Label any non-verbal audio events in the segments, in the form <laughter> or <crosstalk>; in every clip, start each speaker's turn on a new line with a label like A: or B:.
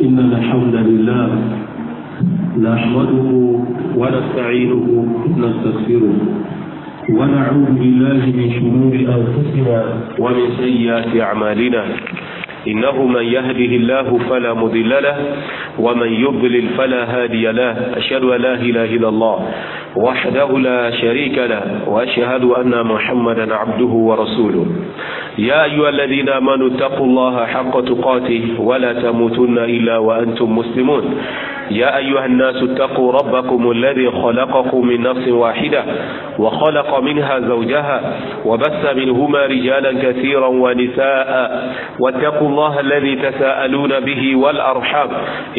A: إن الحمد لله
B: نحمده ونستعينه ونستغفره ونعوذ بالله من شرور أنفسنا ومن سيئات
A: أعمالنا إنه من يهده الله فلا مضل له ومن يضلل فلا هادي له أشهد أن لا إله إلا الله وحده لا شريك له وأشهد أن محمدا عبده ورسوله يا أيها الذين آمنوا اتقوا الله حق تقاته ولا تموتن إلا وأنتم مسلمون يا أيها الناس اتقوا ربكم الذي خلقكم من نفس واحدة وخلق منها زوجها وبث منهما رجالا كثيرا ونساء واتقوا الله الذي تساءلون به والأرحام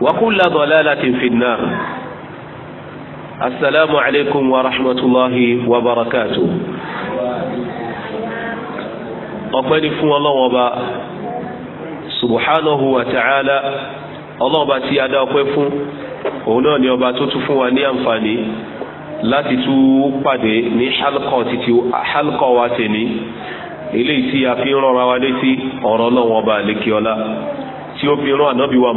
A: وكل ضلالة في النار السلام عليكم ورحمة الله وبركاته أقبل فو الله وبا سبحانه وتعالى الله باتي أدا أقفو هنا نيوبا تتفو وني أنفاني láti tún pàdé ní halkọ títí halkọ wa tèmi eléyìí tí a fi ń rọra wa létí ọ̀rọ̀ náà wọn bá lékè ọlá tí ó fi rán ànábì wa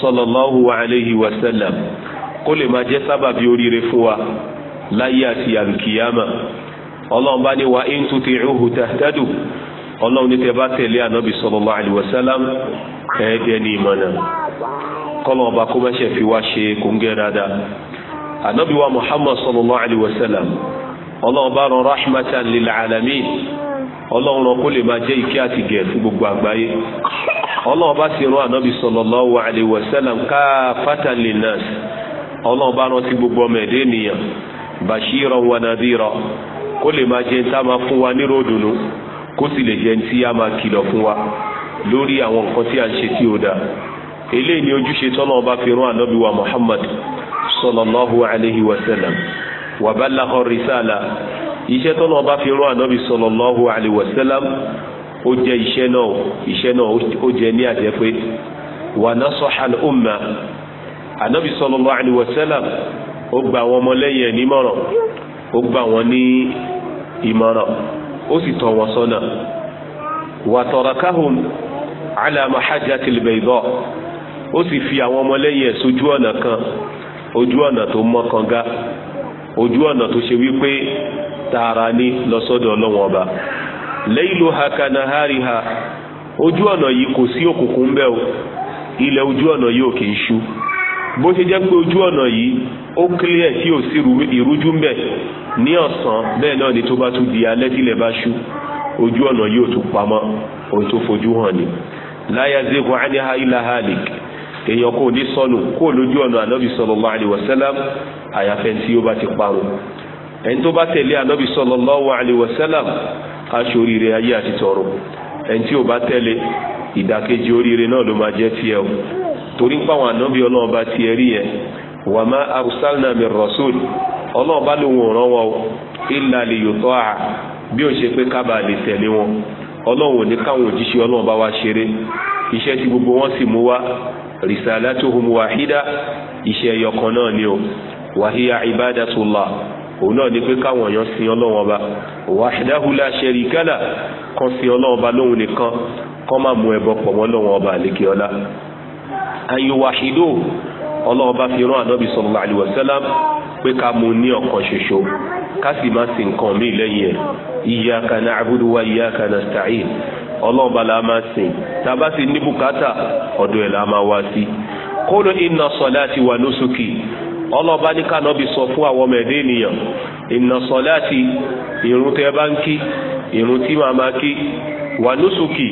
A: sallallahu alayhi wa sallam kó lè máa jẹ́ sábàbí oríire fún wa láyé àti àlùkìyàmà ọlọ́run bá ní wa in tuti'uhu tahtadu ọlọ́run ní tẹ́ bá tẹ̀lé ànábì sallallahu alayhi wa sallam ẹ̀ẹ́dẹ́ ní ìmọ̀nà kọ́lọ̀ ọba kó má ṣe fi wá ṣe kóńgẹ́ dáadáa ànábì wa muhammad sallallahu alayhi wa sallam ọlọ́run bá rán rahmatan lil alamin ọlọ́run rán kó lè máa jẹ́ ìkẹ́ àti gẹ̀ fún gbogbo àgbáyé ọlọ́run bá sì rán ànábì sallallahu alaihi wasallam kaafatan linnas ọlọ́run bá rán sí gbogbo ọmọ ẹ̀dẹ́ ènìyàn bashiran wa nadhira kó lè máa jẹ́ tá a máa fún wa nírò dùnú kó sì lè jẹ́ tí a máa kìlọ̀ fún wa lórí àwọn nǹkan tí a ń ṣe tí ó dáa eléyìí ni ojúṣe tọ́lọ́run bá fi rán ànábì wa Muhammad sallallahu alaihi wasallam wa ballagha iṣẹ́ tọ́nà ọba fi rán ànábì sallallahu alaihi wasallam ó jẹ́ iṣẹ́ náà iṣẹ́ náà ó jẹ́ ní àjẹpé wa nasaha al-umma ànábì sallallahu alaihi wasallam ó gba àwọn ọmọlẹ́yìn ẹ̀ nímọ̀ràn ó gba wọn ní ìmọ̀ràn ó sì tọ́ wọn sọ́nà wa tarakahum ala mahajjatil bayda ó sì fi àwọn ọmọlẹ́yìn ẹ̀ Taarani ní lọ́sọ́dọ̀ ọlọ́wọ́n ọba layluha kanahariha ojú ọ̀nà yìí kò sí òkùnkùn ń bẹ o ilẹ̀ ojú ọ̀nà yìí ò kì í ṣú bó ṣe jẹ́ pé ojú ọ̀nà yìí ó clear tí ò sí ìrújú ń ní ọ̀sán bẹ́ẹ̀ náà ni tó bá tún di alẹ́ tílẹ̀ bá ṣú ojú ọ̀nà yìí ò tún pamọ́ ohun tó fojú hàn ni la yazigu anha illa halik èèyàn kò ní sọnù kó lójú ọ̀nà ànábì sallallahu alaihi wasallam àyàfẹ́ tí ó bá ti parun ẹni tó bá tẹ̀lé anabi sallallahu alayhi wa sallam oríire ayé àti tọrọ ẹni tí ò bá tẹ̀lé ìdàkejì oríire náà ló máa jẹ́ tiẹ̀ o torí ń pàwọn bá tiẹ̀ rí yẹn wọn o bí ó ṣe pé kábà lè tẹ̀lé wọn ní káwọn òjíṣẹ́ bá wá ṣeré iṣẹ́ tí gbogbo wọn sì mú wá wahida òun náà ni pé káwọn èèyàn sin ọlọ́run ọba wahdahu la sharika la kan sin ọlọ́run ọba lóhun nìkan kọ́ máa mú ẹbọ pọ̀ mọ́ ọba àlékè ọlá an yuwahidu ọlọ́run ọba fi rán ànábì sallallahu alaihi pé ká mú ní ọ̀kan ṣoṣo ká sì má sin nǹkan míì lẹ́yìn ẹ̀ wa la máa ní ẹ̀ la máa wá sí. ọlọ́ba ní kànáàbì sọ fún àwọn ọmọ ẹ̀dẹ́ ènìyàn inna salati irun tẹ́ bá ń kí irun tí màá máa kí wà nusuki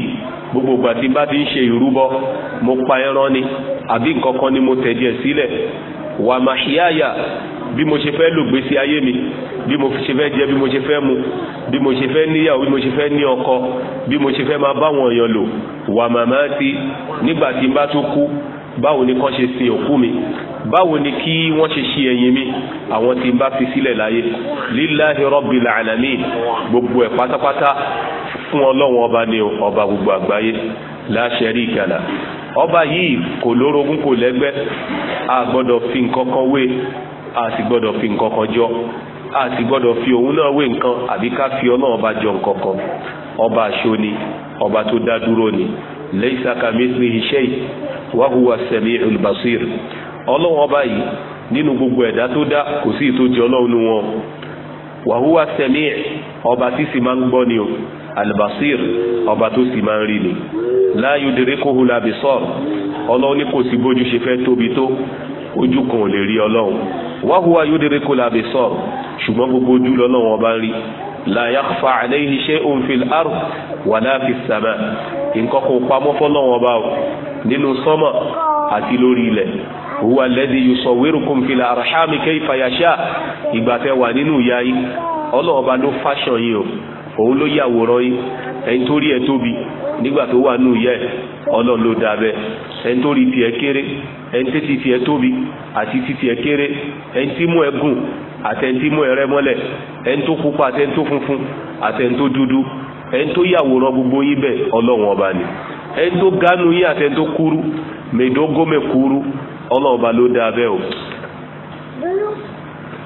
A: gbogbo ìgbà tí bá ti ń ṣe ìrúbọ mo pa ẹran ni àbí nǹkan kan ni mo tẹ̀jẹ̀ sílẹ̀ wà mahiyaya bí mo ṣe fẹ́ lògbésí ayé mi bí mo ṣe fẹ́ jẹ bí mo ṣe fẹ́ mu bí mo ṣe fẹ́ níyàwó bí mo ṣe fẹ́ ní ọkọ bí mo ṣe fẹ́ máa báwọn èèyàn lò wà mamati nígbà tí n bá tún kú báwo ni kán ṣe sin òkú mi báwo ni kí wọ́n ṣe ṣe ẹ̀yìn mi àwọn tí n bá fi sílẹ̀ láyé lillahi rabbil alamin gbogbo ẹ̀ pátápátá fún ọlọ́wọ́n ọba ni ọba gbogbo àgbáyé la sharika la ọba yìí kò lórogún kò lẹ́gbẹ́ a gbọ́dọ̀ fi nǹkan kan wé a sì gbọ́dọ̀ fi nǹkan kan jọ a sì gbọ́dọ̀ fi òun náà wé nǹkan àbí ká fi ọlọ́wọ́n ọba jọ nǹkan kan ọba àṣọ ni ọba tó dá dúró ni laysa kamithlihi shay wa huwa sami'ul basir ọlọ́run ọba yìí nínú gbogbo ẹ̀dá tó dá kò sí ìtòjì ọlọ́run nu wọn wa huwa sami' ọba tí sì máa ń gbọ́ ni o albasir ọba tó sì máa ń rí ni la yudrikuhu labisar ọlọ́run ní kò sí bójú ṣe fẹ́ tóbi tó ojú kan ò lè rí ọlọ́run wa huwa yudrikul abisar ṣùgbọ́n gbogbo ojú lọ́lọ́run ọba ń rí la yakhfa alayhi shay'un fil ard wala fis sama nǹkan kò pamọ́ fọlọ́wọ́n bá o nínú sọ́mọ̀ àti lórí ilẹ̀ huwa alladhi yusawwirukum fil arhami kayfa yasha ìgbà tẹ́ wà nínú ìyá yìí ló fáṣọ yìí o òun ló yàwòrán yín ẹni tó rí ẹ tóbi nígbà tó wà nù yẹ ọlọ́run ló dá bẹ́ẹ̀ ẹni tó rí tiẹ̀ kéré ẹni tí tiẹ̀ tóbi àti tí tiẹ̀ kéré ẹni tí mú ẹ gùn àti ẹni tí mú ẹ rẹ mọ́lẹ̀ ẹni tó pupa àti ẹni tó funfun àti ẹni tó dúdú ẹni tó yàwòrán gbogbo yín bẹ́ẹ̀ ọlọ́run ọba ni ẹni tó ganu yín àti ẹni tó kúrú mèdógómè kúrú ọlọ́run ọba ló dá o.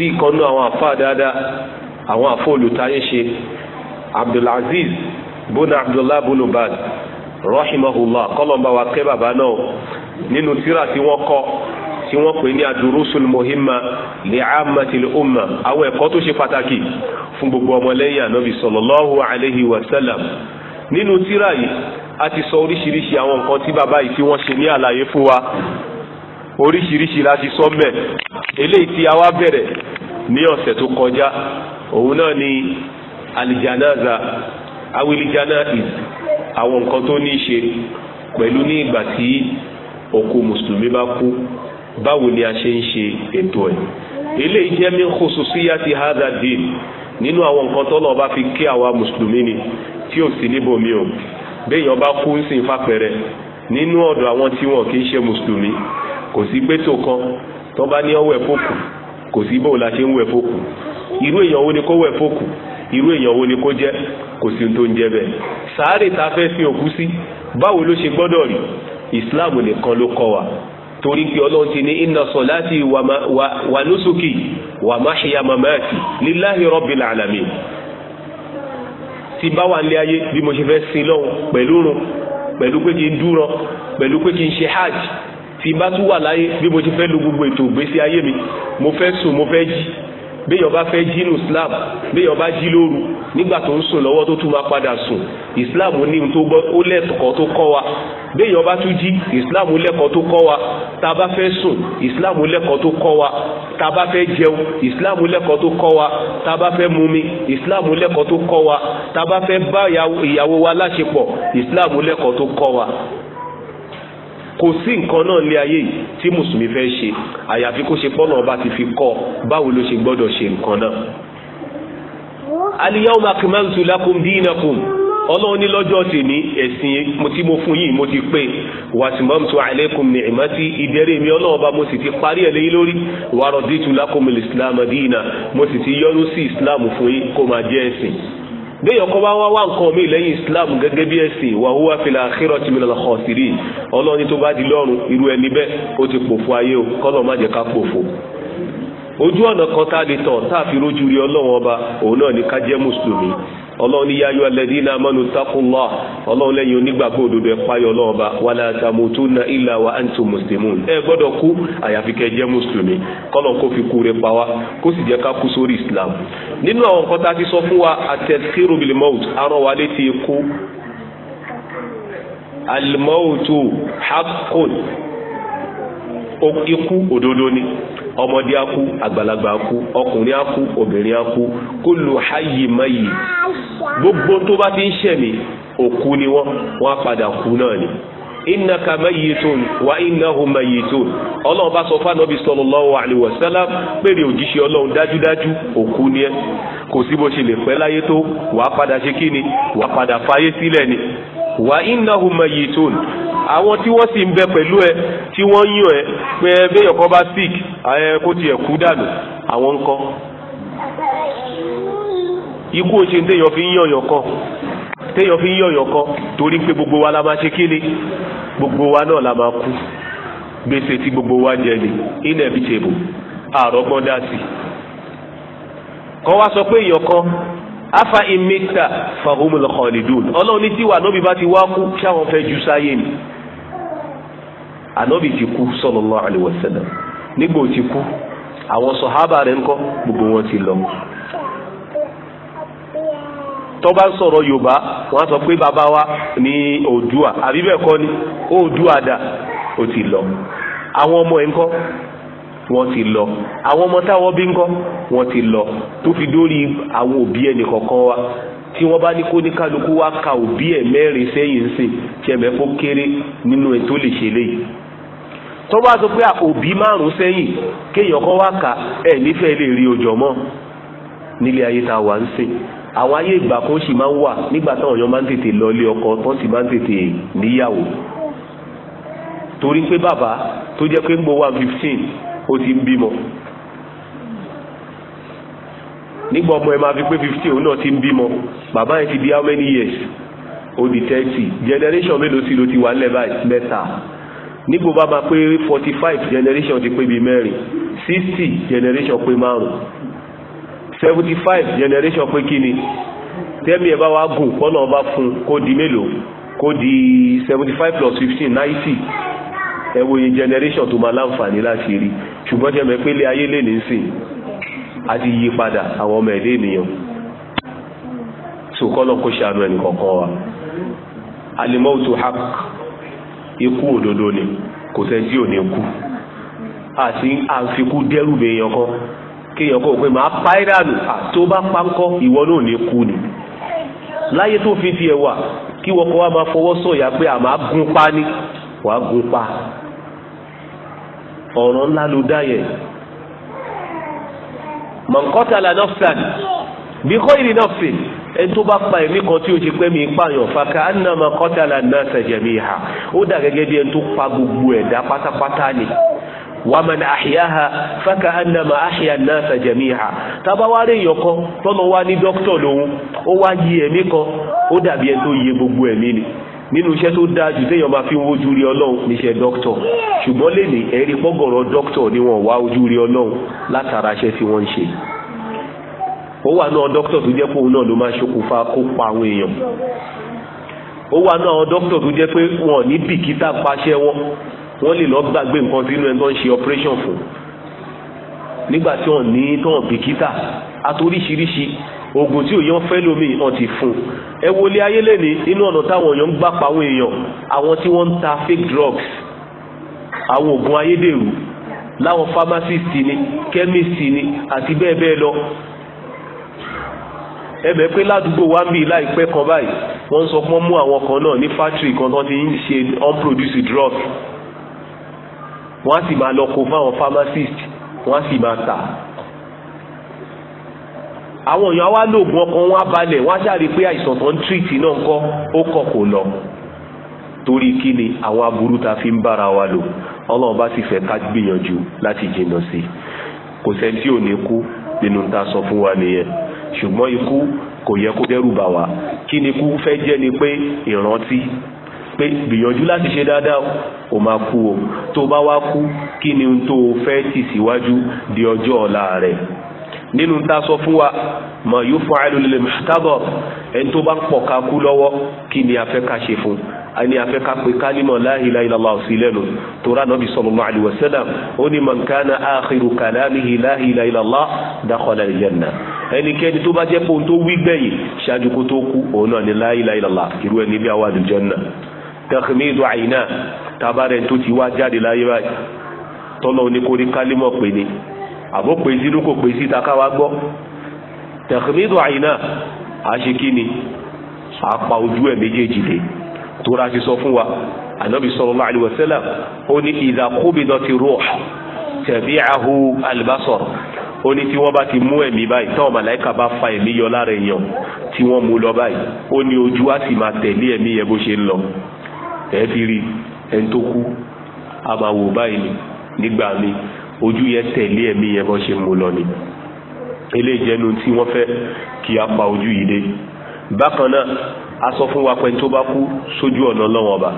A: tí ìkọ́nú àwọn àfa dáadáa àwọn àfọ olùtayé ṣe abdulaziz bona abdullahi bonobad rahimahullah kọ́lọ́mbà wa kẹ́ bàbá náà nínú tírà tí wọ́n kọ́ tí wọ́n pè ní adurusul muhimma li ammatil umma àwọn ẹ̀kọ́ tó ṣe pàtàkì fún gbogbo ọmọlẹ́yìn ànábì sallallahu alayhi wa sallam nínú tírà yìí a ti sọ oríṣiríṣi àwọn nǹkan tí bàbá yìí tí wọ́n ṣe ní àlàyé fún wa oríṣiríṣi láti sọ mbẹ̀ eléyìí tí a wá bẹ̀rẹ̀ ní ọ̀sẹ̀ tó kọjá òun náà ni alijanaza awilijanaza àwọn nǹkan tó ní í ṣe pẹ̀lú ní ìgbà tí òkú mùsùlùmí bá kú báwo ni a ṣe ń ṣe ètò ẹ̀ eléyìí jẹ́ min khususiyati hadha din nínú àwọn nǹkan tó lọ́ọ́ bá fi kí àwa mùsùlùmí ni tí ò sí níbòmí o béèyàn bá kú ń sìn fàpẹ̀rẹ̀ nínú ọ̀dọ̀ àwọn tí wọn kì í ṣe mùsùlùmí kò sí pétò kan tó bá ní ọwẹ́ fòkù kò sí bóun ṣe ń wẹ̀ fòkù irú èèyàn wo ni kó wẹ̀ fòkù irú èèyàn wo ni kó jẹ́ kò sí tó ń jẹ bẹ́ẹ̀ sàárè tá a fẹ́ sin òkú sí báwo ló ṣe gbọ́dọ̀ rí Islam nìkan ló kọ́ wa torí pé ọlọ́run ti ní inna salati wa nusuki wa mahya mamati lillahi rabbil alamin ti bá wà ní ayé bí mo ṣe fẹ́ sin lọ́hùn pẹ̀lú rùn pẹ̀lú pé kí n dúró pẹ̀lú pé kí n ṣe hajj tí n bá tún wà láyé bí mo ti fẹ́ lo gbogbo ètò ìgbésí ayé mi mo fẹ́ sùn mo fẹ́ jí béèyàn bá fẹ́ jí ní islam béèyàn bá jí lóru nígbà tó ń sùn lọ́wọ́ tó tún máa padà sùn islam ní ohun tó gbọ́ ó lẹ́kọ̀ọ́ tó kọ́ wa béèyàn bá tún jí islam lẹ́kọ̀ọ́ tó kọ́ wa tá a bá fẹ́ sùn islam lẹ́kọ̀ọ́ tó kọ́ wa tá a bá fẹ́ jẹun islam lẹ́kọ̀ọ́ tó kọ́ wa tá a bá fẹ́ mumi islam lẹ́kọ̀ọ́ tó kọ́ wa tá a bá fẹ́ bá ìyàwó wa láṣepọ̀ islam lẹ́kọ̀ọ́ tó kọ́ wa kò sí nǹkan náà ní ayé yìí tí mùsùlùmí fẹ́ ṣe àyàfi kó ṣe pọ́nà ọba ti fi kọ́ báwo ló ṣe gbọ́dọ̀ ṣe nǹkan náà. al-yawma akmaltu lakum dinakum ọlọ́run ní lọ́jọ́ tèmi ẹ̀sìn tí mo fún yìí mo ti pé wàtìmọ́mùtò àìlẹ́kùn ní ìmọ̀tí ìdẹ́rẹ́ mi ọlọ́run mo sì ti parí ẹ̀ léyìn lórí wàrọ̀ dìtú lákòmìlì islam dínà mo sì ti yọ́nú sí islam fún yín kó máa jẹ́ ẹ̀sìn bẹ́ẹ̀ ọkọ bá wá wá nǹkan mi lẹ́yìn islam gẹ́gẹ́ bí ẹ̀sìn wa huwa fil akhirati minal khasirin ọlọ́ni tó bá di lọ́rùn irú ẹni bẹ́ẹ̀ ó ti pòfo ayé o kọ́lọ́ má jẹ́ ká pòfo ojú ọ̀nà kan tá a lè tọ̀ tá a fi rójú rí ọlọ́wọ́n ọba òun náà ní ká jẹ́ mùsùlùmí ọlọ́run ní yáyọ alladhina amanu taqullah ọlọ́run lẹ́yìn onígbàgbọ́ òdodo ẹ̀ páyọ̀ ọlọ́run ọba wala tamutunna illa wa antum muslimun ẹ gbọ́dọ̀ kú àyàfi kẹ́ jẹ́ mùsùlùmí kọ́lọ̀ kó fi kú rẹ pa wá kó sì jẹ́ ká kú sórí islam nínú àwọn nǹkan tá a ti sọ fún wa at-tadhkiru bil arán wa létí ikú al-mawtu ikú òdodo ni ọmọdé á kú àgbàlagbà á kú ọkùnrin á kú obìnrin á kú kullu hayyi mayyit gbogbo tó bá ti ń ṣẹ̀mí òkú ni wọ́n wọ́n á padà kú náà ni innaka mayitun wa innahu mayitun ọlọ́run bá sọ fún anabi sallallahu alayhi wa sallam pèrè òjíṣẹ́ ọlọ́run dájúdájú òkú ni ẹ kò sí bó ṣe lè pẹ́ láyé tó wàá padà ṣe kí ni wàá padà fayé sílẹ̀ ni wa innahu mayitun àwọn tí wọ́n sì ń bẹ pẹ̀lú ẹ tí wọ́n yàn ẹ pé béèyàn bá sick ẹ kó tiẹ̀ kú dànù àwọn ń kọ́ ikú òṣèǹdéyàn fi ń yàn yàn kan téèyàn fi ń yọ̀yọ̀ kọ torí pé gbogbo wa la máa ṣe kí ni gbogbo wa náà la máa kú gbèsè tí gbogbo wa jẹ ni inevitable àrọ́gbọ́n dá sí i kọ́ wa sọ pé èèyàn afa imita fahumul khalidun ọlọ́run ní tiwa ànábì bá ti wá kú kí àwọn fẹ́ ju sáyé ni ànábì ti kú sallallahu alaihi wasallam nígbà ó ti kú àwọn sọ̀hábà rẹ̀ ńkọ́ gbogbo wọn ti lọ tó bá ń sọ̀rọ̀ yorùbá wọ́n sọ pé bàbá wa ní oòdùà àbí bẹ́ẹ̀ kọ́ ni oòdùà dà ó ti lọ àwọn ọmọ ẹ̀ ń kọ́ wọ́n ti lọ àwọn ọmọ táwọn bí ń kọ́ wọ́n ti lọ tó fi dórí àwọn òbí ẹnì kọ̀ọ̀kan wa tí wọ́n bá ní kó ní kálukú wá ka òbí ẹ̀ mẹ́rin sẹ́yìn sí tiẹ̀mẹ́ kó kéré nínú ẹ̀ tó lè ṣe léyìí tó sọ pé òbí márùn sẹ́yìn kéèyàn kan wá kà ẹ̀ nífẹ̀ẹ́ lè rí ojọ́ mọ́ nílé ayé tá wà ń sìn àwọn ayé ìgbà kan sì máa ń wà nígbà táwọn èèyàn máa ń tètè lọ ilé ọkọ tán sì máa ń tètè níyàwó torí pé bàbá tó jẹ́ pé ń gbọ́ one fifteen ó ti ń bímọ nígbà ọmọ ẹ máa fi pé fifteen òun náà ti ń bímọ bàbá yẹn ti di how many years ó di thirty generation mélòó sí ló ti wà nílẹ̀ báyìí mẹ́ta nígbà bá máa pé forty five generation ti pé bíi mẹ́rin sixty generation pé márùn-ún seventy five generation pé kí ni tẹ́mi ẹ̀ bá wa gùn kọ́nà ọba fún kó di mélòó kó di seventy five plus fifteen ninety ẹ wo generation tó máa láǹfààní láti rí ṣùgbọ́n jẹ́ mẹ́pẹ́lẹ́ ayé lè ní sìn àti yí padà àwọn ọmọ ẹ̀dẹ́ ènìyàn sòkọ́nà kó ṣàánú ẹnì kọ̀ọ̀kan wa alimọ́tò hak ikú òdodo ni kò sẹ́ tí ò ní kú àti àfikún dẹ́rù bẹ́ẹ̀ yẹn kéèyàn kọ́ pé màá pa ẹ́ dànù tó bá pa ńkọ́ ìwọ náà ní kú ni láyé tó fi fi ẹ̀ wà kí wọ́n kọ́ wa máa fọwọ́ sọ̀yà pé àmà gun pa ni wàá gun pa ọ̀ràn ńlá ló dá yẹn mọ̀nkọ́tàlá nọ́fṣàn bí kò ìrì nọ́fṣìn ẹni tó bá pa ẹ̀mí kan tí o ṣe pé mi pààyàn fàkà ánàmọ́kọ́tàlá náà ṣẹ̀jẹ̀ mi hà ó dà gẹ́gẹ́ bí ẹni tó pa gbogbo ẹ̀dá pátápátá ni. ومن أحياها فكأنما أحيا الناس جميعا. jami'a tábàwárẹ̀ èèyàn kan tọ́nà wá ní dókítà lòun ó wá yí ẹ̀mí kan ó dàbí ẹni tó yẹ gbogbo ẹ̀mí ni nínú iṣẹ́ tó dáa jù téèyàn máa fi ń wojú rí ọlọ́run níṣẹ́ dókítà ṣùgbọ́n lè ní ẹ̀rí pọ́gọ̀rọ̀ dókítà ni wọ́n wá ojú rí ọlọ́run látara iṣẹ́ tí wọ́n ń ṣe ó wà náà dókítà tó jẹ́ pé òun náà ló máa ṣokùnfà kó pa àwọn èèyàn ó wà náà dókítà tó jẹ́ pé wọn ní bìkítà paṣẹ wọn wọ́n lè lọ gbàgbé nǹkan sínú ẹni tó ń ṣe operation fún nígbà tí wọ́n ní tán bìkítà àtoríṣiríṣi oògùn tí òyàn fẹ́ lómi ìhàn ti fún ẹ wọlé ayé lẹ́ni inú ọ̀nà táwọn èèyàn ń gbà pa àwọn èèyàn àwọn tí wọ́n ń ta fake drugs àwọn oògùn ayédèrú láwọn pharmacist ni chemist ni àti bẹ́ẹ̀ bẹ́ẹ̀ lọ ẹbẹ̀ pé ládùúgbò wa ń bí láìpẹ́ kan báyìí wọ́n sọ pé wọ́n mú àwọn kan náà ní factory kan tó ti ń ṣe unproduced drugs wọ́n á sì máa lọ kó fáwọn pharmacist wọ́n á sì máa tà àwọn èèyàn wá lóògùn ọkàn wọn á balẹ̀ wọ́n á ṣàrí pé àìsàn tó ń tírìtì náà ń kọ́ ó kọ̀ kò lọ torí kí ni àwọn aburú ta fi ń bára wa lò ọlọ́run bá sì fẹ́ ká gbìyànjú láti jìnnà sí i kò sẹ́ni tí ò ní kú nínú ta sọ fún wa nìyẹn ṣùgbọ́n ikú kò yẹ kó dẹ́rù bà wá kí ni ikú fẹ́ jẹ́ ni pé ìrántí pé gbìyànjú láti ṣe dáadáa o máa kú o tó bá wá kú kí ni tó fẹ́ tì síwájú di ọjọ́ ọ̀la rẹ̀ nínú ta sọ fún wa mọ yóò fún àìlólè mọ́tàbọ̀ ẹni tó bá ń pọ̀ ká kú lọ́wọ́ kí ni a fẹ́ ká ṣe fún un ani afẹ́ ká pé kálímọ̀ la ilaha illallah sí lẹ́nu tora nàbí sallallahu alaihi wasallam ó ní man kana akhiru kalamihi la ilaha illallah dakhala tó bá jẹ́ pé ohun tó wí gbẹ̀yìn ṣáájú kó tó kú òun náà ni la ilaha irú ẹni bí àwọn àlùjànnà náà takhmidu àyínà tabarẹ̀ tó ti wá jáde láyé báyìí tọ́lọ́ oníkórí kálímọ̀ pè ní àbó pè sínú kò pè síta káwá gbọ́ takhmidu àyínà àṣekíni àpa ojú ẹ̀ méjèèjì lè tó ra ṣe sọ fún wa ànábì sallallahu alaihi wasallam ó ní idha qubidati ruh tabi'ahu al-basar ó ní tí wọ́n bá ti mú ẹ̀mí báyìí táwọn màláìka bá fa ẹ̀mí yọ lára èèyàn tí wọ́n mú lọ báyìí ó ní ojú á sì máa tẹ̀lé ẹ̀mí yẹn bó ṣe ń lọ ẹbí rí ẹni tó kú a máa wò báyìí nígbà mi ojú yẹn tẹ̀lé ẹ̀mí yẹn bọ́ ṣe mú lọ ni eléyìí jẹ́nu tí wọ́n fẹ́ kí a pa ojú yìí dé bákan náà a sọ fún wa pé tó bá kú sójú ọ̀nà ọlọ́wọ́n ọba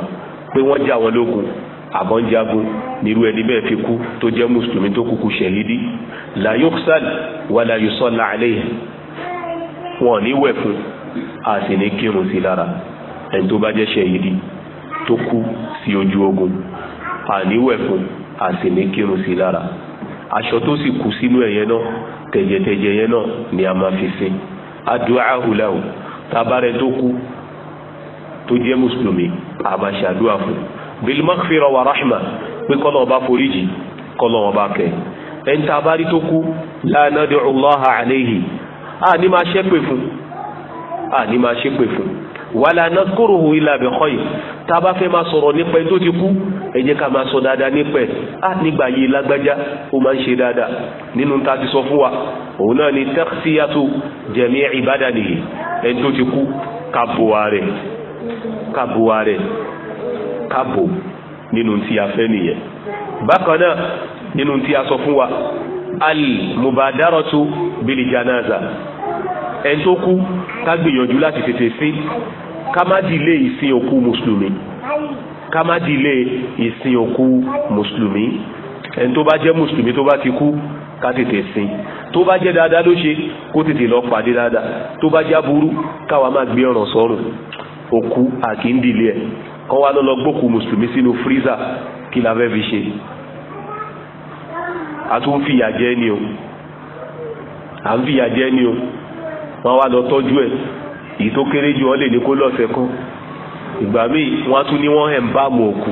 A: pé wọ́n jà wọn lógun àbọ̀njagun nírú ẹni bẹ́ẹ̀ fi kú tó jẹ́ mùsùlùmí tó kúkú ṣẹ̀hídí la yuqsal wa la yusalla alayhi wọn ní wẹ̀ fún a sì ní kírun sí lára ẹni tó bá jẹ́ ṣẹ̀hídí tó kú sí ojú ogun àníwẹ̀ fún àsìní kírun sí lára aṣọ tó sì kú sínú ẹ̀yẹ náà tẹ̀jẹ̀tẹ̀jẹ̀ yẹn náà ni a máa fi sí adúlá ahùláhù tabarẹ tó kú tó jẹ́ mùsùlùmí a máa ṣàdúrà fún bilmakfira wa rahma pé kọ́nà ọba foríjì kọ́nà ọba kẹ ẹni tá tó kú la nadi'u Allaha a ní máa ṣépè fún a ní máa ṣépè fún wala nadkuruhu illa bi khayr tá a bá fẹ́ máa sọ̀rọ̀ nípa ẹni tó ti kú ẹ jẹ́ ká máa sọ dáadáa nípa ẹ̀ á nígbà yìí lágbájá ó máa ń ṣe dáadáa nínú tá ti sọ fún wa òun náà ni tẹ́kṣíyàtò jẹ̀mí ìbádà nìyí ẹni tó ti kú kábòwá rẹ̀ kábòwá rẹ̀ kábò nínú tí a fẹ́ nìyẹn bákan náà nínú tí a sọ fún wa al-mubadaratu bil ẹni tó kú ká láti tètè sí Kama má dìlé ìsìn òkú kama ká má dìlé ìsìn òkú mùsùlùmí ẹni tó bá jẹ́ mùsùlùmí tó bá ti kú ká tètè sin tó bá jẹ́ dáadáa ló ṣe kó tètè lọ pàdé dáadáa tó bá já burú káwa máa gbé ọ̀ràn sọ́rùn òkú àkíndìlé ẹ̀ kọ́ wa lọ́lọ́ gbókù mùsùlùmí sínú fírísà kí la fẹ́ fi ṣe a tún fìyà jẹ ni o à ń fìyà jẹ ni o wọ́n wá lọ tọ́jú ẹ̀ èyí tó kéré jù ọ́ lè ní kó lọ́sẹ̀ kan ìgbà míì wọ́n á tún ní wọ́n ẹ̀ǹbáàmù òkú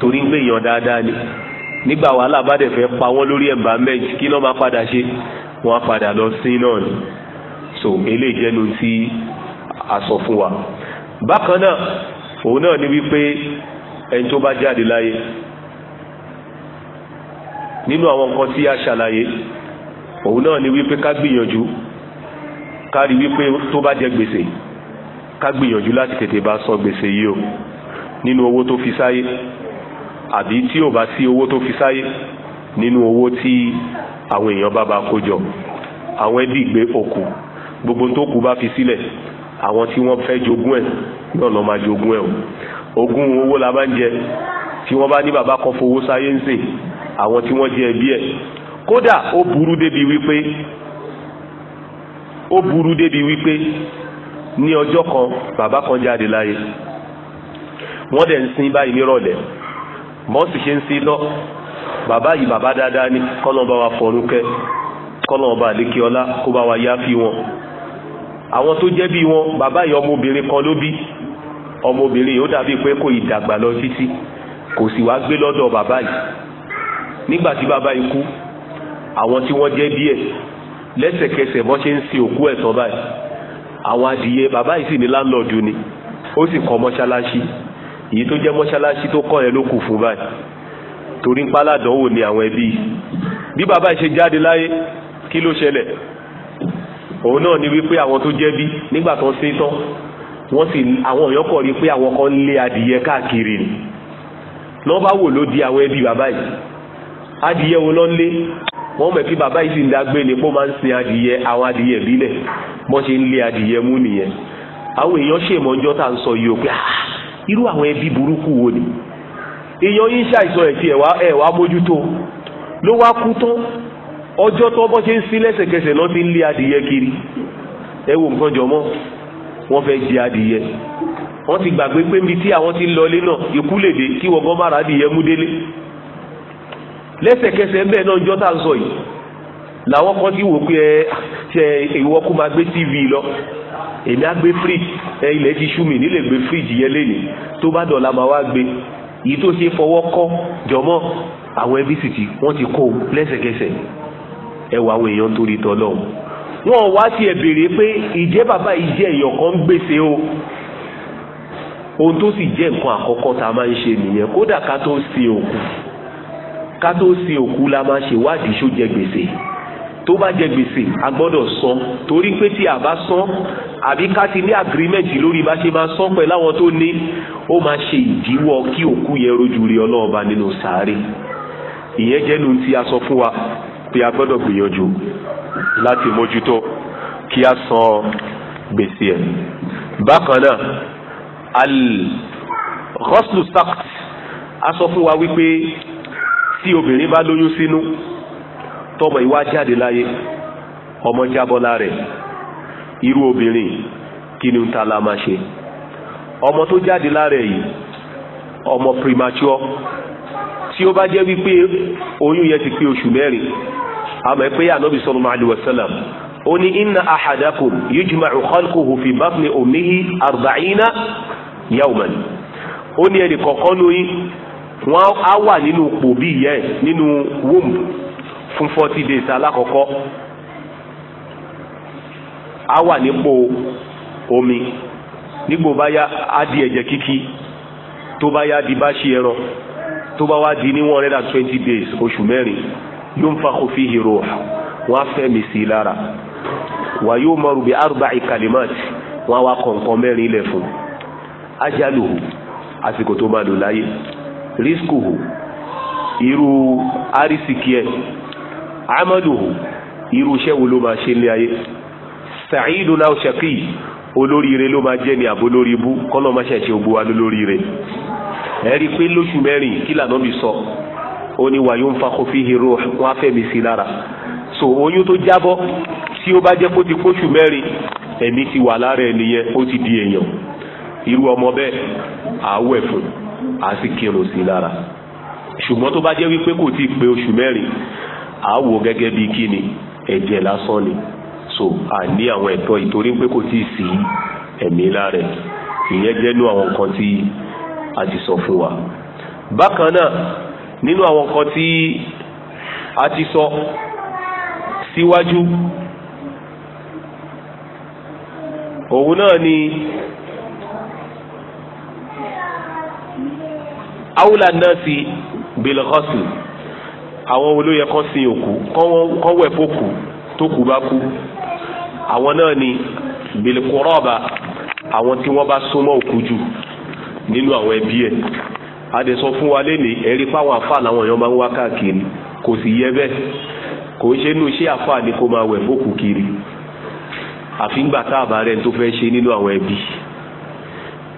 A: torí ń gbé dáadáa ni nígbà wàhálà bá dẹ̀ fẹ́ pa wọ́n lórí ẹ̀ǹbáàmẹ́ǹt kí ló máa padà ṣe wọ́n á padà lọ sí náà ni so eléyìí jẹ́nu tí a sọ fún wa bákan náà òun náà ni wípé ẹni tó bá jáde láyé nínú àwọn nǹkan tí a ṣàlàyé òun náà ni wípé ká gbìyànjú kárí wípé tó bá jẹ gbèsè ká gbìyànjú láti tètè bá san gbèsè yìí o nínú owó tó fi sáyé àbí tí ò bá sí owó tó fi sáyé nínú owó tí àwọn èèyàn bá bá kó jọ àwọn ẹbí gbé òkú gbogbo tó kù bá fi sílẹ̀ àwọn tí wọ́n fẹ́ jogún ẹ̀ náà lọ máa jogún ẹ̀ ogún owó la bá ń jẹ tí wọ́n bá ní bàbá kan fowó sáyé ń sìn àwọn tí wọ́n jẹ ẹbí ẹ̀ kódà ó burú débi wípé ó burú débi wípé ní ọjọ́ kan bàbá kan jáde láyé wọ́n dẹ̀ ń sin báyìí nírọ̀lẹ́ mọ́ọ̀sì ṣe ń sin lọ bàbá yìí bàbá dáadáa ni kọ́lọ́n bá wa fọ̀rún kẹ́ kọ́lọ́n bá lékè ọlá kó bá wa yá fi wọn àwọn tó jẹ́ bí wọn bàbá yìí ọmọbìnrin kan ló bí ọmọbìnrin yìí ó dàbí pé kò ìdàgbà lọ títí kò sì wá gbé lọ́dọ̀ bàbá yìí nígbà tí bàbá yìí kú àwọn tí wọ́n jẹ́ bí ẹ̀ lẹ́sẹ̀kẹsẹ̀ bọ́ ṣe ń sin òkú ẹ̀ tán báyìí àwọn adìyẹ bàbá yìí sì ní láńlọ́ọ̀dù ni ó sì kọ́ mọ́ṣáláṣí èyí tó jẹ́ mọ́ṣáláṣí tó kọ́ ẹ ló kù fún báyìí torí ń páládánwò ni àwọn ẹbí bí bàbá yìí ṣe jáde láyé kí ló ṣẹlẹ̀ òun náà ni wípé àwọn tó jẹ́ bí nígbà tó ń sin tán wọ́n sì àwọn èèyàn kọ̀ rí pé àwọn kan lé adìyẹ káàkiri ni lọ́ọ́ bá wò ló di àwọn ẹbí bàbá yìí adìyẹ wo lọ́ọ́ lé wọ́n mọ̀ pé yìí sì ń dágbé ni kó máa ń sin adìyẹ àwọn adìyẹ ìbílẹ̀ bọ́n ṣe ń lé adìyẹ mú nìyẹn àwọn èèyàn ṣèmọ́jọ́ tá à ń sọ yìí ó pé ah, irú àwọn ẹbí burúkú wo ni èèyàn yìí ṣàìsàn ẹ̀tì ẹ̀wà ẹ̀wà mójútó ló wá kú tán ọjọ́ tó bọ́ ṣe ń sí lẹ́sẹ̀kẹsẹ̀ náà ti ń lé adìyẹ kiri ẹ wo nǹkan jọ mọ́ wọ́n fẹ́ jẹ adìyẹ wọ́n ti gbàgbé pé níbi tí àwọn ti ń lọlé náà ikú lè dé kí wọ́n gan bára adìyẹ mú délé lẹ́sẹ̀kẹsẹ̀ ń bẹ̀ náà jọ́ tá à ń sọ yìí làwọn kan ti wò pé ẹ tẹ ìwọ kó máa gbé tv lọ èmi á gbé fridge ẹ ilẹ̀ ti ṣú mi nílẹ̀ gbé fridge yẹn lẹ́nu tó bá dọ̀la máa wá gbé yìí tó ṣe fọwọ́ kọ́ jọmọ́ àwọn ẹbí sì ti wọ́n ti kó o lẹ́sẹ̀kẹsẹ̀ ẹ wọ àwọn èèyàn torí tọ́lọ́ wọn wá tiẹ̀ béèrè pé ìjẹ́ bàbá ìjẹ́ èèyàn kan ń gbèsè o ohun tó sì jẹ́ nǹkan àkọ́kọ́ tá a máa ń ṣe nìyẹn kódà ká tó sin òkú ká tó sin òkú la máa ṣèwádìí ṣó jẹ gbèsè tó bá jẹ gbèsè a gbọ́dọ̀ san torí pé tí a bá san àbí ká ti ní agreement lórí bá ṣe máa san pẹ̀lú àwọn tó ní ó máa ṣe ìdíwọ́ kí òkú yẹn rojú rí ọlọ́run bá nínú sàárè ìyẹn jẹ́nu tí a sọ fún wa pé a gbọ́dọ̀ gbìyànjú láti mójútó kí a san gbèsè ẹ̀ bákan náà al ghuslu sakt a sọ fún wa wípé tí obìnrin bá lóyún sínú tọmọ ìwá jáde láyé ọmọ jábọ́lá rẹ̀ irú obìnrin kí ni ta la máa ṣe ọmọ tó jáde lára yìí ọmọ premature tí ó bá jẹ́ wípé oyún yẹn ti pé oṣù mẹ́rin àmọ́ pé ànábì sallallahu alaihi wọ́n á wà nínú pò bí ìyá ẹ̀ nínú womb fún forty days alákọ̀ọ́kọ́ á wà nípò omi nígbò bá yá á di ẹ̀jẹ̀ kíkí tó di bá ṣí ẹran tó bá di ní one hundred and twenty days oṣù mẹ́rin yóò ń fa hero wọ́n á fẹ́ mi sí i lára wà yóò mọ̀rù bí arúgbà ìkàlímọ̀tì wọ́n á wá kọ̀ǹkan mẹ́rin ilẹ̀ fún ajaluhu àsìkò tó máa lò riskuhu irú arísìkí ẹ̀ amaluhu irú iṣẹ́ wo ló máa ṣe ní ayé sa'idun aw shaqi olóríire ló máa jẹ́ ní àbó lórí ibú kọ́nà máa ṣẹ̀ṣẹ̀ ogbó wa lóríire ẹ̀rí pé lóṣù mẹ́rin kí lànà bí sọ ó ní wàyó ń fa kó fi hero wọn á sí lára so oyún tó jábọ́ tí ó bá jẹ́ kó ti póṣù mẹ́rin ẹ̀mí ti wà lára ẹ̀ nìyẹn ó ti di èèyàn irú ọmọ bẹ́ẹ̀ àáwẹ̀ fún un a sì kírun sí lára ṣùgbọ́n tó bá jẹ́ wípé kò tí ì pé oṣù mẹ́rin a wò gẹ́gẹ́ bí kíni ẹ̀jẹ̀ lásán ni so a ní àwọn ẹ̀tọ́ ìtorí pé kò tí ì sí ẹ̀mí lára ìyẹn jẹ́nu àwọn nǹkan tí a ti sọ fún wa bákan náà nínú àwọn nǹkan tí a ti sọ síwájú òun náà ni. awúlà náà sí bilghasl àwọn olóyè kan sin òkú kán wẹ̀ fókù tó kù bá kú àwọn náà ni bilquraba àwọn tí wọ́n bá súnmọ́ òkú jù nínú àwọn ẹbí fún wa lẹ́nìí ẹ̀rí fáwọn àfáà làwọn èèyàn máa ń wá káàkiri kò sì yẹ bẹ́ẹ̀ kò ń ṣe inú iṣẹ́ àfáà ni kó máa wẹ̀ fókù kiri àfi ń gbà tá àbá rẹ̀ tó fẹ́ ṣe nínú àwọn ẹbí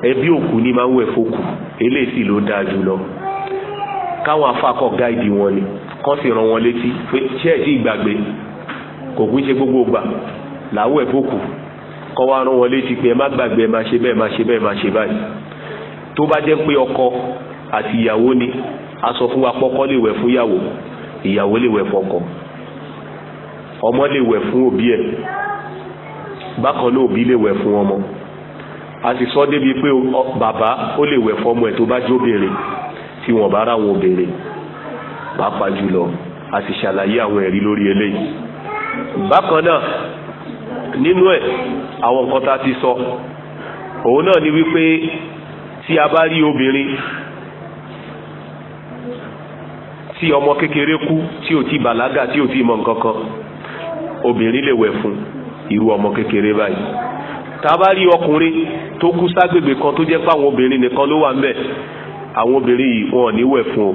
A: ẹbí òkú ní máa ń wẹ̀ fókù eléyìí ló dáa jùlọ káwọn afákọ̀ gáìdì wọn ni kán sì rán wọn létí pé ṣẹ́ẹ̀tì ìgbàgbé kò kún ṣe gbogbo gbà làwọ̀ ẹ̀ fókù kọ́ wá rán wọn létí pé ẹ má gbàgbé ẹ má ṣe bẹ́ẹ̀ má ṣe bẹ́ẹ̀ má ṣe báyìí tó bá jẹ́ pé ọkọ àti ìyàwó ni a sọ fún wa pọ́kọ́ lè wẹ̀ fún ìyàwó ìyàwó lè wẹ̀ fọkọ ọmọ lè wẹ̀ fún òbí ẹ̀ bákan náà òbí lè wẹ̀ fún ọmọ a sì sọ débi pé bàbá ó lè wẹ̀ fọ́mọ ẹ̀ tó bá jóbìnrin tí wọ́n bá ráwọn obìnrin pàápàá jùlọ a sì ṣàlàyé àwọn ẹ̀rí lórí eléyìí bákan náà nínú ẹ̀ àwọn nǹkan tá ti sọ òun náà ni wípé tí a bá rí obìnrin tí ọmọ kékeré kú tí ò ti bàlágà tí ò ti mọ nǹkan kan obìnrin lè wẹ̀ fún irú ọmọ kékeré báyìí tàbá rí ọkùnrin tó kú ságbègbè kan tó jẹ́ pé àwọn obìnrin nìkan ló wà ńbẹ̀ àwọn obìnrin yìí wọn ò ní wẹ̀ fún o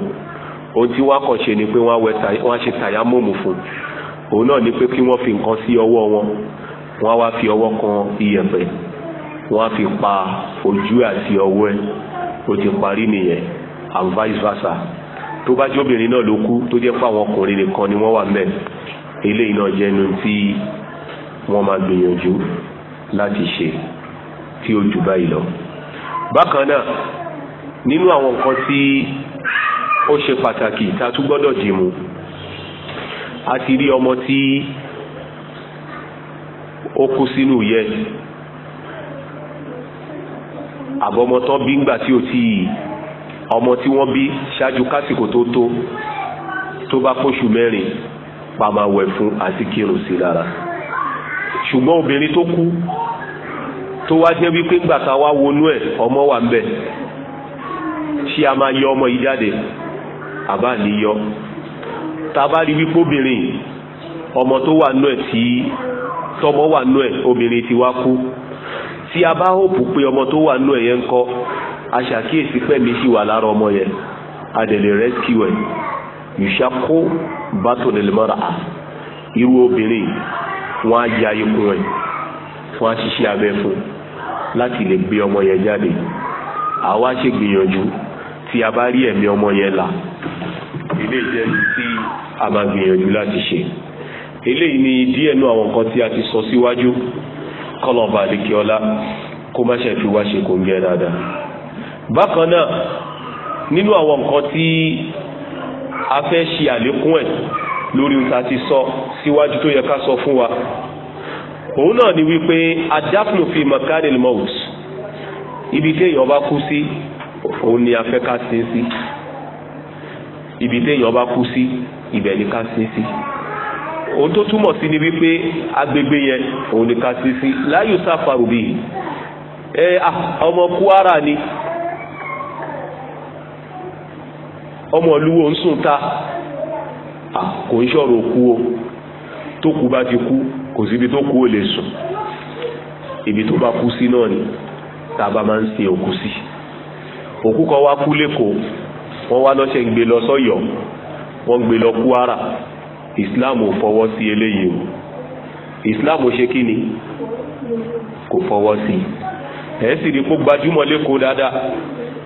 A: ohun tí wọ́n kàn ṣe ni pé wọ́n á ṣe tàyà mọ́mù fún òun náà ni pé kí wọ́n fi nǹkan sí ọwọ́ wọn wọ́n á wá fi ọwọ́ kan iyẹ̀pẹ̀ wọ́n á fi pa ojú àti ọwọ́ ẹ̀ ó ti parí nìyẹn and vice versa tó bá jẹ́ obìnrin náà ló kú tó jẹ́ pé àwọn ọkùnrin nìkan ni wọ́n wà ńbẹ̀ eléyìí náà jẹ́ inú tí wọ́n máa gbìyànjú láti ṣe tí ó jù báyìí lọ bákan náà nínú àwọn nǹkan tí ó ṣe pàtàkì tá a tún gbọ́dọ̀ dìmú a ti rí ọmọ tí ó kú sínú yẹ àbọ̀mọ tó bí ńgbà tí ó ti ọmọ tí wọ́n bí ṣáájú kásìkò tó tó tó bá póṣù mẹ́rin pàmáwẹ̀ fún àti kírun sí lára ṣùgbọ́n obìnrin tó kú tó wá jẹ́ wípé ńgbà tá a wá wọnú ẹ̀ ọmọ wà ń bẹ ṣé a máa yọ ọmọ yìí jáde àbá ní yọ tá a bá rí wípé obìnrin ọmọ tó wà nú ẹ̀ tí tọmọ wà nú ẹ̀ obìnrin ti wá kú tí a bá hòpù pé ọmọ tó wà nú ẹ̀ yẹn ń kọ́ a ṣàkíyèsí pẹ̀lú sí wà lára ọmọ yẹn adẹ̀lẹ̀ rescue ẹ̀ yùṣàkó bátò lè mọ́ra irú obìnrin wọ́n á ya ikùn rẹ̀ wọ́n á ṣiṣẹ́ abẹ fún láti lè gbé ọmọ yẹn jáde àwa ṣe gbìyànjú tí a bá rí ẹ̀mí ọmọ yẹn là ilé ìjẹ́ni tí a máa gbìyànjú láti ṣe eléyìí ni díẹ̀ nú àwọn nǹkan tí a ti sọ síwájú kọlọ̀ọ̀bà àdìkíọlá kó má ṣe fi wá ṣe kò ń gẹ́ dáadáa bákan náà nínú àwọn nǹkan tí a fẹ́ ṣe àlékún ẹ̀ lórí ohun tá a ti sọ síwájú tó yẹ ká sọ fún wa òun náà ni wípé adáfùnù fi mọ̀kánil mọ́wùs ibi tí èèyàn bá kú sí òun ni a fẹ́ ká sí sí ibi tí èèyàn bá kú sí ibẹ̀ ni ká sí sí òun tó túmọ̀ sí ni wípé agbègbè yẹn òun ni ká sí sí láyò sáfàrù bíi ẹ ọmọ Kwara ni ọmọ ìlú ń sùn ta kò ń ṣọ̀rọ̀ kú o tó kú bá ti kú kò síbi tó kú ò lè sùn ibi tó bá kú sí náà ni tá máa ń sin òkú sí òkú kan wá kú lẹ́kọ̀ọ́ wọ́n wá lọ́ṣẹ́ gbé lọ sọ́yọ́ wọ́n gbé lọ Kwara Islam ò fọwọ́ sí eléyìí o Islam ò ṣe kí ni kò fọwọ́ sí ẹ̀ sì ni kó gbajúmọ̀ lẹ́kọ̀ọ́ dáadáa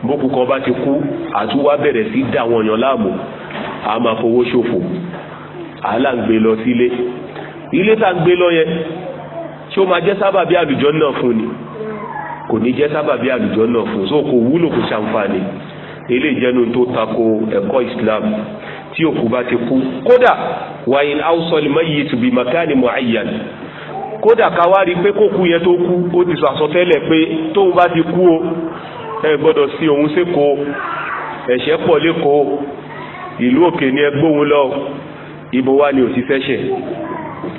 A: bókú kan bá ti kú àtúwá bẹ̀rẹ̀ sí dà wọ̀nyàn láàmú a máa fowó ṣòfò àhálà ń gbé lọ sílé ilé tá ń gbé lọ yẹn ṣé ó máa jẹ́ sábàbí àlùjọ náà fún ni kò ní jẹ́ sábàbí àlùjọ náà fún so kò wúlò kò ṣàǹfààní eléyìí jẹ́nu tó tako ẹ̀kọ́ Islam tí òkú bá ti kú kódà wàyín haúsọ̀lì mẹ́yìí tùbí makani muayyan kódà ká wá rí i pé kókú yẹn tó kú ó ti sọ àsọtẹ́lẹ̀ pé tóun bá ti kú o ẹ gbọ́dọ̀ sí òun séko ẹ̀ṣẹ̀ pọ̀ lẹ́kọ̀ọ́ ìlú òkè ni ẹ gbóhun lọ ibo wá ni òsì fẹ́ṣẹ̀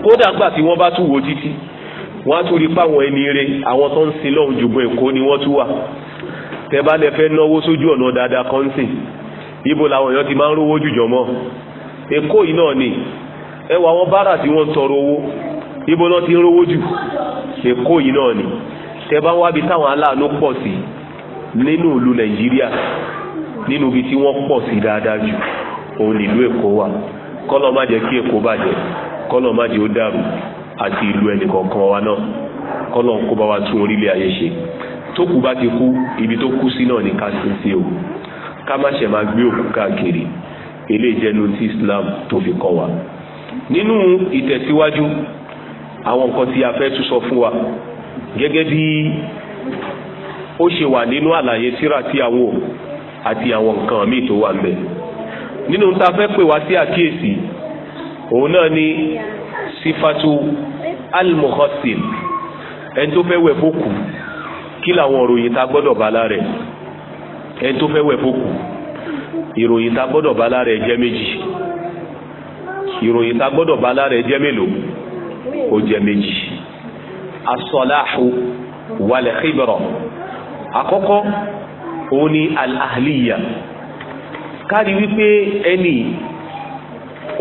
A: kódà gbà tí wọ́n bá tún wo títí wọ́n á tún rí páwọn ẹni rẹ àwọn tó ń sin lọ́hùn jùgbọ́n èkó ni wọ́n tún wà tẹ́ bá lè fẹ́ náwó sójú ọ̀nà dáadáa kan sìn ibo làwọn èèyàn ti máa ń rówó jùjọ mọ́ èkó yìí náà ni ẹ wọn bára tí wọ́n ń tọrọ owó ibo náà ti ń rówó jù èkó yìí náà ni tẹ́ bá wábi táwọn aláàánú pọ̀ sí nínú ìlú nàìjíríà nínú ibi tí wọ́n pọ̀ sí dáadáa jù òun nílùú èkó wà kọ́lọ̀ má jẹ́ kí èkó bàjẹ́ kọ́lọ̀ má jẹ́ ó dàrú àti ìlú ẹnìkọ̀ọ̀kan wa náà kọ́lọ̀ kó bá wa tún orílẹ̀ ayé ṣe tó kù bá ti kú ibi tó kú sí náà ní ká sin sí o ká má ṣe máa gbé òkú káàkiri eléyìí jẹ́nu tí Islam tó fi kọ́ wa nínú ìtẹ̀síwájú àwọn nǹkan tí a fẹ́ tún sọ fún wa gẹ́gẹ́ bí ó ṣe wà nínú àlàyé tírà tí àwọn àti àwọn nǹkan míì tó wà ńbẹ̀ nínú tá a fẹ́ pè wá sí àkíyèsí òun náà ni sifatu almuhassin ẹni tó fẹ́ wẹ̀ fókù kí làwọn ìròyìn tá a gbọ́dọ̀ bá lára ẹni tó fẹ́ wẹ̀ fókù ìròyìn tá gbọ́dọ̀ bá lára jẹ́ méjì ìròyìn tá gbọ́dọ̀ bá lára jẹ́ mélòó ó jẹ́ méjì asọ́láhu wàlẹ̀ xibirọ̀ àkọ́kọ́ òun ni al-ahliya kárí wípé ẹni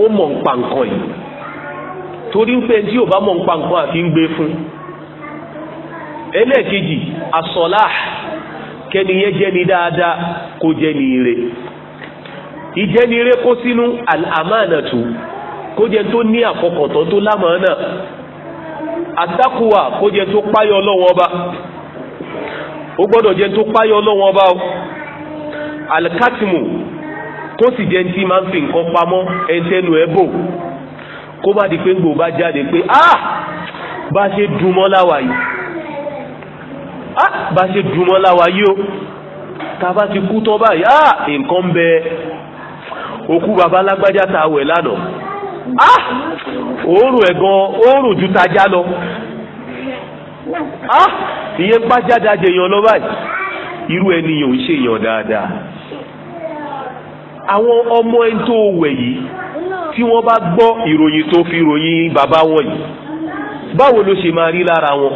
A: ó mọ̀ ń pa nǹkan yìí torí pé tí ò bá mọ̀ ń pa nǹkan àfi ń gbé fún ẹlẹ́ẹ̀kejì as-salah kẹniyẹ jẹni dáadáa kó jẹni ire ìjẹni ire kó sínú al kó jẹ tó ní àfọkàntán tó lámàánà at kó jẹ tó páyọ lọ́wọ́ ọba ó gbọ́dọ̀ jẹ́ tó páyọ̀ ọlọ́wọ́n ọba o alikatimu kó sì jẹ́ tí máa ń fi nǹkan pamọ́ ẹ̀ńtẹ́nu ẹ̀ kó má di pé gbò bá jáde pé ah bá ṣe dùnmọ́ láwa yìí ah bá ṣe dùnmọ́ láwa yìí o ta bá ti kú tán báyìí ah nǹkan bẹ òkú baba lágbájá ta wẹ̀ lánàá ah òórùn ẹ̀gan òórùn ju tajá lọ ìyẹn ah! pàjáde àjẹyàn lọ báyìí irú ènìyàn ò ń ṣèyàn dáadáa àwọn ọmọ ẹni tó wẹ̀ yìí tí wọ́n bá gbọ́ ìròyìn tó fi ròyìn bàbá wọn yìí báwo ló ṣe máa rí lára wọn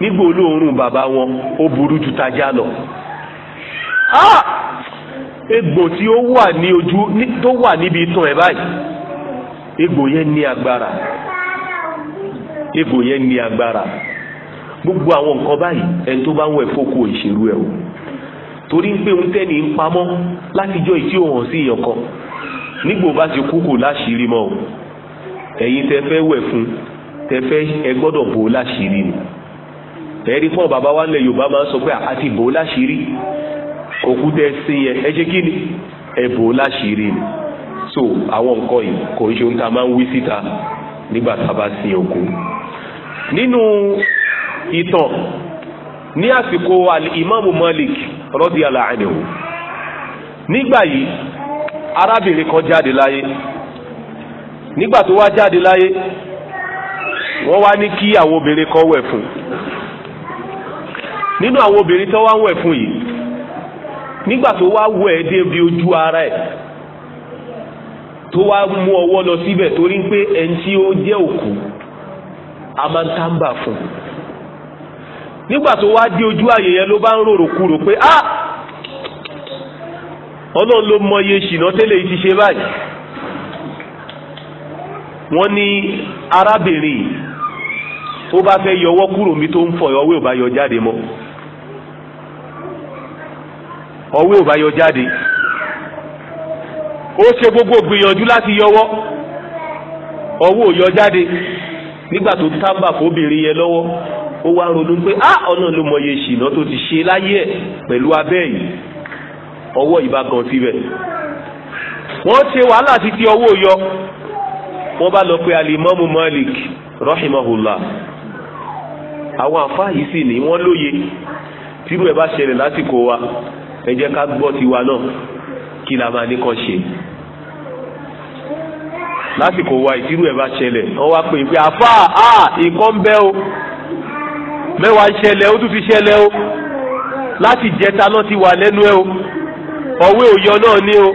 A: nígbà olóòórùn bàbá wọn ó burú ju tajá lọ. Ah! egbò tí ó wà ní ojú tó wà níbi itan ẹ̀ báyìí egbò yẹn ní agbára egbò yẹn ní agbára gbogbo àwọn nǹkan báyìí ẹni tó bá ń wẹ̀ fókù ìṣerú ẹ̀ o torí pé ń tẹ́ni ń pamọ́ látijọ́ ìtí ò hàn sí èèyàn kan nígbò bá ti kú kò láṣìírí mọ́ o ẹ̀yin tẹ fẹ́ wẹ̀ fún tẹ fẹ́ ẹ gbọ́dọ̀ bò láṣìírí ni ẹ̀rí fún bàbá wa nílẹ̀ Yorùbá máa ń sọ pé àti bò láṣìírí òkú tẹ yẹn ẹ ṣe kí ni ẹ bò láṣìírí ni so àwọn nǹkan yìí kò ń ṣe ohun tá a máa ń wí síta nígbà tá a bá sin òkú nínú ìtàn ní àsìkò ìmáàmù Malik radiyallahu anhu nígbà yìí arábìnrin kan jáde láyé nígbà tó wá jáde láyé wọ́n wá ní kí àwọn obìnrin kan wẹ̀ fún nínú àwọn obìnrin tó wá ń wẹ̀ fún yìí nígbà tó wá wẹ̀ débi ojú ara ẹ̀ tó wá mú ọwọ́ lọ síbẹ̀ torí pé ẹni tí ó jẹ́ òkú a máa ń tábà fún un nígbà tó wá dé ojú àyè yẹn ló bá ń rorò kúrò pé a ah! ọlọ́run ló mọ iye ṣìnà tẹ́lẹ̀ ti ṣe báyìí wọ́n ní arábìnrin ó bá fẹ́ yọwọ́ kúrò mi tó ń fọ ọwé ò bá yọ jáde mọ́ ọwé ò bá yọ jáde ó ṣe gbogbo gbìyànjú láti yọwọ́ ọwọ́ ò yọ jáde nígbà tó tábà fóbìnrin yẹn lọ́wọ́ ó wá ronú pé ah ọ̀nà ló mọye ṣìnà tó ti ṣe láyé ẹ̀ pẹ̀lú abẹ́ yìí ọwọ́ ìbá kan síbẹ̀ wọ́n ṣe wàhálà títí ọwọ́ yọ wọ́n bá lọ pé alimọ́mù Malik rahimahullah àwọn àfáà yìí sì ní wọ́n lóye tírú ẹ̀ bá ṣẹlẹ̀ lásìkò wa ẹ jẹ́ ká gbọ́ tiwa náà kí la máa ní kan ṣe lásìkò wa ìtírú ẹ̀ bá ṣẹlẹ̀ wọ́n wá pè é pé àfáà à ìkọ́ ń bẹ́ o mẹ́wàá ń ṣẹlẹ̀ ó tún ti ṣẹlẹ̀ o láti jẹta náà ti wà lẹ́nu ẹ o ọ̀wé òyọ náà ní o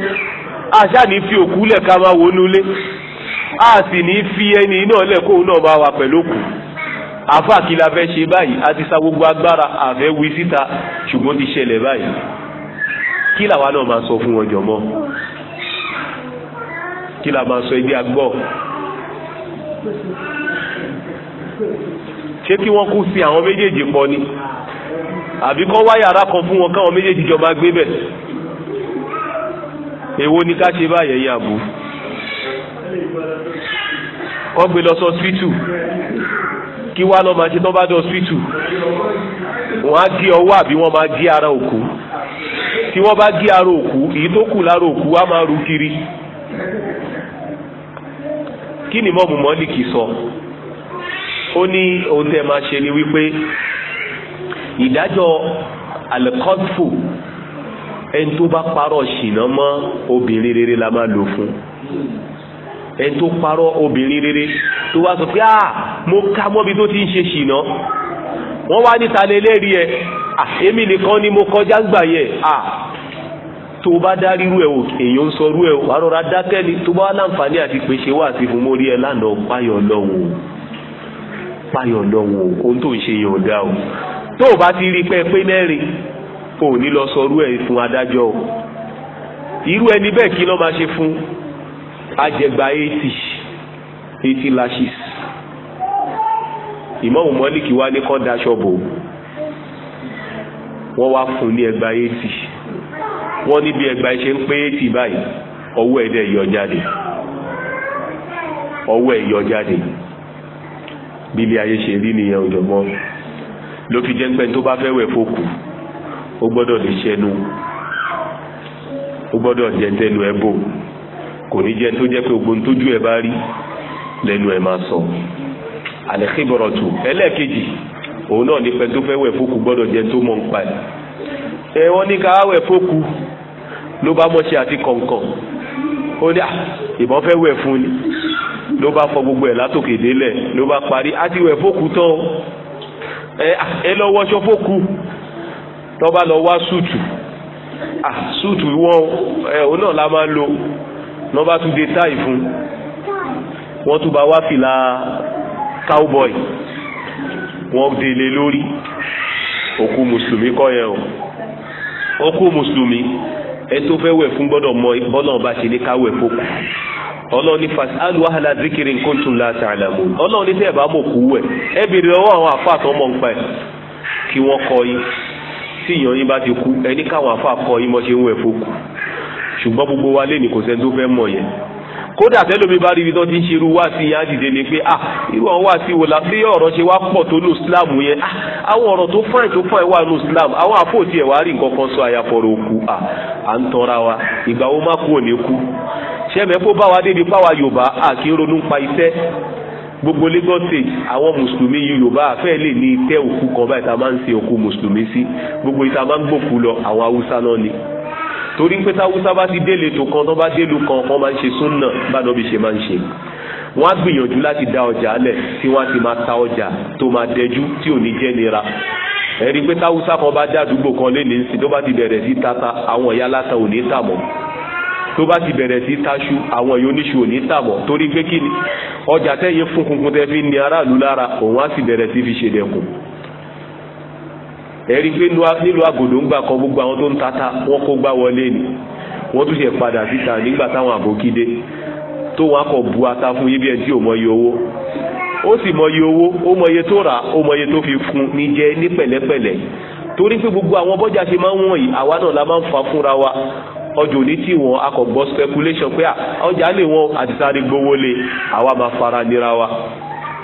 A: àṣà ní fi òkú lẹ̀ ká máa wọnú ilé a sì ní fi ẹni náà lẹ̀ kóun náà máa wà pẹ̀lú òkú àfa kí la fẹ́ ṣe báyìí a ti sa gbogbo agbára àfẹ́ wí síta ṣùgbọ́n ti ṣẹlẹ̀ báyìí kí làwa náà máa sọ fún wọn jọmọ́ kí la máa sọ ibi agbọ́ ṣé kí wọ́n kú sí àwọn méjèèjì pọ̀ ni àbí kọ́ wá yàrá kan fún wọn káwọn méjèèjì jọ máa gbé bẹ̀ èwo ni ká ṣe báyẹn yà bù wọ́n gbé lọ sọ spítù kí wá lọ́ máa ṣe tán bá dọ̀ spítù wọ́n á gé ọwọ́ àbí wọ́n máa gé ara òkú tí wọ́n bá gé ara òkú èyí tó kù lára òkú á máa rú kiri kí ni mọ́mù mọ́lìkì sọ ó ní ohun tẹ́ máa ṣe ni wípé ìdájọ́ alikọ́tfù ẹni tó bá parọ́ ṣìnà mọ́ obìnrin rere la máa lò fún ẹni tó parọ́ obìnrin rere tó wá sọ pé à ah, mo ká mọ́bi tó ti ń ṣe ṣìnà wọ́n wá níta lélẹ́rìí ẹ̀ ah, èmi nìkan ni mo kọjá gbà yẹ à ah, tó bá dárírú ẹ̀ èèyàn ń sọrú ẹ̀ wà rọra dákẹ́ ni tó bá láǹfààní àti pèsè wá sí fún mórí ẹ̀ lánàá páyọ̀ lọ́wọ́ páyọ̀ lọ́wọ́ ohun tó ń ṣe yàn dá o tó o bá ti rí pé pé mẹ́rin o ò ní lọ sọrú ẹ̀ fún adájọ́ o irú ẹni bẹ́ẹ̀ kí ló máa ṣe fún ajẹgba eighty eighty lashes ìmọ̀ọ́mù mọ́líkì wá ní kọ́ daṣọ bò wọ́n wá fún ní ẹgba eighty wọ́n níbi ẹgba ṣe ń pé eighty báyìí ọwọ́ ẹ̀ dẹ̀ yọ jáde ọwọ́ ẹ̀ yọ jáde yìí bílé ayé ṣe rí nìyẹn ọ̀jọ̀gbọ́n ló fi jẹ́ pé tó bá fẹ́ wẹ̀ fókù ó gbọ́dọ̀ lè ṣẹnu ó gbọ́dọ̀ jẹ́ tẹnu ẹ bò kò ní jẹ́ tó jẹ́ pé ogun tójú ẹ bá rí lẹ́nu ẹ máa sọ àlẹ́kìbọ̀rọ̀tù ẹlẹ́ẹ̀kejì òun náà ní pé tó fẹ́ wẹ̀ fókù gbọ́dọ̀ jẹ́ tó mọ̀ ń pa ẹ̀ ẹ wọ́n ní ká wẹ̀ fókù ló bá mọ̀ ṣe àti kọ̀ǹkọ̀ ó ní ìbọn fẹ́ wẹ̀ fún ni ló bá fọ gbogbo ẹ̀ látòkè délẹ̀ ló bá parí á ti wẹ̀ fókù tán ẹ lọ wọṣọ fókù tó bá lọ wá súùtù súùtù wọn ẹ òun náà la máa ń lo ló bá tún dé táì fún wọ́n tún bá wá fìlà cowboy wọ́n délé lórí òkú mùsùlùmí kọ́ yẹn o òkú mùsùlùmí ẹ tó fẹ́ wẹ̀ fún gbọ́dọ̀ mọ bọ́lá ọba ṣe ní ká wẹ̀ fókù ọlọ́run ní fasalu ahala zikiri nkuntum la ta'lamun ọlọ́run ní sẹ́ ẹ̀ bá mọ̀ kú wẹ̀ ẹ bèrè lọ́wọ́ àwọn àfa àtọmọ̀ npa ẹ̀ kí wọ́n kọ́ yín tí ìyàn yín bá ti kú ẹni káwọn àfa kọ́ yín mọ́ ṣe ń wẹ̀ fókù ṣùgbọ́n gbogbo wa lé ní kò sẹ́ni tó fẹ́ mọ̀ yẹn kódà tẹlómi bá rí ibi tó ti ń ṣerú wá sí yá dìde ni pé ah irú àwọn wá sí wò la bí ọ̀rọ̀ ṣe wá pọ̀ tó ní islam yẹn ah àwọn ọ̀rọ̀ tó fáìn tó fáìn wà ní islam àwọn àfòtí ẹ̀ wá rí nǹkan kan sọ àyàfọ̀rọ̀ òkú ah à ń tọ́ra wa ìgbà wo má kú òní kú ṣẹ́mẹ̀ kó bá wa débi páwa yorùbá àkí ronú pa iṣẹ́ gbogbo Lagos state àwọn mùsùlùmí yorùbá àfẹ́ lè ní tẹ́ òkú kan báyìí tá a máa ń sin òkú mùsùlùmí sí gbogbo ìta máa ń gbòkú lọ àwọn haúsá náà ni torí pé táwùsá bá ti délé tó kan tó bá délu kan kan máa ń ṣe súnà báná bí ṣe máa ń ṣe wọ́n á gbìyànjú láti da ọjà lẹ̀ tí wọ́n á ti máa ta ọjà tó máa dẹjú tí ò ní jẹ́ nira ẹ̀rí pé táwùsá kan bá dá àdúgbò kan lé ní tó bá ti bẹ̀rẹ̀ sí tata àwọn ìyá lásán ò ní tà mọ́ tó bá ti bẹ̀rẹ̀ sí taṣu àwọn èèyàn oníṣu ò ní tà mọ́ torí pé kí ni ọjà tẹ́yẹ fún kunkun tẹ́ fi ní aráàlú lára òun á sì bẹ̀rẹ̀ sí fi ṣe dẹ̀kùn ẹ̀rí pé nílùú àgòdò ń gbà kan gbogbo àwọn tó ń tata wọ́n kó gbá wọlé ni wọ́n tún ṣe padà síta nígbà táwọn àbòkídé tó wọn akọ̀ bu ata fún yíbi ẹ̀ tí ò mọyì owó ó sì mọyì owó ó mọyì tó rà ó mọyì tó fi fún ní jẹ ní pẹ̀lẹ́pẹ̀lẹ́ torí pé gbogbo àwọn bọ́jà ṣe máa ń wọ̀nyí àwa náà la máa ń fa fúnra wa ọjọ́ òní tí wọ́n a kò gbọ́ speculation pé ọjà lè wọ́n àti sáré gbowó lé àwa máa fara nira wa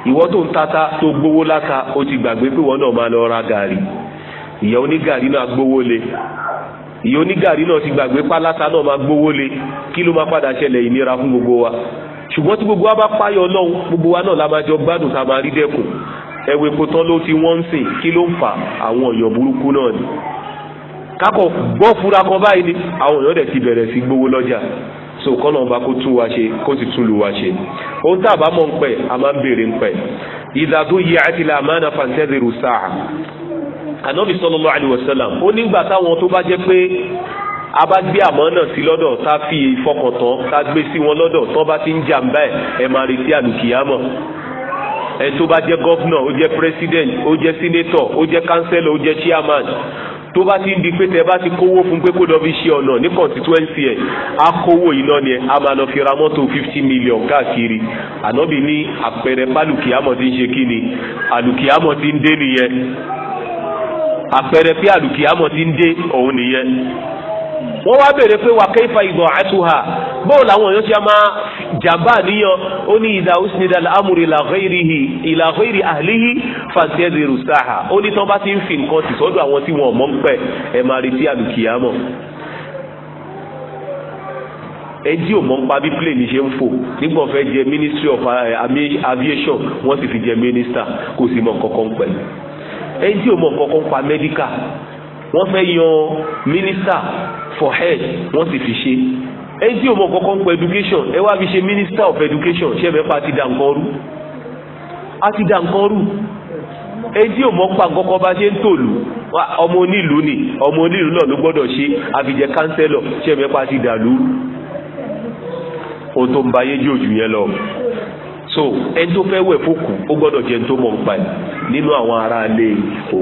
A: ìwọ tó ń tata tó gbowó láta ó ti gbàgbé pé wọ́n náà máa lọ ra gàrí ìyá onígàrí náà gbowó lé ìyá onígàrí náà ti gbàgbé pálátà náà máa gbowó lé kí ló máa padà ṣẹlẹ̀ ìnira fún gbogbo wa ṣùgbọ́n tí gbogbo wa bá páyọ̀ ọlọ́run gbogbo wa náà la máa jọ gbádùn tá a máa rí dẹ́kun ẹ̀wẹ̀ kò tán ló ti wọ́n ń sìn kí ló ń fa àwọn ọ̀yàn burúkú náà ni kákọ̀ wọ́n fura kan báyìí ni àwọn èèyàn dẹ̀ ti bẹ̀rẹ̀ sí gbowó lọ́jà so kọ́nà ọba kó tún wa ṣe kó sì tún lu wa ṣe ohun tá a bá mọ̀ ń pẹ̀ a máa ń béèrè ń pẹ̀ ìdàdó yẹ àti la amana fàǹtẹ́rìrù sáà ànábì sallallahu alaihi wasallam ó nígbà táwọn tó bá jẹ́ pé a bá gbé àmọ́ náà sí lọ́dọ̀ tá a fi ìfọkàntán tá a gbé sí wọn lọ́dọ̀ tó bá ti ń jàǹbá ẹ̀ ẹ̀ máa retí àlùkìyámọ̀ ẹ tó bá jẹ́ gọ́vnọ̀ ó jẹ́ pírẹsidẹ̀ntì ó jẹ́ sínétọ̀ ó jẹ́ kánsẹ́lọ̀ ó jẹ́ chairman tó bá ti ń di pé tẹ bá ti kówó fún pé kó lọ fi ṣe ọ̀nà ní constituency ẹ̀ á kówó yìí lọ ẹ̀ á máa lọ fi ra mọ́tò fifty million káàkiri ànábì ní àpẹẹrẹ pálùkìámọ̀ ti ń ṣe kí ni àlùkìámọ̀ ti ń dé nìyẹn àpẹẹrẹ pé àlùkìámọ̀ ti ń dé òun nìyẹn wọ́n wá béèrè pé wà kẹ́fà ìbọn àtúhà bóun làwọn èèyàn ṣe máa jàmbá níyàn ó ní ìdá òsínìdá amúre ìlàgọ́ìrì àhìlíhì fàṣẹ́dìrú sáà ó ní tán bá ti ń fi nǹkan tì sọ́dọ̀ àwọn tí wọ́n mọ̀ ń pẹ́ ẹ̀ máa retí àlùkìyàmọ̀ ẹjí ò mọ̀ pa bí plane ṣe ń fò nígbà fẹ́ jẹ ministry of eh, aviation wọ́n sì fi jẹ minister kò sì mọ̀ kankan pẹ̀ ẹjí ò mọ̀ kankan pa medical wọ́n fẹ́ yan minister for health wọ́n sì fi ṣe ẹni tí òmò kọ́kọ́ ń pọ education ẹ wá fi ṣe minister of education ṣé mẹ́fà ti dà nǹkan rú a ti dà nǹkan rú ẹni tí òmò pa nǹkan kan bá ṣe ń tòlù ọmọ onílù ni ọmọ onílù náà ló gbọ́dọ̀ ṣe àfijẹ́ kánsẹ́lọ̀ ṣé mẹ́fà ti dà lú tó ń ba ayé jòjù yẹn lọ so ẹni tó fẹ́ wẹ̀ fókù ó gbọ́dọ̀ jẹun tó mọ̀ ń pa nínú àwọn aráalé òkú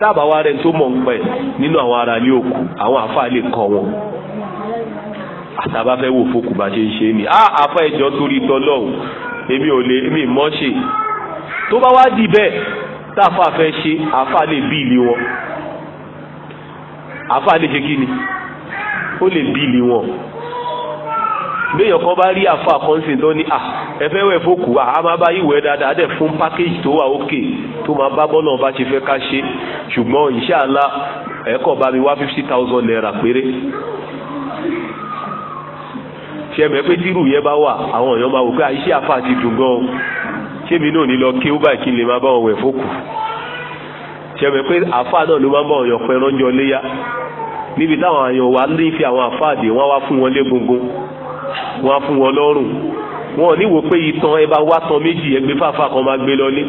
A: tábà wa rẹ̀ tó mọ̀ ń pẹ̀ nínú àwọn ará ilé òkú àwọn àfa lè kọ́ wọn àtàbá wò fókù bá ṣe ń ṣe ni ah àfa ẹ̀jọ́ torí tọ́lọ́hùn èmi ò lè èmi mọ́ ṣe tó bá wá di bẹ́ẹ̀ táfa fẹ́ ṣe àfa lè bíìlì wọn àfa lè ṣe kí ni ó lè bíìlì wọn béèyàn kan bá rí àfa kọ́nsìn tó ní à ẹ fẹ́ wẹ̀ fókù à á máa bá ìwẹ̀ dáadáa dẹ̀ fún pákéjì tó wà òkè tó máa bá bọ́nà bá ṣe fẹ́ ká ṣe ṣùgbọ́n inshallah ẹ̀kọ́ bá mi wá fifty thousand naira péré ṣẹ̀mẹ̀ pé tírù yẹn bá wà àwọn èèyàn máa wò pé iṣẹ́ àfa ti dùn gan-an ṣébi náà ní lọ kí ó báyìí kí n lè máa bá wọn wẹ̀ fókù ṣẹ̀mẹ̀ pé àfa náà ló máa bá wọn yàn pẹ̀ránjọ léyà níbi táwọn àyàn wà ní fi àwọn àfa àdè wọn wá fún wọn lé gungun wọ́n á fún wọn lọ́rùn wọn ò ní wò pé itan ẹ bá wá tan méjì ẹgbẹ́ fàáfà kan máa gbé lọlé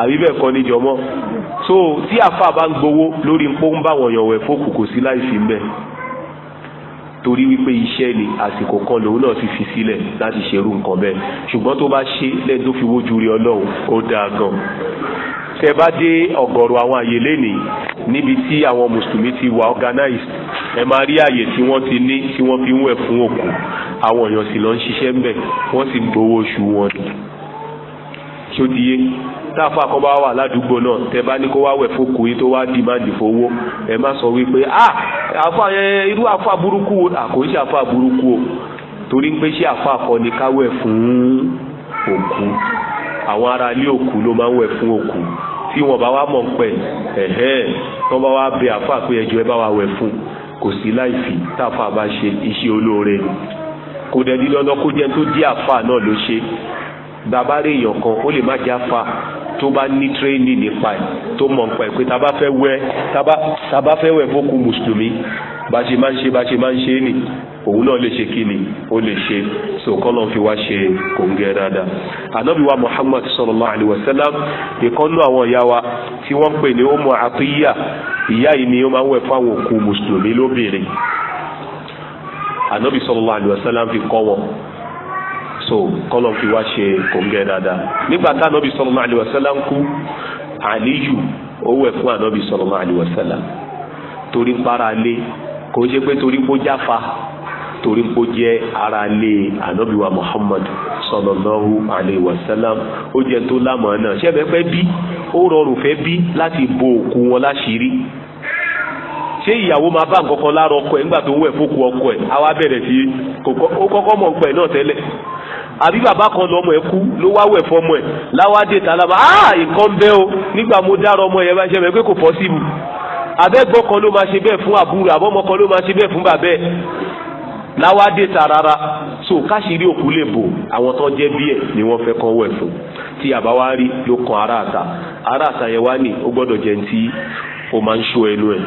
A: àbí bẹ́ẹ̀ kọ́ ni jọmọ́ so tí àfà bá ń gbowó lórí pọ́ńbà wọ̀nyọ̀wẹ̀ fókù kò sí láì fi ń bẹ́ẹ̀ torí wípé iṣẹ́ ni àsìkò kan lòun náà ti fi sílẹ̀ láti ṣerú nǹkan bẹ́ẹ̀ ṣùgbọ́n tó bá ṣe lẹ́ni tó fi wójú rí ọlọ́run ó dáa gan tẹ bá dé ọ̀gọ̀rọ̀ àwọn àyè lénìí níbi tí àwọn mùsùlùmí ti wà organized ẹ máa rí àyè tí wọ́n ti ní tí wọ́n fi ń wẹ̀ fún òkú àwọn èèyàn sì lọ ń ṣiṣẹ́ ń bẹ̀ wọ́n sì gbowó oṣù wọn ni ti yé táfà kan bá wà ládùúgbò náà tẹ bá ní kó wá wẹ̀ fókù yín tó wá dìmáàdì fowó ẹ má sọ wípé ah àfà yẹn irú àfà burúkú wo ah, kò ń ṣe àfà burúkú o torí pé ṣé àfà kan ni ká wẹ̀ fún òkú àwọn ará ilé òkú ló máa ń wẹ̀ fún òkú tí wọn bá wá mọ̀ ń pẹ̀ ẹ̀hẹ́n bá wá bẹ àfà pé ẹjọ́ ẹ bá wá wẹ̀ fún kò sí láìfì táfà bá ṣe iṣẹ́ olóore kò dẹ̀ di dandan kó jẹ́ tó dí àfà náà ló ṣe bàbá rèèyàn kan ó lè má jẹ́ àfà tó bá ní tírénì nípa ẹ̀ tó mọ̀ nípa ẹ̀ pé tá bá fẹ́ wẹ̀ tá bá fẹ́ wẹ̀ fókù mùsùlùmí bá ṣe máa ń ṣe bá ṣe máa ń ṣe nì òun náà lè ṣe kí ni ó lè ṣe so kọ́lọ́n fi wá ṣe kòǹgẹ́ dáadáa ànábì muhammad sallallahu alayhi wa sallam ìkọ́nú àwọn ìyá wa tí wọ́n pè ní ọmọ àtúnyà ìyá yìí ni ó máa ń wẹ̀ fáwọn òkú mùsùlùmí lóbìnrin ànábì sallallahu alayhi wa sallam fi kọ́ wọn so kọ́lọ̀ fi wá ṣe kòńgẹ́ dáadáa nígbà tá ànábì sallallahu alaihi wasallam ń kú àlíyù owó ẹ̀ fún ànábì sallallahu alaihi wasallam torí ń para lé kò ń ṣe pé torí pó jáfa torí pó jẹ́ ara lé ànábì wa Muhammad sallallahu alaihi wasallam ó jẹ́ tó lámọ̀ náà ṣẹ́fẹ́ fẹ́ bí ó rọrùn fẹ́ bí láti bo òkú wọn láṣìírí ṣé ìyàwó máa bá nǹkan kan lára ọkọ ẹ̀ nígbà tó ń wẹ̀ fókù ọkọ ẹ̀ àwa bẹ̀rẹ̀ sí kò kọ́kọ́ mọ̀ ọkọ ẹ̀ náà tẹ́lẹ̀ àbí bàbá kan lọmọ ẹ kú ló wá wẹ̀ fọmọ ẹ láwádé tá á ah, nǹkan bẹ́ o nígbà mo dára ọmọ yẹn bá ṣe mẹ́ pé kò possible abẹ́gbọ́n kan ló máa ṣe bẹ́ẹ̀ fún àbúrò àbọ́mọ kan ló máa ṣe bẹ́ẹ̀ fún bàbẹ́ láwádé ta rárá so káṣírí òkú lè bò àwọn tó jẹ́ bí ni wọ́n fẹ́ kán wẹ̀ fún tí àbá wá rí ló kan aráàta aráàta yẹn wá ní ó gbọ́dọ̀ jẹ́ ní ó máa ń ṣó ẹnu ẹ̀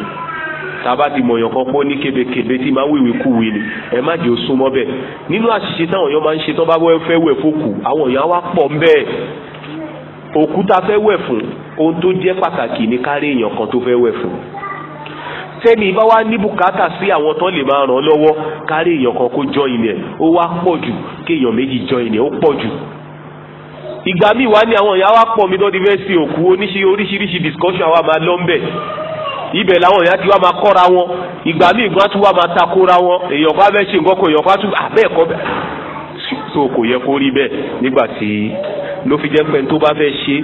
A: tàbá ti mọ̀yàn kan pọ́ ní kébékébé tí máa ń wíwèé kú wí ni ẹ má jẹ́ ó súnmọ́ bẹ́ẹ̀ nínú àṣìṣe táwọn èèyàn máa ń ṣe tán bá fẹ́ wẹ̀ fókù àwọn èèyàn wá pọ̀ ń bẹ́ẹ̀ òkúta fẹ́ wẹ̀ fún ohun tó jẹ́ pàtàkì ní kárí èèyàn kan tó fẹ́ wẹ̀ fún tẹ́ni bá wá ní bùkátà sí àwọn tán lè máa ràn lọ́wọ́ kárí èèyàn kan kó jọ ilẹ̀ ó wá pọ̀ jù kéèyàn méjì jọ ilẹ̀ ó pọ̀ jù ìgbà míì wá ní àwọn èèyàn wá pọ̀ mi tó fẹ́ sí òkú oníṣe oríṣiríṣi discussion àwa máa lọ ń bẹ̀ ibẹ̀ làwọn èèyàn ti wá máa kọ́ra wọn ìgbà míì gan tún wá máa takora wọn èèyàn bá fẹ́ ṣe nǹkan kan èèyàn bá tún ah, bẹ́ẹ̀ kọ́ bẹ́ẹ̀ so kò yẹ kó rí bẹ́ẹ̀ nígbà tí ló fi jẹ́ pé tó bá fẹ́ ṣe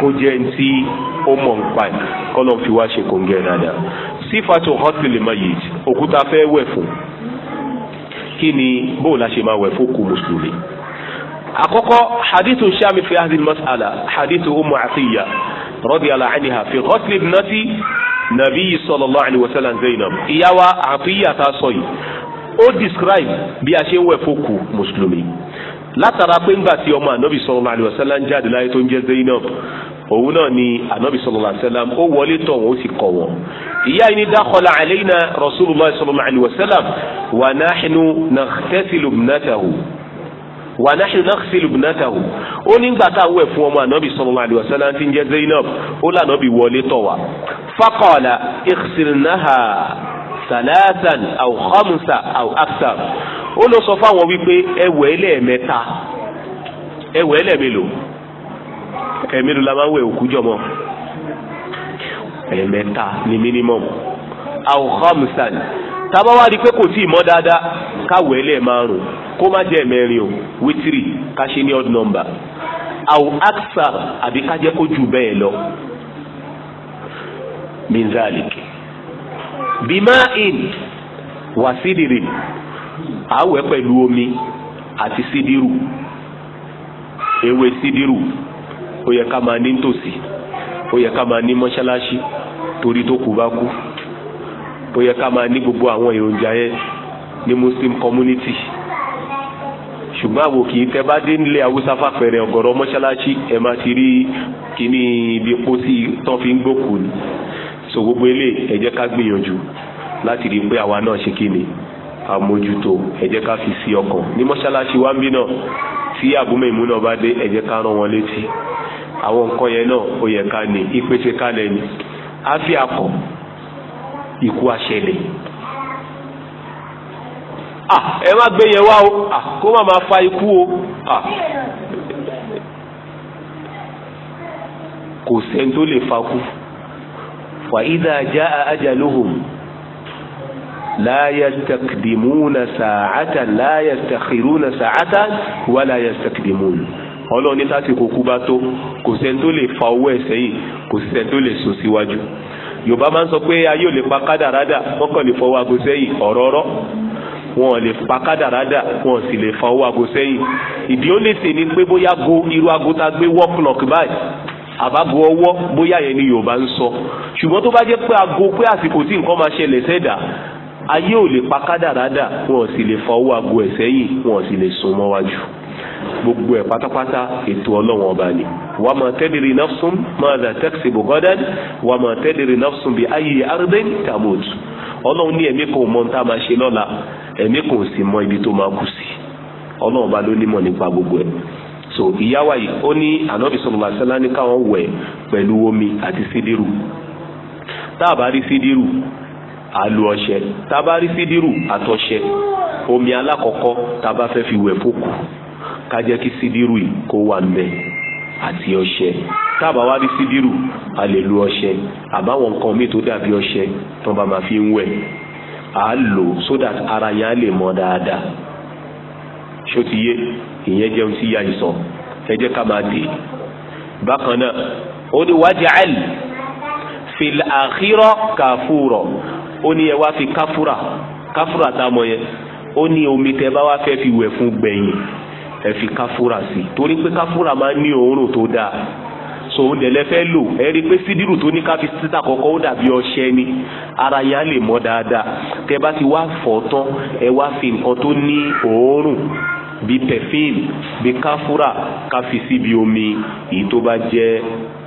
A: kó jẹ́ ẹni tí ó mọ̀ ń pa ẹ̀ kọ́ ló ń fi wá ṣe kòǹgẹ́ dáadáa sífàtò hospital mayit òkúta fẹ́ wẹ̀ fún kí ni bóun la ṣe máa wẹ̀ fún kù mùsùlùmí àkọ́kọ́ hadithu shami fi hadhihi mas'ala hadithu umu atiya radiyallahu anha fi ghusl ibnati nàbí sallallahu alayhi wa sallam Zainab ìyá wa àfíyà tá a sọ yìí ó describe bí a ṣe ń wẹ̀ fókù mùsùlùmí látara pé ńgbà tí ọmọ ànábì sallallahu alayhi wa sallam ń jáde láyé tó ń jẹ́ Zainab òun náà ni ànábì sallallahu alayhi wa sallam ó wọlé tọ̀ wọ́n ó sì kọ̀ wọ́n ìyá yìí ni dakhala alayna rasulullah sallallahu alayhi wa sallam wa nahnu naghtasilu ibnatahu wa nahnu naghsilu ibnatahu ó nígbà tá à ń wẹ̀ fún ọmọ ànábì sallallahu alaihi wasallam tí ń jẹ́ Zainab ó lànàbì wọlé tọ̀ wá. faqala ighsilnaha salasan aw khamsa aw akthar ó lọ sọ fáwọn wípé ẹ lẹ́ẹ̀mẹ́ta ẹ wẹ̀ ẹ́ la máa ń wẹ̀ òkú jọmọ́ ẹ̀mẹ́ta ni minimum aw khamsan tábà wá rí i pé kò tí ì mọ́ dáadáa káwọ́ ẹlẹ́ márùn kó má jẹ́ mẹ́rin o wítírì ká ṣe ní odd number àwọn aksar àbí ká jẹ́ kó jù bẹ́ẹ̀ lọ min bima'in wà sídìrì àwẹ̀ pẹ̀lú omi àti sídìrù ewé sídìrù ó yẹ ká máa ní nítòsí ó yẹ ká máa ní mọ́ṣáláṣí torí tó kù bá kú ó yẹ ká máa ní gbogbo àwọn èròjà yẹn ní muslim community ṣùgbọ́n àwò kì í tẹ́ bá dé nílé haúsá fàpẹ̀rẹ̀ ọ̀gọ̀rọ̀ mọ́ṣáláṣí ẹ̀ máa ti rí kíní ibi pósí tán fi ń gbòkù ni so gbogbo ilé ẹ jẹ́ ká gbìyànjú láti rí pé àwa náà ṣe kíni àmójútó ẹ ká fi sí ọkàn ní mọ́ṣáláṣí wa ń bí náà tí àbúmọ̀ ìmú náà bá dé ẹ ká rán wọn létí àwọn nǹkan yẹn náà ó yẹ ká ní ìpèsè kálẹ̀ ni á fi àkọ́ ikú àṣẹlẹ̀ à ah, ẹ má gbé yẹn wá o à ah, kó má máa fa ikú o à ah. kò sẹ́ni tó lè fa kú fa idha jaa ajaluhum la yastakdimuna sa'atan la yastakhiruna sa'atan wa la yastakdimuna ọlọ́run ní sásìkò kú bá tó kò sẹ́ni tó lè fa owó ẹ̀ sẹ́yìn kò sẹ́ni tó lè sún síwájú. Si yorùbá máa ń sọ pé ayé ò lè pa kádàrádà wọ́n kàn lè fọwọ́ aago sẹ́yìn ọ̀rọ̀ọ̀rọ̀ wọn ò lè pa kádàrádà wọn sì lè fọwọ́ aago sẹ́yìn ìdí ó lè sè ni pé bóyá go irú aago tá gbé wọ́ clock báyìí àbágo ọwọ́ bóyá yẹn ni yorùbá ń sọ ṣùgbọ́n tó bá jẹ́ pé aago pé àsìkò tí nǹkan máa ṣẹlẹ̀ sẹ́dà ayé ò lè pa kádàrádà wọn ò sì lè fọwọ́ aago ẹ̀ sẹ́yìn wọn sì lè sún mọ́wájú gbogbo ẹ̀ pátápátá ètò ọlọ́wọ́n ọba ni wà á máa tadri nafsun madha taksibu ghadan wà á máa tadri nafsun bi ayyi ardin tamut ọlọ́run ní ẹ̀mí kan mọ tá a máa ṣe lọ́la ẹ̀mí kan sì mọ ibi tó máa kù sí ọlọ́run ọba ló nímọ̀ nípa gbogbo ẹ̀ so ìyáwá yìí ó ní ànábì sallallahu alaihi wasallam ní káwọn wẹ̀ pẹ̀lú omi àti sídìrú tá a bá rí sídìrú àlù ọṣẹ tá a bá rí sídìrú àtọṣẹ omi alákọ̀ọ́kọ́ tá a bá fẹ́ fi wẹ̀ fókù ká kí sídírù yìí kó wà ń bẹ àti ọṣẹ tábà wá rí sídírù a lè lu ọṣẹ àbáwọn nǹkan míì tó dàbí ọṣẹ tó bá máa fi ń wẹ̀ á lò so that ara yẹn á lè mọ dáadáa ṣó ti yé ìyẹn jẹun sí ya ìsọ ẹ jẹ́ ká máa dè bákan náà ó ní waj'al fil akhira kafura ó ní ẹ wá fi káfúrà káfúrà tá a mọ yẹn ó ní omi tẹ bá wá fẹ́ fi wẹ̀ fún gbẹ̀yìn ẹ fi káfúrà sí torí pé káfúrà máa ń ní òórùn tó dáa so oúnjẹ lẹ fẹ́ lò ẹ rí i pé sídìrù tó ní káfí títà kọ́kọ́ ó dàbí ọṣẹ ni ara yẹn á lè mọ́ dáadáa tẹ bá ti wá fọ̀ tán ẹ wá fi nǹkan tó ní òórùn bíi pẹfíìmù bíi káfúrà káfí síbi omi èyí tó bá jẹ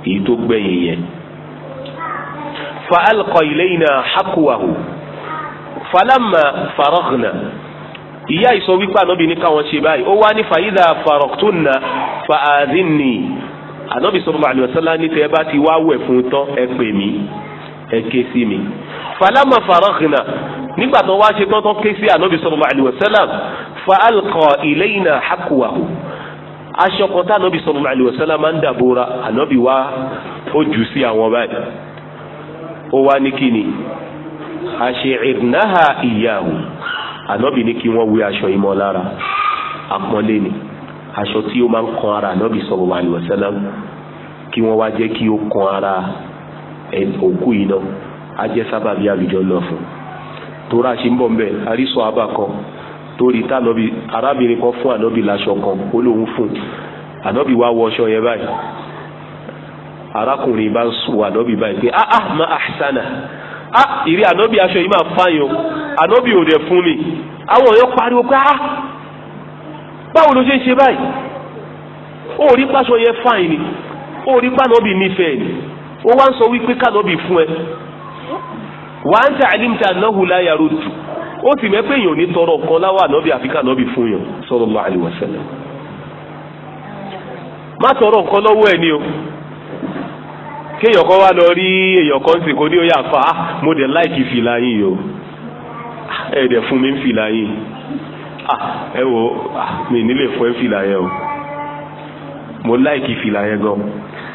A: èyí tó gbẹ̀yìn yẹn. fa alqa ilayna hakuwahu falamma faraghna ìyá ìsọ wípé ànábì ní káwọn ṣe báyìí ó wá ní fàyídà farọ̀túnà fàázínì ànábì sallallahu alaihi wasallam ní tẹ́ ẹ bá ti wá wẹ̀ fún tán ẹ pè mí ẹ ké sí mi. falama farahina nígbà tó wá ṣe tán tán ké sí ànábì sallallahu alaihi wasallam fa alqa ilayna hakuwahu aṣọ kan tá ànábì sallallahu alaihi wasallam máa ń dàbòra ànábì wá ó jù sí àwọn báyìí ó wá ní kíni àṣẹ ìrìnnáhà ìyàwó ànábì ní kí wọ́n wé aṣọ ìmọ̀ lára àpọ́nlé ni aṣọ tí ó máa ń kan ara ànábì sallallahu alaihi wasallam kí wọ́n wá jẹ́ kí ó kan ara òkú yìí náà á jẹ́ sábàbí àlùjọ náà fún tóra ṣe ń bọ̀ mbẹ́ àrísọ àbá kan torí tánàbì arábìnrin kan fún ànábì láṣọ kan ó lóun fún ànábì wá wọ ọṣọ yẹn báyìí arákùnrin bá ń sùn ànábì báyìí pé ah ah ma ahsana á ah, ìrí ànábì aṣọ yìí máa fáyọ ànábì ò dẹ̀ fún ni àwọn èèyàn pariwo pé á ah, báwo ló ṣe ń ṣe báyìí ó rí pàṣọ yẹn fáyìn ni ó rí n'ife nífẹ̀ẹ́ ni ó wá ń sọ wípé fún ẹ Wa ń tẹ àlímtà náà hùlá yàrá ó sì mẹ́ pé èèyàn ní tọrọ kan láwà nọ́bì àfikà nọ́bì fún yàn tọrọ nǹkan lọ́wọ́ o kéèyàn kan wá lọ rí èèyàn kan sì kó ní ó yà fà á mo dẹ̀ láìkì fìlà yìí o ah, ẹ dẹ̀ fún mi ń fìlà yìí ah, ẹ wo ah, mi nílé fún ẹ fìlà yẹn o mo láìkì fìlà yẹn gan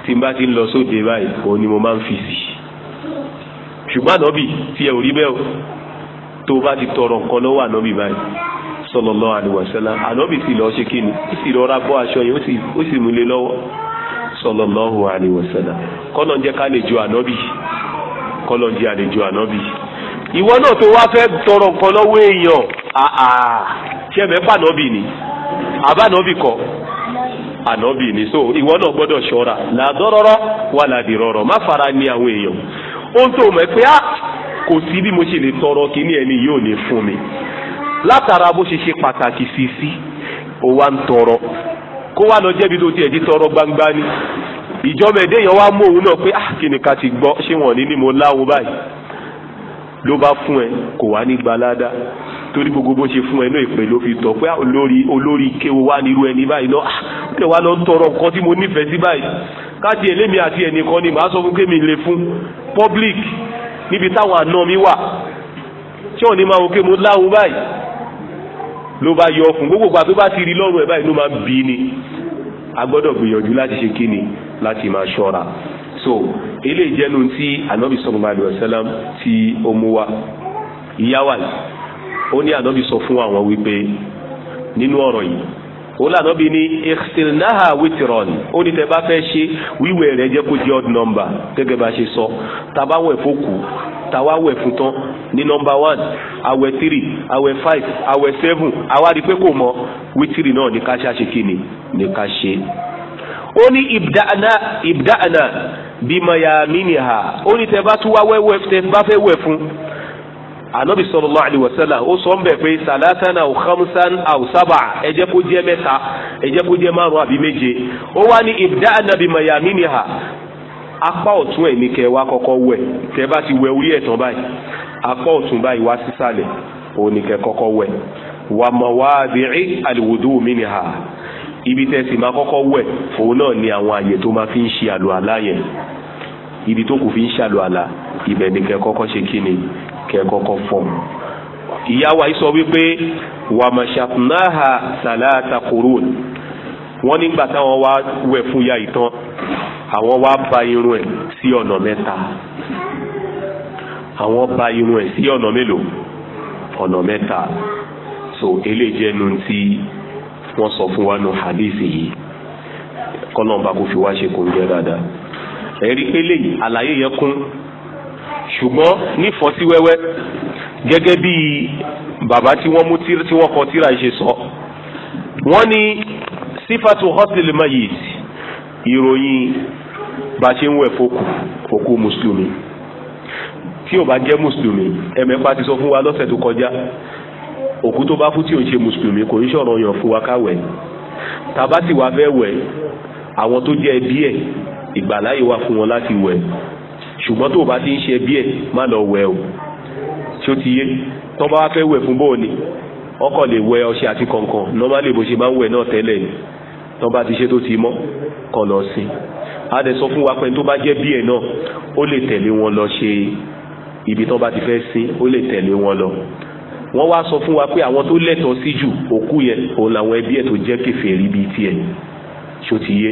A: tí n bá ti ń lọ sóde báyìí òun ni mo máa ń fi sí ṣùgbọ́n ànábì tí ẹ ò rí bẹ́ẹ̀ o tó o bá ti tọrọ nǹkan lọ́wọ́ ànábì báyìí sallallahu alaihi wasallam ànábì sì lọ ṣe kí ni ó sì lọ ra bọ́ aṣọ yẹn ó sì múlẹ̀ lọ́wọ́. sallallahu alayhi wa sallam kọ́nà jẹ́ ká lè ju ànábì kọ́nà jẹ́ lè ìwọ náà tó wá fẹ́ tọrọ nǹkan lọ́wọ́ èèyàn ṣé ẹ̀mẹ́ pànábì ni àbánábì kọ́ ànábì ni so ìwọ náà gbọ́dọ̀ ṣọ́ra làdọ́rọ́rọ́ wà làdìrọ́rọ́ má fara ní àwọn èèyàn ohun tó mọ̀ pé ah, kò sí bí mo ṣe lè tọrọ kíní ẹni yóò fún mi látara bó ṣe ṣe pàtàkì sí sí ó kó wá lọ jẹ́bi tó tiẹ̀ ti tọrọ gbangba ni ìjọba ẹ̀dẹ́ yẹn wá mú òun náà pé ah kí ni ká ti gbọ́ ṣé wọ́n ní ni mo láwo báyìí ló bá fún ẹ kò wá ní gbalada torí gbogbo bó ṣe fún ẹ náà ìpè ló fi tọ̀ pé ah, olórí olórí kéwo wá nírú ẹni báyìí náà tẹ ah, wá lọ tọrọ nǹkan tí mo nífẹ̀ẹ́ sí báyìí káàtì ẹlẹ́mi àti ẹnìkan ni màá sọ fún kémi lè fún public níbi táwọn àna mi wà ṣé òní máa wò pé mo láwo báyìí ló bá yọ fún gbogbo ìgbà tó bá ti rí lọ́rùn ẹ̀ báyìí ló máa ń bí ni a gbọ́dọ̀ gbìyànjú láti ṣe kíni láti máa ṣọ́ra so eléyìí jẹ́nu tí anabi sallallahu alaihi wasallam ti ó mú wa ìyáwá ó ní anabi sọ fún àwọn wípé nínú ọ̀rọ̀ yìí olànà bíi ní ìṣìlnáhà wítìrọ̀n ó ní tẹ́ bá fẹ́ ṣe wíwẹ̀ rẹ̀ jẹ́ kó jẹ́ odd number gẹ́gẹ́ bá ṣe sọ tàbáwẹ̀ fókù tàwáwẹ̀ fún tán ní nọmba one àwẹ̀ three àwẹ̀ five àwẹ̀ seven àwárí pé kò mọ wítìrì náà ní ká ṣàṣe kí ni ní ká ṣe ó ní ìbdáàna ìbdáàna bímọ yàmínìhà ó ní tẹ́ bá tún wá wẹ́wẹ́ tẹ́ bá fẹ́ wẹ̀ fún anabi sallallahu alayhi wa sallam ó sọ mbẹ pé salatana aw khamsan aw sab'a ẹ jẹ́ kó jẹ́ mẹ́ta ẹ jẹ́ ibda anabi ẹ̀ ní kẹ́ wá kọ́kọ́ wẹ̀ ti wẹ orí ẹ̀ tán báyìí apá ọ̀tún báyìí wá sísàlẹ̀ òun ní wà alwudu ibi tẹ́ náà ni àwọn àyè tó ma fi ń yẹn ibi tó fi ń kẹ́ kọ́kọ́ fọ́ọ̀mù ìyá wa yìí sọ wípé wàmàṣàtúnáhà sàlàtà kòrónì wọ́n nígbà táwọn wá wẹ̀ fún ya ìtàn àwọn wá ba irun ẹ̀ sí ọ̀nà mẹ́ta àwọn ba irun ẹ̀ sí ọ̀nà mélòó ọ̀nà mẹ́ta so eléjẹnu tí wọ́n sọ fún wa nù hadisi yìí kọ́nà ọba kò fi wá ṣe kò ń jẹ́ dáadáa ẹ̀rí pé lẹ́yìn àlàyé yẹn kún ṣùgbọ́n nífọ̀ọ́sí wẹ́wẹ́ gẹ́gẹ́ bí bàbá tí wọ́n mú tí wọ́n kọ tíra ṣe sọ wọ́n ní sífàtú husnul mayit ìròyìn bá ṣe ń wẹ̀ fókù òkú mùsùlùmí tí ò bá jẹ́ mùsùlùmí ẹ̀mẹ́fà ti sọ fún wa lọ́sẹ̀ tó kọjá òkú tó bá kú tí ò ṣe mùsùlùmí kò ń ṣọ̀rọ̀ yàn fún wa káwẹ̀ tàbá sì wá fẹ́ wẹ̀ àwọn tó jẹ́ ẹbí ẹ̀ ìgbàláyè wà fún wọn láti wẹ̀ ṣùgbọ́n tó o bá ti ń ṣe bí ẹ̀ má lọ wẹ̀ o ṣó ti yé tó bá wá fẹ́ wẹ̀ fún bọ́ọ̀ni ọkọ̀ lè wẹ ọṣẹ àti kọ̀ǹkọ̀ normally bó ṣe máa ń wẹ̀ náà tẹ́lẹ̀ ni tó bá ti ṣe tó ti mọ́ kọ̀ lọ sí i a dẹ̀ sọ fún wa pé tó bá jẹ́ bí ẹ̀ náà ó lè tẹ̀lé wọn lọ ṣe ibi tó bá ti fẹ́ sí ó lè tẹ̀lé wọn lọ wọ́n wá sọ fún wa pé àwọn tó lẹ́tọ̀ọ́ sí jù òkú yẹn òun làwọn ẹbí ẹ̀ tó jẹ́ kèfèrí bíi tiẹ̀ ṣó ti yé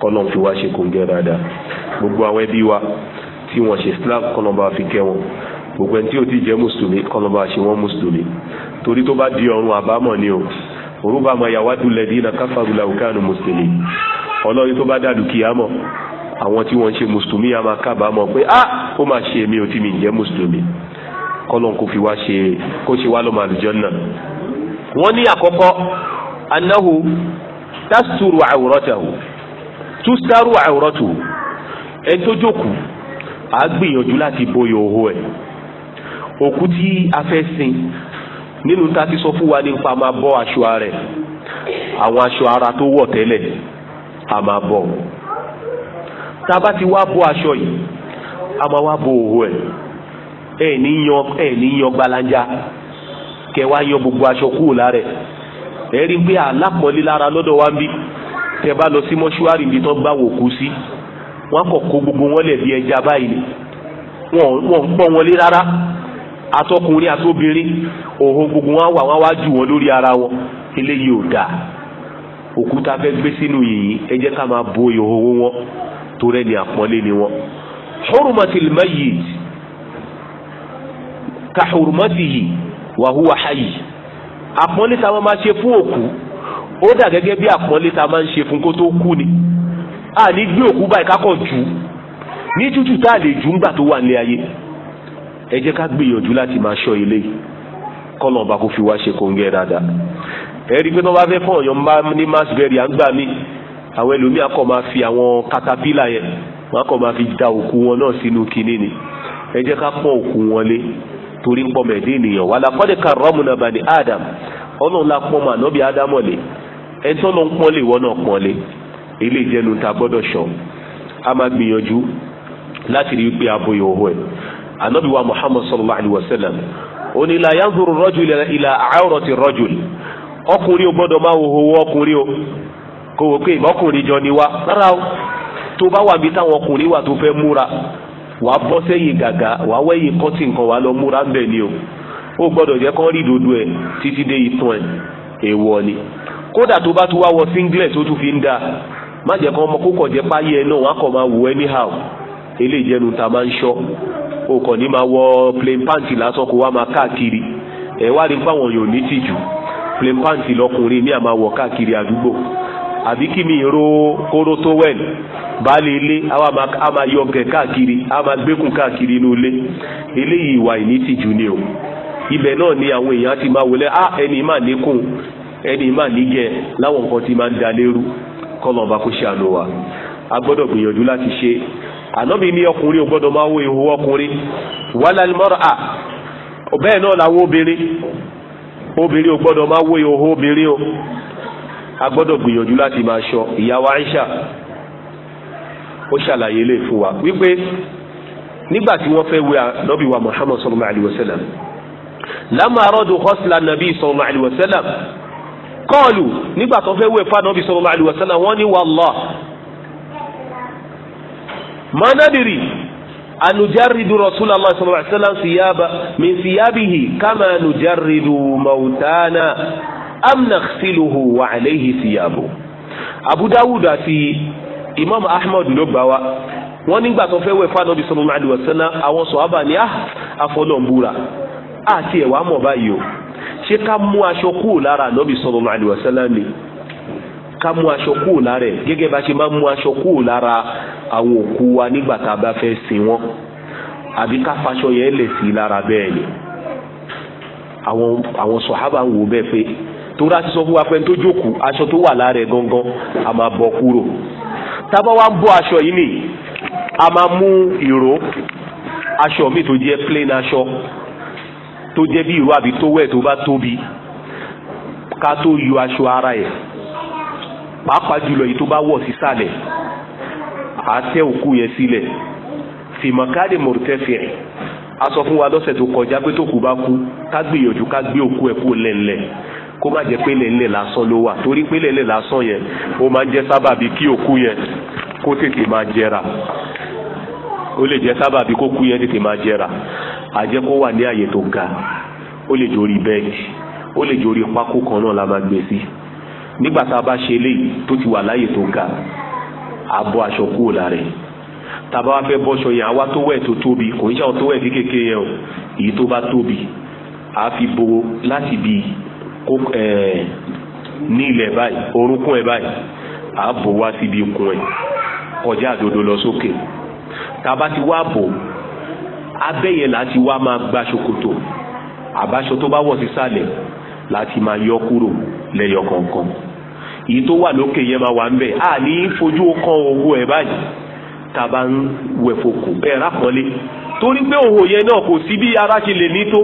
A: kọ́lọ́n fi wá ṣe kóńgẹ́ dáadáa gbogbo àwọn ẹbí wa tí wọ́n ṣe islam kọ́nọba fi kẹ́ wọn gbogbo ẹni tí ò ti jẹ́ mùsùlùmí kọ́nọba ṣe wọ́n mùsùlùmí torí tó bá di ọ̀run àbámọ̀ ni o orúkọ àmọ́ yàwá dulẹ̀ dínà káfàrúlà òkàánù mùsùlùmí ọlọ́run tó bá dàdù kìyàmọ̀ àwọn tí wọ́n ṣe mùsùlùmí a máa kábàámọ̀ pé a ah! ó máa ṣe èmi ò tí mi jẹ́ mùsùlùmí kọ́lọ́n kò fi wá ṣe kó ṣe wá lọ́mọ àlùjọ náà wọ́n ní àkọ́kọ́ anáhu tásùrù àwòrán tàwù túsàrù àwòrán tàwù ẹ̀ tó jókòó á gbìyànjú láti bo ìhòòhò ẹ̀ òkú tí a fẹ́ sin nínú tá ti sọ fún wa nípa máa bọ́ aṣọ rẹ̀ àwọn aṣọ ara tó wọ̀ tẹ́lẹ̀ a máa bọ̀ tá bá ti wá bọ́ aṣọ yìí a máa wá bo òhò ẹ̀ ẹ̀ ní yan ẹ̀ ní yan gbalanja kẹ wá yan gbogbo aṣọ kúrò lára ẹ̀ ẹ̀ rí i pé àlápọ̀nlé lára lọ́dọ̀ wa ń bí tẹ bá lọ sí mọ́ṣúárì níbi tán wò kú sí. Si wọ́n kọ̀ kó gbogbo wọn lẹ̀ bí ẹja báyìí ni wọ́n ń pọ́n wọlé rárá atọkùnrin àtobìnrin òhun gbogbo wọn wà wọn wá jù wọn lórí ara wọn eléyìí ò dáa òkúta fẹ́ gbé sínú yìnyín ẹ ká máa bo ìhòòhò wọn torí ẹni àpọ́nlé ni wọn. hurumatil mayyit ka hurumatihi wa huwa hayy àpọ́nlé tá a máa ṣe fún òkú ó dà gẹ́gẹ́ bí àpọ́nlé tá a ń ṣe fún kó kú ni a ní gbé òkú báyìí ká kàn jù ní tútù tá a lè jù ńgbà tó wà nílé ayé ẹ jẹ́ ká gbìyànjú láti máa ṣọ́ ilé kọ́nà ọba kò fi wá ṣe kóńgẹ́ dáadáa ẹ rí i pé tí wọ́n bá fẹ́ fún ọ̀yàn ní masberry à ń gbà mí àwọn ẹlòmíà kọ̀ máa fi àwọn katapila yẹn wọ́n kọ̀ máa fi da òkú wọn náà sínú kinní ni ẹ jẹ́ ká pọ́n òkú wọn lé torí ń pọ́n mẹ̀dé ènìyàn wà lápọ́dé ká rọ́mùnà bani Adam ọlọ́run la pọ́n mọ́ ànábì Ádámọ̀ lé ẹ tọ́lọ́ ń pọ́n lé náà pọ́n ilé ìjẹnu ta gbọ́dọ̀ ṣọ́ a máa gbìyànjú láti rí pé abo ìhòòhò ẹ̀ anabi muhammad sallallahu alayhi wa sallam oni la yanzuru rajul ila awrati rajul ọkùnrin ò gbọ́dọ̀ máa wo owó ọkùnrin o kò wò pé ọkùnrin jọ ni wá rárá o tó bá wà bí táwọn ọkùnrin wà tó fẹ́ múra wàá bọ́ sẹ́yìn gàgà wàá wẹ́yìn kọ́tì nǹkan wàá lọ múra ń bẹ̀ ni o ó gbọ́dọ̀ jẹ́ kán rí dodo ẹ̀ títí dé ìtàn ẹ̀ èèwọ̀ ni kódà tó bá tún wá wọ singlet ó tún fi ń da má jẹ́ kán ọmọ kókò jẹ́ páyé ẹ náà wọ́n á kàn máa wò anyhow eléyìí jẹ́nu ta máa ń ṣọ́ o kàn ní máa wọ plain pant lásán kó wá máa káàkiri ẹ̀ wá rí fáwọn èèyàn ní tìjú plain pant lọkùnrin mi à máa wọ̀ káàkiri àdúgbò àbí kí mi ro kóró tó wẹ̀ baálé ilé a máa yọ ọ̀gẹ̀ káàkiri a máa gbẹ́kùn káàkiri inú ilé eléyìí ìwà ìnítìjú ni o ibẹ̀ náà ni àwọn èèyàn ti máa wọlé ah ẹni máa níkùn ẹni máa nígẹ̀ láwọn nǹkan ti máa ń da kọ́lọ̀ ọba kó ṣe àánú wa a gbọ́dọ̀ gbìyànjú láti ṣe ànábì ní ọkùnrin ò gbọ́dọ̀ máa wo ìhò ọkùnrin wàhálà mọ́ra à bẹ́ẹ̀ náà làwọn obìnrin obìnrin ò gbọ́dọ̀ máa wo ìhò obìnrin o a gbọ́dọ̀ gbìyànjú láti máa ṣọ́ ìyàwó Aisha ó ṣàlàyé lè fún wa wípé nígbà tí wọ́n fẹ́ wẹ̀ ànábì wa Muhammad sallallahu alayhi wa sallam lámàárọ̀ dùn hosla nàbí sallallahu alayhi wa sallam kọ́ọ̀lù nígbà tó fẹ́ wẹ̀ fáànà bí sallallahu alaihi wasallam wọ́n ní wallahi manadiri anujaridu rasulallah sallallahu alaihi wasallam siyaba min siyabihi kama nujaridu mautana am naghsiluhu wa alayhi siyabu. abu dawud àti imam ahmad ló gbà wá wọ́n nígbà tó fẹ́ wẹ̀ fáànà bí sallallahu alaihi wasallam àwọn sọ̀hábà ní àfọlọ́ǹbúra ah, àti ẹ̀wà mọ̀ báyìí o ṣé ká mú aṣọ kúrò lára ànábì sallallahu alaihi wasallam ni ká mú aṣọ kúrò lára ẹ̀ gẹ́gẹ́ bá ṣe máa mú aṣọ kúrò lára àwọn òkú wa nígbà tá a bá fẹ́ sin wọ́n àbí ká faṣọ yẹn lè sí lára bẹ́ẹ̀ ni àwọn sọ̀hábà ń wò bẹ́ẹ̀ pé torí a ti sọ fún wa pé tó jókòó aṣọ tó wà lára ẹ̀ gangan a máa bọ́ kúrò tábà wá ń bọ́ aṣọ yìí nì a máa mú ìró aṣọ mi tó jẹ́ plain aṣọ tó jẹ́ bí ìró àbí tó wẹ̀ tó bá tóbi ká tó yọ aṣọ ara ẹ̀ pàápàá jùlọ yìí tó bá wọ̀ sísàlẹ̀ àtẹ òkú yẹn sílẹ̀ fìmọ̀káde mọ̀rùtẹ́fẹ̀ a sọ fún wa lọ́sẹ̀ tó kọjá pé tó kù bá kú ká gbìyànjú ká gbé òkú ẹ̀ kú lẹ́lẹ̀ kó má jẹ́ pé lẹ́lẹ̀ lásán ló wà torí pé lẹ́lẹ̀ lásán yẹn ó máa ń jẹ́ sábàbí kí òkú yẹn kó tètè máa jẹrà ó lè jẹ́ sábàbí kó kú yẹn tètè máa jẹrà àjẹ́ kó wà ní àyè tó ga ó lè jórí bẹ́ẹ̀dì ó lè jórí pákó kan náà la máa gbé sí nígbà tá a bá ṣe eléyìí tó ti wà láyè tó ga a bọ́ aṣọ kúrò lára ẹ̀ tá a bá wá fẹ́ bọ́ṣọ yẹn àwa tó wẹ̀ tó tóbi kò ní ṣàwọn tó wẹ̀ kékèké yẹn o èyí tó bá tóbi a fi bo láti bi kó ẹ̀ẹ́ ní ilẹ̀ báyìí orúnkún ẹ̀ báyìí a bò wá síbi ikùn ẹ̀ kọjá àdodo lọ sókè tá ti wá bò abẹ́ yẹn láti wá máa gba ṣòkòtò àbáṣọ tó bá wọ̀ sísàlẹ̀ láti máa yọ kúrò lẹ́yọ kọ̀ọ̀kan èyí tó wà lókè yẹn máa wà ń bẹ̀ a ní fojú kan owó ẹ̀ báyìí tá a bá ń wẹ̀fọ̀kù ẹ̀ rákànlé torí pé òhò yẹn náà kò sí bí ara ṣe lè ní tó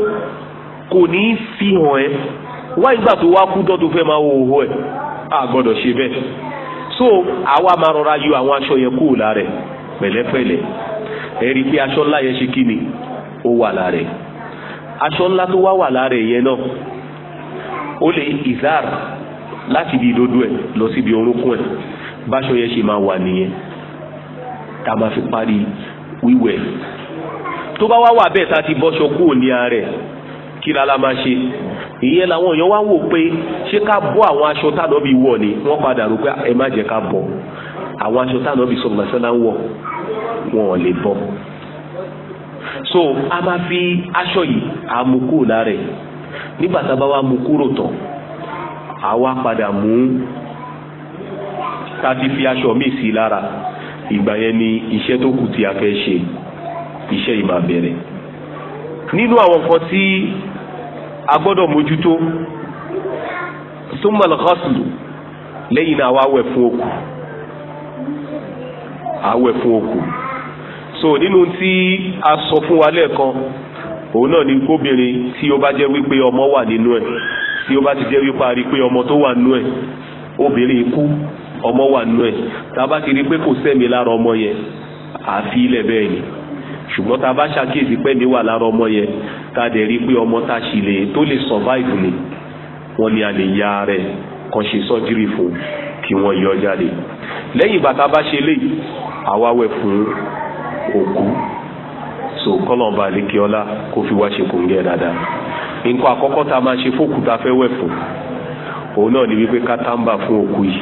A: kò ní í fi hàn ẹ́ wáyé gbà tó wá kú dọ́tún fẹ́ máa wo òhò ẹ̀ a gbọ́dọ̀ ṣe bẹ́ẹ̀ so àwa máa rọra yọ àwọn aṣọ yẹn kúrò lára ẹ̀ pẹ̀lẹ́pẹ̀lẹ́ ẹ̀rí pé aṣọ ńlá yẹn ṣe kí ni ó wà lára ẹ̀ aṣọ ńlá tó wá wà lára ẹ̀ yẹn náà ó lè ìzár láti ibi ìdodo ẹ̀ lọ síbi orúnkún ẹ̀ báṣọ yẹn ṣe máa wà nìyẹn tá a máa fi parí wíwẹ̀ tó bá wá wà bẹ́ẹ̀ tá a ti bọ́ṣọ kúrò ní ara kí la la máa ṣe ìyẹn làwọn èèyàn wá wò pé ṣé ká bọ́ àwọn aṣọ tánà bí wọ̀ ni wọ́n padà rò pé ẹ má jẹ́ ká bọ́ àwọn aṣọ tánà bí sọ̀rọ̀ màṣẹ́ náà ń wọ̀ wọn ò lè bọ́ so a máa fi aṣọ yìí a mú kúrò lára ẹ̀ nígbà tá a bá wá mú kúrò tán a wá padà mú tá ti fi aṣọ míì sí lára ìgbà yẹn ni iṣẹ́ tó kù tí a fẹ́ ṣe iṣẹ́ yìí máa bẹ̀rẹ̀ nínú àwọn nǹkan tí a gbọ́dọ̀ mójútó súnmọ́ lọ́kọ́sùlù lẹ́yìn náà wá wẹ̀ fún òkú àwẹ̀ fún okù so nínú tí a sọ fún wa lẹ́ẹ̀kan òun náà ni kóbìnrin tí ó bá jẹ́ wípé ọmọ wà nínú ẹ̀ tí ó bá ti jẹ́ wípé a rí pé ọmọ tó wà nínú ẹ̀ obìnrin ikú ọmọ wà nínú ẹ̀ tá a bá ti rí pé kò sẹ́mi lára ọmọ yẹn àfi ilẹ̀ bẹ́ẹ̀ ni ṣùgbọ́n tá a bá ṣàkíyèsí pé mi wà lára ọmọ yẹn tá a dẹ̀ rí pé ọmọ tá a sì lè tó lè survive ni wọ́n ní a lè ya rẹ̀ kan ṣe sọ́jírì fún un tí wọ́n yọ jáde lẹ́yìn ìgbà bá ṣe léyìí àwa fún òkú so kọ́lọ̀ọ̀bà àlékiọ́lá kó fi wá ṣe kòǹgẹ́ dáadáa nǹkan àkọ́kọ́ tá a máa ṣe fókù tá a fẹ́ wẹ̀ fún òun náà ni wípé kátàmbà fún òkú yìí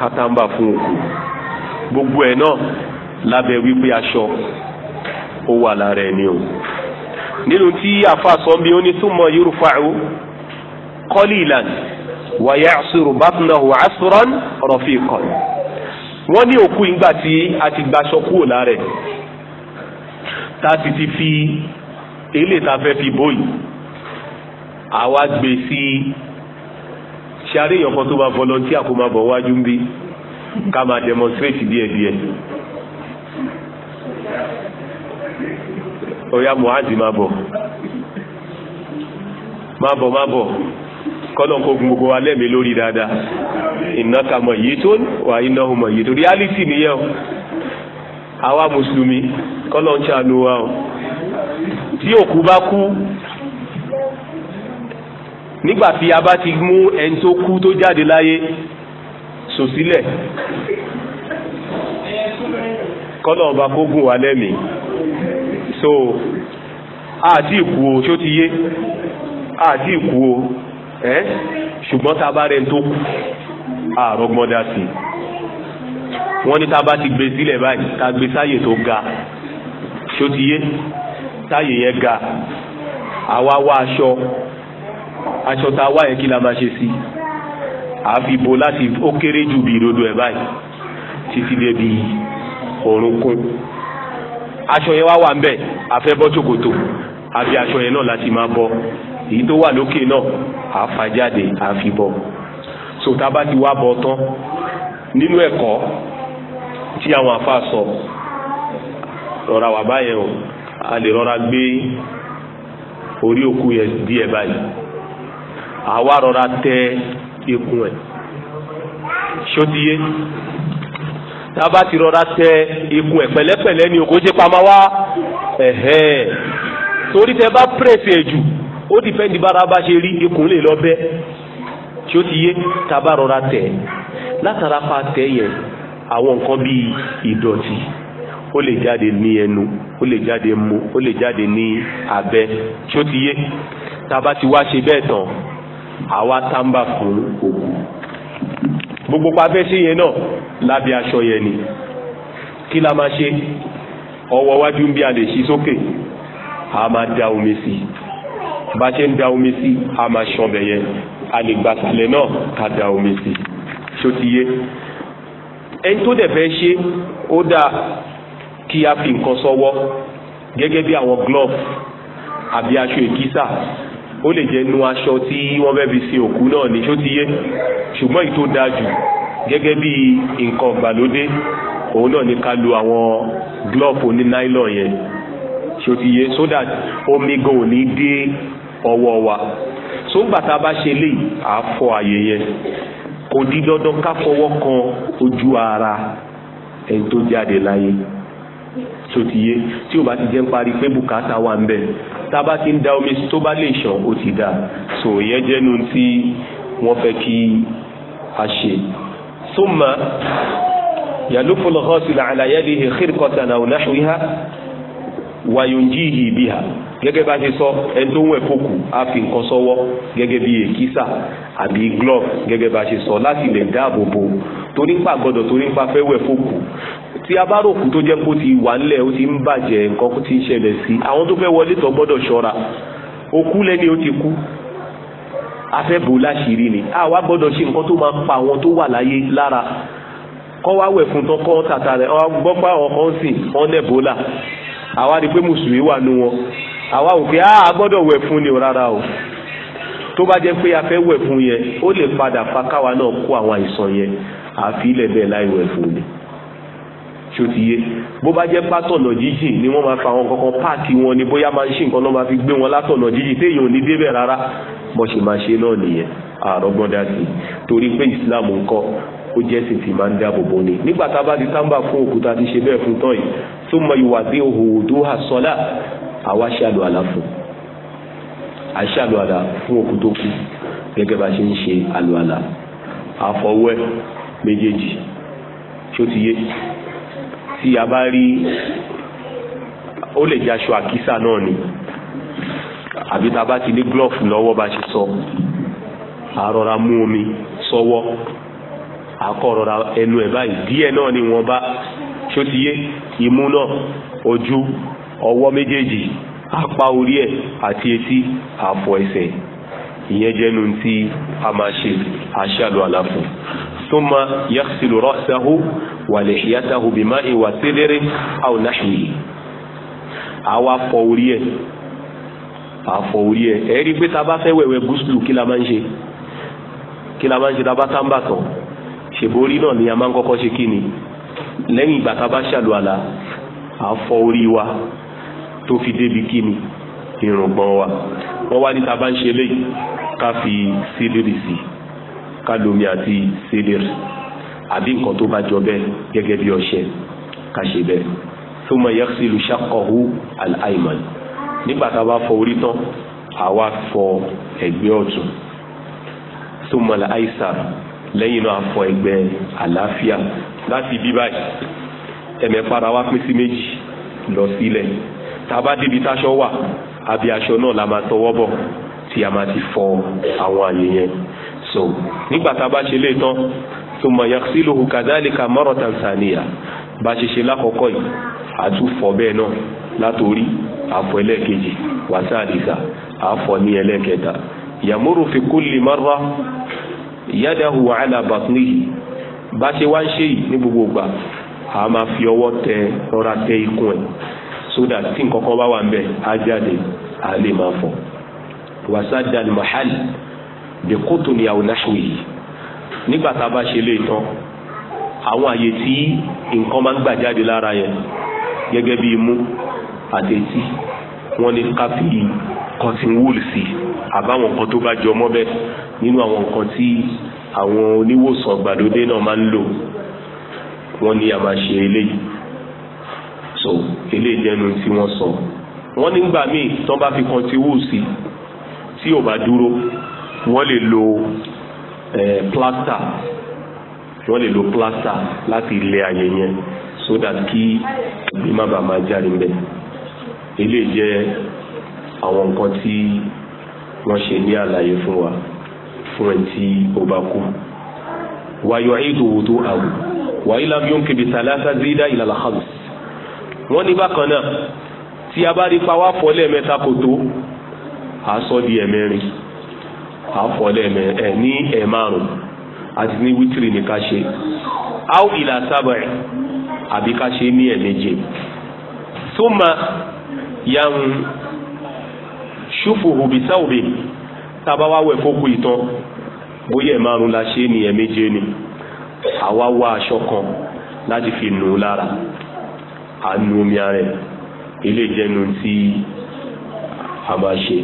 A: kátàmbà fún òkú gbogbo ẹ̀ náà lábẹ́ wípé aṣọ ó wà lára ẹni o nínú tí àfa bí ó ní túmọ̀ yorùfà ó kọ́lì ìlànà wàyà àṣírò báfúnáhù àṣírán rọ̀fì kan wọ́n ní òkú ìgbà tí a ti gbaṣọ kúrò lára ẹ̀ tá a sì ti fi eléyìí tá a fẹ́ fi bóyì àwa gbé sí ṣáré èèyàn tó bá volunteer kó máa bọ̀ wájú ń bí ká máa demonstrate díẹ̀díẹ̀ ó yá muhazi máa bọ̀ máa bọ̀ máa bọ̀ kọ́lọ́n kó gbogbo wa lẹ́mí lórí dáadáa innaka mayyitun wa innahum mayyitun reality nìyẹn o àwa mùsùlùmí kọ́lọ́n ṣàánú wa o tí òkú bá kú nígbà tí a bá ti mú ẹni tó kú tó jáde láyé sò sílẹ̀ bá kó gùn wa lẹ́mí so àti ìkú o ṣó ti yé àti ìkú o ẹ́ ṣùgbọ́n tá a bá rẹ̀ ń tó kù àrọ́gbọ́n dá sí i wọ́n ní tá a bá ti gbé sílẹ̀ báyìí tá a gbé sáyè tó ga ṣó ti yé sáyè yẹn ga àwa wá aṣọ aṣọ tá a wá yẹn kí la máa ṣe sí i àfi bo láti ó kéré jù bí ìrodo ẹ̀ báyìí títí débi orúnkún aṣọ yẹn wá wà ń bẹ̀ àfẹ́ bọ́ ṣòkòtò àbí aṣọ yẹn náà láti máa bọ́ èyí tó wà lókè náà àfàjáde àfibọ̀ so tá a bá ti wá bọ̀ tán nínú ẹ̀kọ́ tí àwọn afa sọ rọra wà báyẹn o a lè rọra gbé orí òkú yẹn díẹ̀ báyìí àwa rọra tẹ ikùn ẹ̀ ṣótiyé tá a bá ti rọra tẹ ikùn ẹ̀ pẹ̀lẹ́pẹ̀lẹ́ ni òkú ṣe pamọ́ wá ẹ̀hẹ́ torí tẹ bá pèsè jù ó ti fẹ́ ní bára bá ṣe rí ikùn lè lọ bẹ́ tí ó ti yé tábà rọra tẹ̀ látara pa tẹ̀ yẹn àwọn nǹkan bíi ìdọ̀tí ó lè jáde ní ẹnu ó lè jáde mú ó lè jáde ní abẹ́ tí ó ti yé tábà ti wá ṣe bẹ́ẹ̀ tán àwa tábà fún òkú gbogbo pàfẹ́ sí yẹn náà lábẹ́ aṣọ yẹn ni kí la máa ṣe ọwọ́ wájú bí a lè ṣí sókè a máa da omi sí i bá ṣe ń da omi sí a máa ṣọbẹ̀ yẹn a lè gbàsàlẹ̀ náà ká da omi sí ṣó ti yé ẹni tó dẹ̀ fẹ́ ṣe ó dáa kí a fi nǹkan sọ́wọ́ gẹ́gẹ́ bí àwọn glove àbí aṣọ èkísà ó lè jẹ́ nu aṣọ tí wọ́n fẹ́ fi sin òkú náà ní ṣó ti yé ṣùgbọ́n èyí tó dáa jù gẹ́gẹ́ bí nǹkan ìgbàlódé òun náà ní ká lo àwọn glove oní nylon yẹn ṣó ti yé so that omi gan ò ní dé ọwọ́ wa so ńgbà tá a bá ṣe léyìí à á fọ àyè yẹn kò di dandan ká fọwọ́ kan ojú ara ẹni tó jáde láyé tó ti yé tí o bá ti jẹ́ ń parí pé bùkátà wà ń bẹ̀ tá a bá ti ń da omi tó bá lè ṣàn ó ti dà so ìyẹn jẹ́nu tí wọ́n fẹ́ kí a ṣe súnmọ́ yàlúfọlọ́kọ́sílẹ̀ àlàyé ni ìkírkọ́sán àwọn náà wíhá wayonjihi biha gẹ́gẹ́ bá ṣe sọ ẹni tó ń wẹ̀ kókù á fi nǹkan sọ́wọ́ gẹ́gẹ́ bí èkísà àbí glove gẹ́gẹ́ bá ṣe sọ láti lè dáàbò bo torí ń pa gbọ́dọ̀ torí ń pa fẹ́ wẹ̀ fókù tí a bá ròkù tó jẹ́ kó ti wà ńlẹ̀ ó ti ń bàjẹ́ nǹkan tí ń ṣẹlẹ̀ sí àwọn tó fẹ́ wọlé tó gbọ́dọ̀ ṣọ́ra òkú lẹ́ni ó ti kú afẹ́bò láṣìírí ni àwa gbọ́dọ̀ ṣe nǹkan tó máa pa àwọn tó wà láyé lára kọ́ wá wẹ̀ fún tán kọ́ tàtà rẹ̀ gbọ́pá ọkọ̀ ń sìn ọ́nẹ́bólà àwa rí pé mùsùlùmí wà nú wọn àwa ò pé ah, a gbọ́dọ̀ wẹ̀ fún ni rárá o tó bá jẹ́ pé a fẹ́ wẹ̀ fún yẹn ó lè padà fa káwa náà kó àwọn àìsàn yẹn àfi ilẹ̀ bẹ́ẹ̀ láì wẹ̀ fún ni tí ó ti yé bó bá jẹ́ pátọ̀nà jíjìn ni wọ́n máa fa àwọn kankan páàkì wọn ni bóyá máa ń ṣe nǹkan náà máa fi gbé wọn látọ̀nà jíjìn téèyàn ò ní débẹ̀ rárá bó máa ṣe náà nìyẹn àrọ́gbọ́n dá sí torí pé ìsìláàmù ń kọ́ ó jẹ́ sì ti máa ń dáàbò bò ni nígbà tá a bá di tábà fún òkúta ti ṣe bẹ́ẹ̀ fún tán yìí tó mọ ìwà dé òhòhò tó hà sọ́lá àwa ṣàlù àlà fún àṣàlù àlà fún òkú tó kú gẹ́gẹ́ bá ṣe ń ṣe àlù àlà àfọwẹ́ méjèèjì tí ó ti yé tí a bá rí ó lè jẹ́ aṣọ àkísà náà ni àbí tá a bá ti ní glove lọ́wọ́ bá ṣe sọ àrọ̀ra mú omi sọ́wọ́. So akọrọra ẹnu ẹ̀ báyìí díẹ̀ náà ni wọ́n bá ṣó ti yé imú náà ojú ọwọ́ méjèèjì apá orí ẹ̀ àti etí àfọ ẹsẹ̀ ìyẹn jẹ́nu tí a máa ṣe àṣàlù àlàfo súnmọ́ yẹ́sìlù rọ́ṣẹ́hù wàlẹ̀ ìyátàhù bímá ìwà sílẹ̀rẹ̀ àwọn náṣùyì àwa fọ orí ẹ̀ àfọ orí ẹ̀ ẹ̀rí pé ta bá fẹ́ wẹ̀wẹ̀ gúúsùlù kí la máa ń ṣe kí la máa ń ṣe ta bá sáńbà tán ṣèbó orí náà ni a máa ń kọ́kọ́ ṣe kí ni lẹ́yìn ìgbà bá ṣàlùwàlà a fọ orí wa tó fi débi kí ni irùngbọ̀n wa wọ́n wá ní tá a bá ń ṣe léyìí ká fi sílírì sí ká lomi àti sílírì àbí nǹkan tó bá jọ bẹ́ẹ̀ gẹ́gẹ́ bí ọṣẹ ká ṣe bẹ́ẹ̀ thumma yaghsilu shaqqahu al-ayman nígbà tá a bá fọ orí tán àwa fọ ẹ̀gbẹ́ ọ̀tún thumma al-aysar lẹ́yìn náà afọ ẹgbẹ́ àlàáfíà láti bí báyìí ẹ̀mẹ́fara wa pín sí méjì lọ sílẹ̀ tàbá débi táṣọ wà àbí aṣọ náà la máa tọwọ́ bọ̀ tí a máa ti fọ àwọn àyè yẹn so nígbà tá a bá ṣe lè tán thumma yaghsiluhu kadhalika maratan thaniya bá ṣe ṣe lákọ̀ọ́kọ́ yìí àtúfọ̀ bẹ́ẹ̀ náà látòrí àfọ ẹlẹ́ẹ̀kejì wàsáàdìsà àfọ ní ẹlẹ́ẹ̀kẹta yamuru fi kulli marra yadahu ala batnihi bá ṣe wá ń ṣe yìí ní gbogbo gbà a máa fi ọwọ́ tẹ rọra tẹ ikùn ẹ̀ sódà tí nǹkan kan bá wà ń bẹ̀ á jáde á lè máa fọ̀ wasada mahal bi kutun yaw nahwi nígbà tá a bá ṣe lé tán àwọn àyè tí nǹkan máa ń gbà jáde lára yẹn gẹ́gẹ́ bí imú àti etí wọ́n ní ká fi cotton wool sí àbáwọn nǹkan tó bá jọ mọ́ bẹ́ẹ̀ nínú àwọn nǹkan tí àwọn oníwòsàn gbàdódé náà máa ń lò wọ́n ní a máa ṣe eléyìí so eléyìí jẹ́nu tí wọ́n sọ wọ́n nígbà míì tó bá fi cotton wool sí tí ò bá dúró wọ́n lè lo plaster wọ́n lè lo plaster láti ilé ayẹyẹ so that kí ìgbín má bàa máa jáde mbẹ́ ilé jẹ́ àwọn nǹkan tí wọ́n ṣe ní àlàyé fún wa fún ẹni tí ó bá kú wàyọ̀ ayédòwò tó àwò wàyí lábíyún kébì sàlásà zídá ìlàlá hàbùs wọ́n ní bákan náà tí a bá rí pa wá fọ́lẹ̀ mẹ́ta kò tó a sọ di ẹ̀mẹ́rin a fọ́lẹ̀ ẹ̀ ní ẹ̀márùn àti ní wítìrì ní ká ṣe áwù ìlà sábà àbí ká ṣe ní ẹ̀mẹ́je tó máa yang ṣùfùhù bí sáwùbì tabawa wá wẹ̀ fókù ìtàn bóyá la ṣe ni ẹ̀ méje ni àwa wá aṣọ kan láti fi nù lára àánú omi ara ẹ̀ ilé ìjẹnu tí a máa ṣe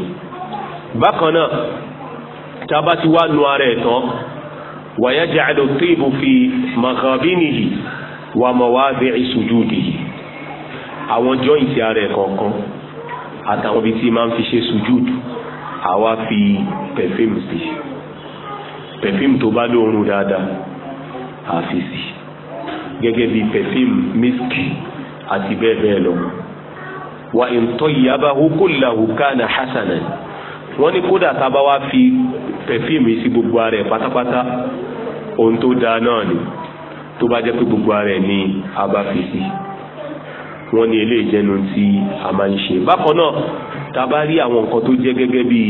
A: bákan náà ti wá nu ara ẹ̀ tán wàyájà àdó fi màkàbínìhì wà mọ̀wá bẹ́ẹ̀ àwọn joint ara ẹ̀ kọ̀ọ̀kan àtàwọn ibi tí máa ń fi ṣe sujúd àwa fi perfume sí perfume tó bá lóorun dáadáa àfi sí gẹ́gẹ́ bí perfume misk àti bẹ́ẹ̀ bẹ́ẹ̀ lọ wa intoyabahu kullahu kana hasanan wọ́n ní kódà tá wá fi perfume sí gbogbo ara ẹ̀ pátápátá ohun tó dáa náà ni tó bá jẹ́ pé gbogbo ara ẹ̀ ni a bá fi sí wọ́n ní eléyìí jẹ́nu tí a máa ń ṣe bákan náà tá bá rí àwọn nǹkan tó jẹ́ gẹ́gẹ́ bí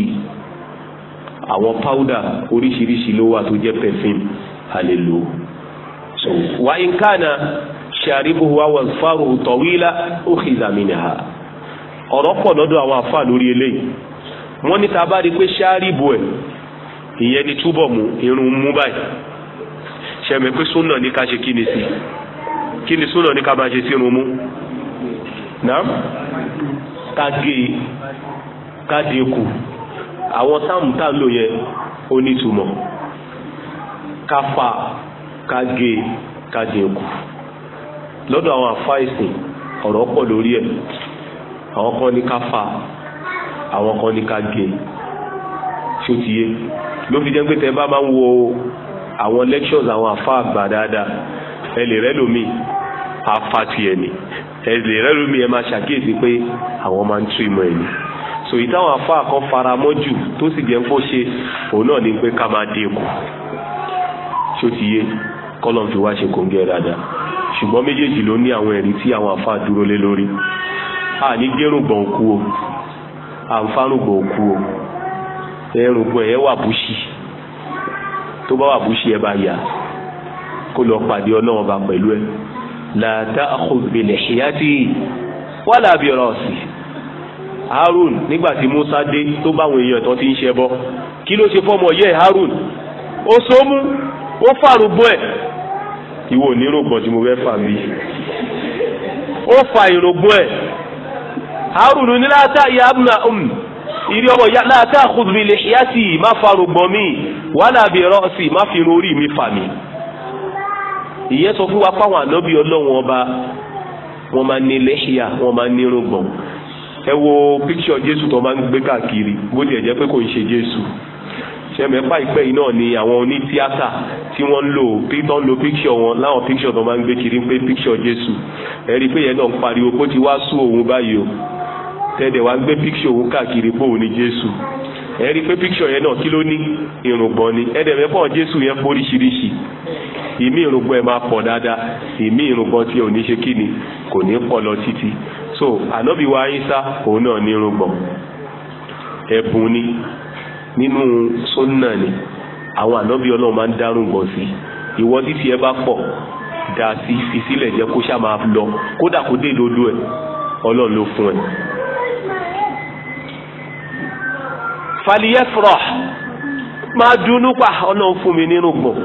A: àwọn powder oríṣiríṣi ló wà tó jẹ́ perfume a lè lò so wa in kana ṣàríbùhù wa wàlfàrùhù tọ̀wílà ó fi ìzàmìnà ha ọ̀rọ̀ pọ̀ lọ́dọ̀ àwọn àfà lórí eléyìí wọ́n ní tá a bá rí pé ṣàríbù ẹ̀ ìyẹn ni túbọ̀ mú irun mú báyìí ṣẹ̀mẹ̀ pé súnà ní ká ṣe kí ni sí kí ni súnà ní ká máa ṣe sí irun mú naam kage kade kù àwọn táàmù tá lò yẹ ó nítumọ̀ káfà kage kade kù lọ́dọ̀ àwọn àfáìsìn ọ̀rọ̀ pọ̀ lórí ẹ̀ àwọn kan ní káfà àwọn kan ní kage tí ó ti yé ló fi jẹ́ pé tẹ bá máa ń wo àwọn lectures àwọn àfá àgbà dáadáa ẹ lè rẹ́ lómi àfá tiẹ̀ ni ẹ̀sìn rẹ́lùmí ẹ máa ṣàkíyèsí pé àwọn máa ń tú ìmọ̀ ẹ̀mí so ìtàwọn afá kan fara mọ́ jù tó sì jẹ́ ń pọ́ ṣe òun náà ni pé ká máa dín kù ṣó ti yé kọ́lọ́n fi wá ṣe kòńgẹ́ dáadáa ṣùgbọ́n méjèèjì ló ní àwọn ẹ̀rí tí àwọn afá dúró lé lórí a ní gẹ́rùngbọ̀n òkú o à ń fárùngbọ̀n òkú o ẹrùngbọ̀n ẹ̀ wà búṣì tó bá wà búṣì ẹ bá yà kó lọ pàdé ọlọ́run bá pẹ̀lú ẹ̀ la ta'khudh bi lihiyati wala bi ra'si harun nígbà tí musa dé tó bá àwọn èèyàn tó ti ń ṣe bọ kí ló ṣe fọmọ yẹ harun ó so mú ó fàrúgbọ ẹ ìwọ onírògbọn tí mo fẹ́ fà mí ó fa ìrògbọ ẹ harun ní la ta'yabna um, má fàrúgbọ mi wala bi ra'si má fi irun orí mi fà mí ìyẹn sọ fún wa fáwọn ànábì ọlọ́run ọba wọ́n máa ní lẹ́hìá wọ́n máa ní irùngbọ̀n ẹ wo píkṣọ jésù tó máa ń gbé káàkiri bó tiẹ̀ jẹ́ pé kò ń ṣe jésù ṣẹ̀mẹ̀ páìpẹ́ yìí náà ni àwọn oní tíátà tí wọ́n ń lò tó ń lo píkṣọ wọn láwọn píkṣọ tó máa ń gbé kiri ń pé píkṣọ jésù ẹ rí i pé yẹn náà ń pariwo pé ó ti wá sú òun báyìí o tẹ́lẹ̀ wá ń gbé píkṣọ òun káàkiri pé òun ni jésù ẹ rí pé píkṣọ yẹn náà kí ló ní irùngbọ̀n ni ẹdẹmẹ pọ jésù yẹn póríṣiríṣi ìmí irùngbọ̀n ẹ máa pọ̀ dáadáa ìmí irùngbọ̀n tí ò ní ṣe kíni kò ní pọ̀ lọ títí so ànábì wa ayínsá òun náà ní irùngbọ̀n ẹ̀bùn ni nínú sónà ni àwọn ànábì Ọlọ́run máa ń dárùngbọ̀n sí ìwọ títí ẹ bá pọ̀ dá sí fi sílẹ̀ jẹ́ kó ṣá máa lọ kódà kó dé dodo ẹ Ọlọ́run ló fún ẹ faliyefrọ máa dunú pa ọlọ́run fún mi nínú gbọ̀n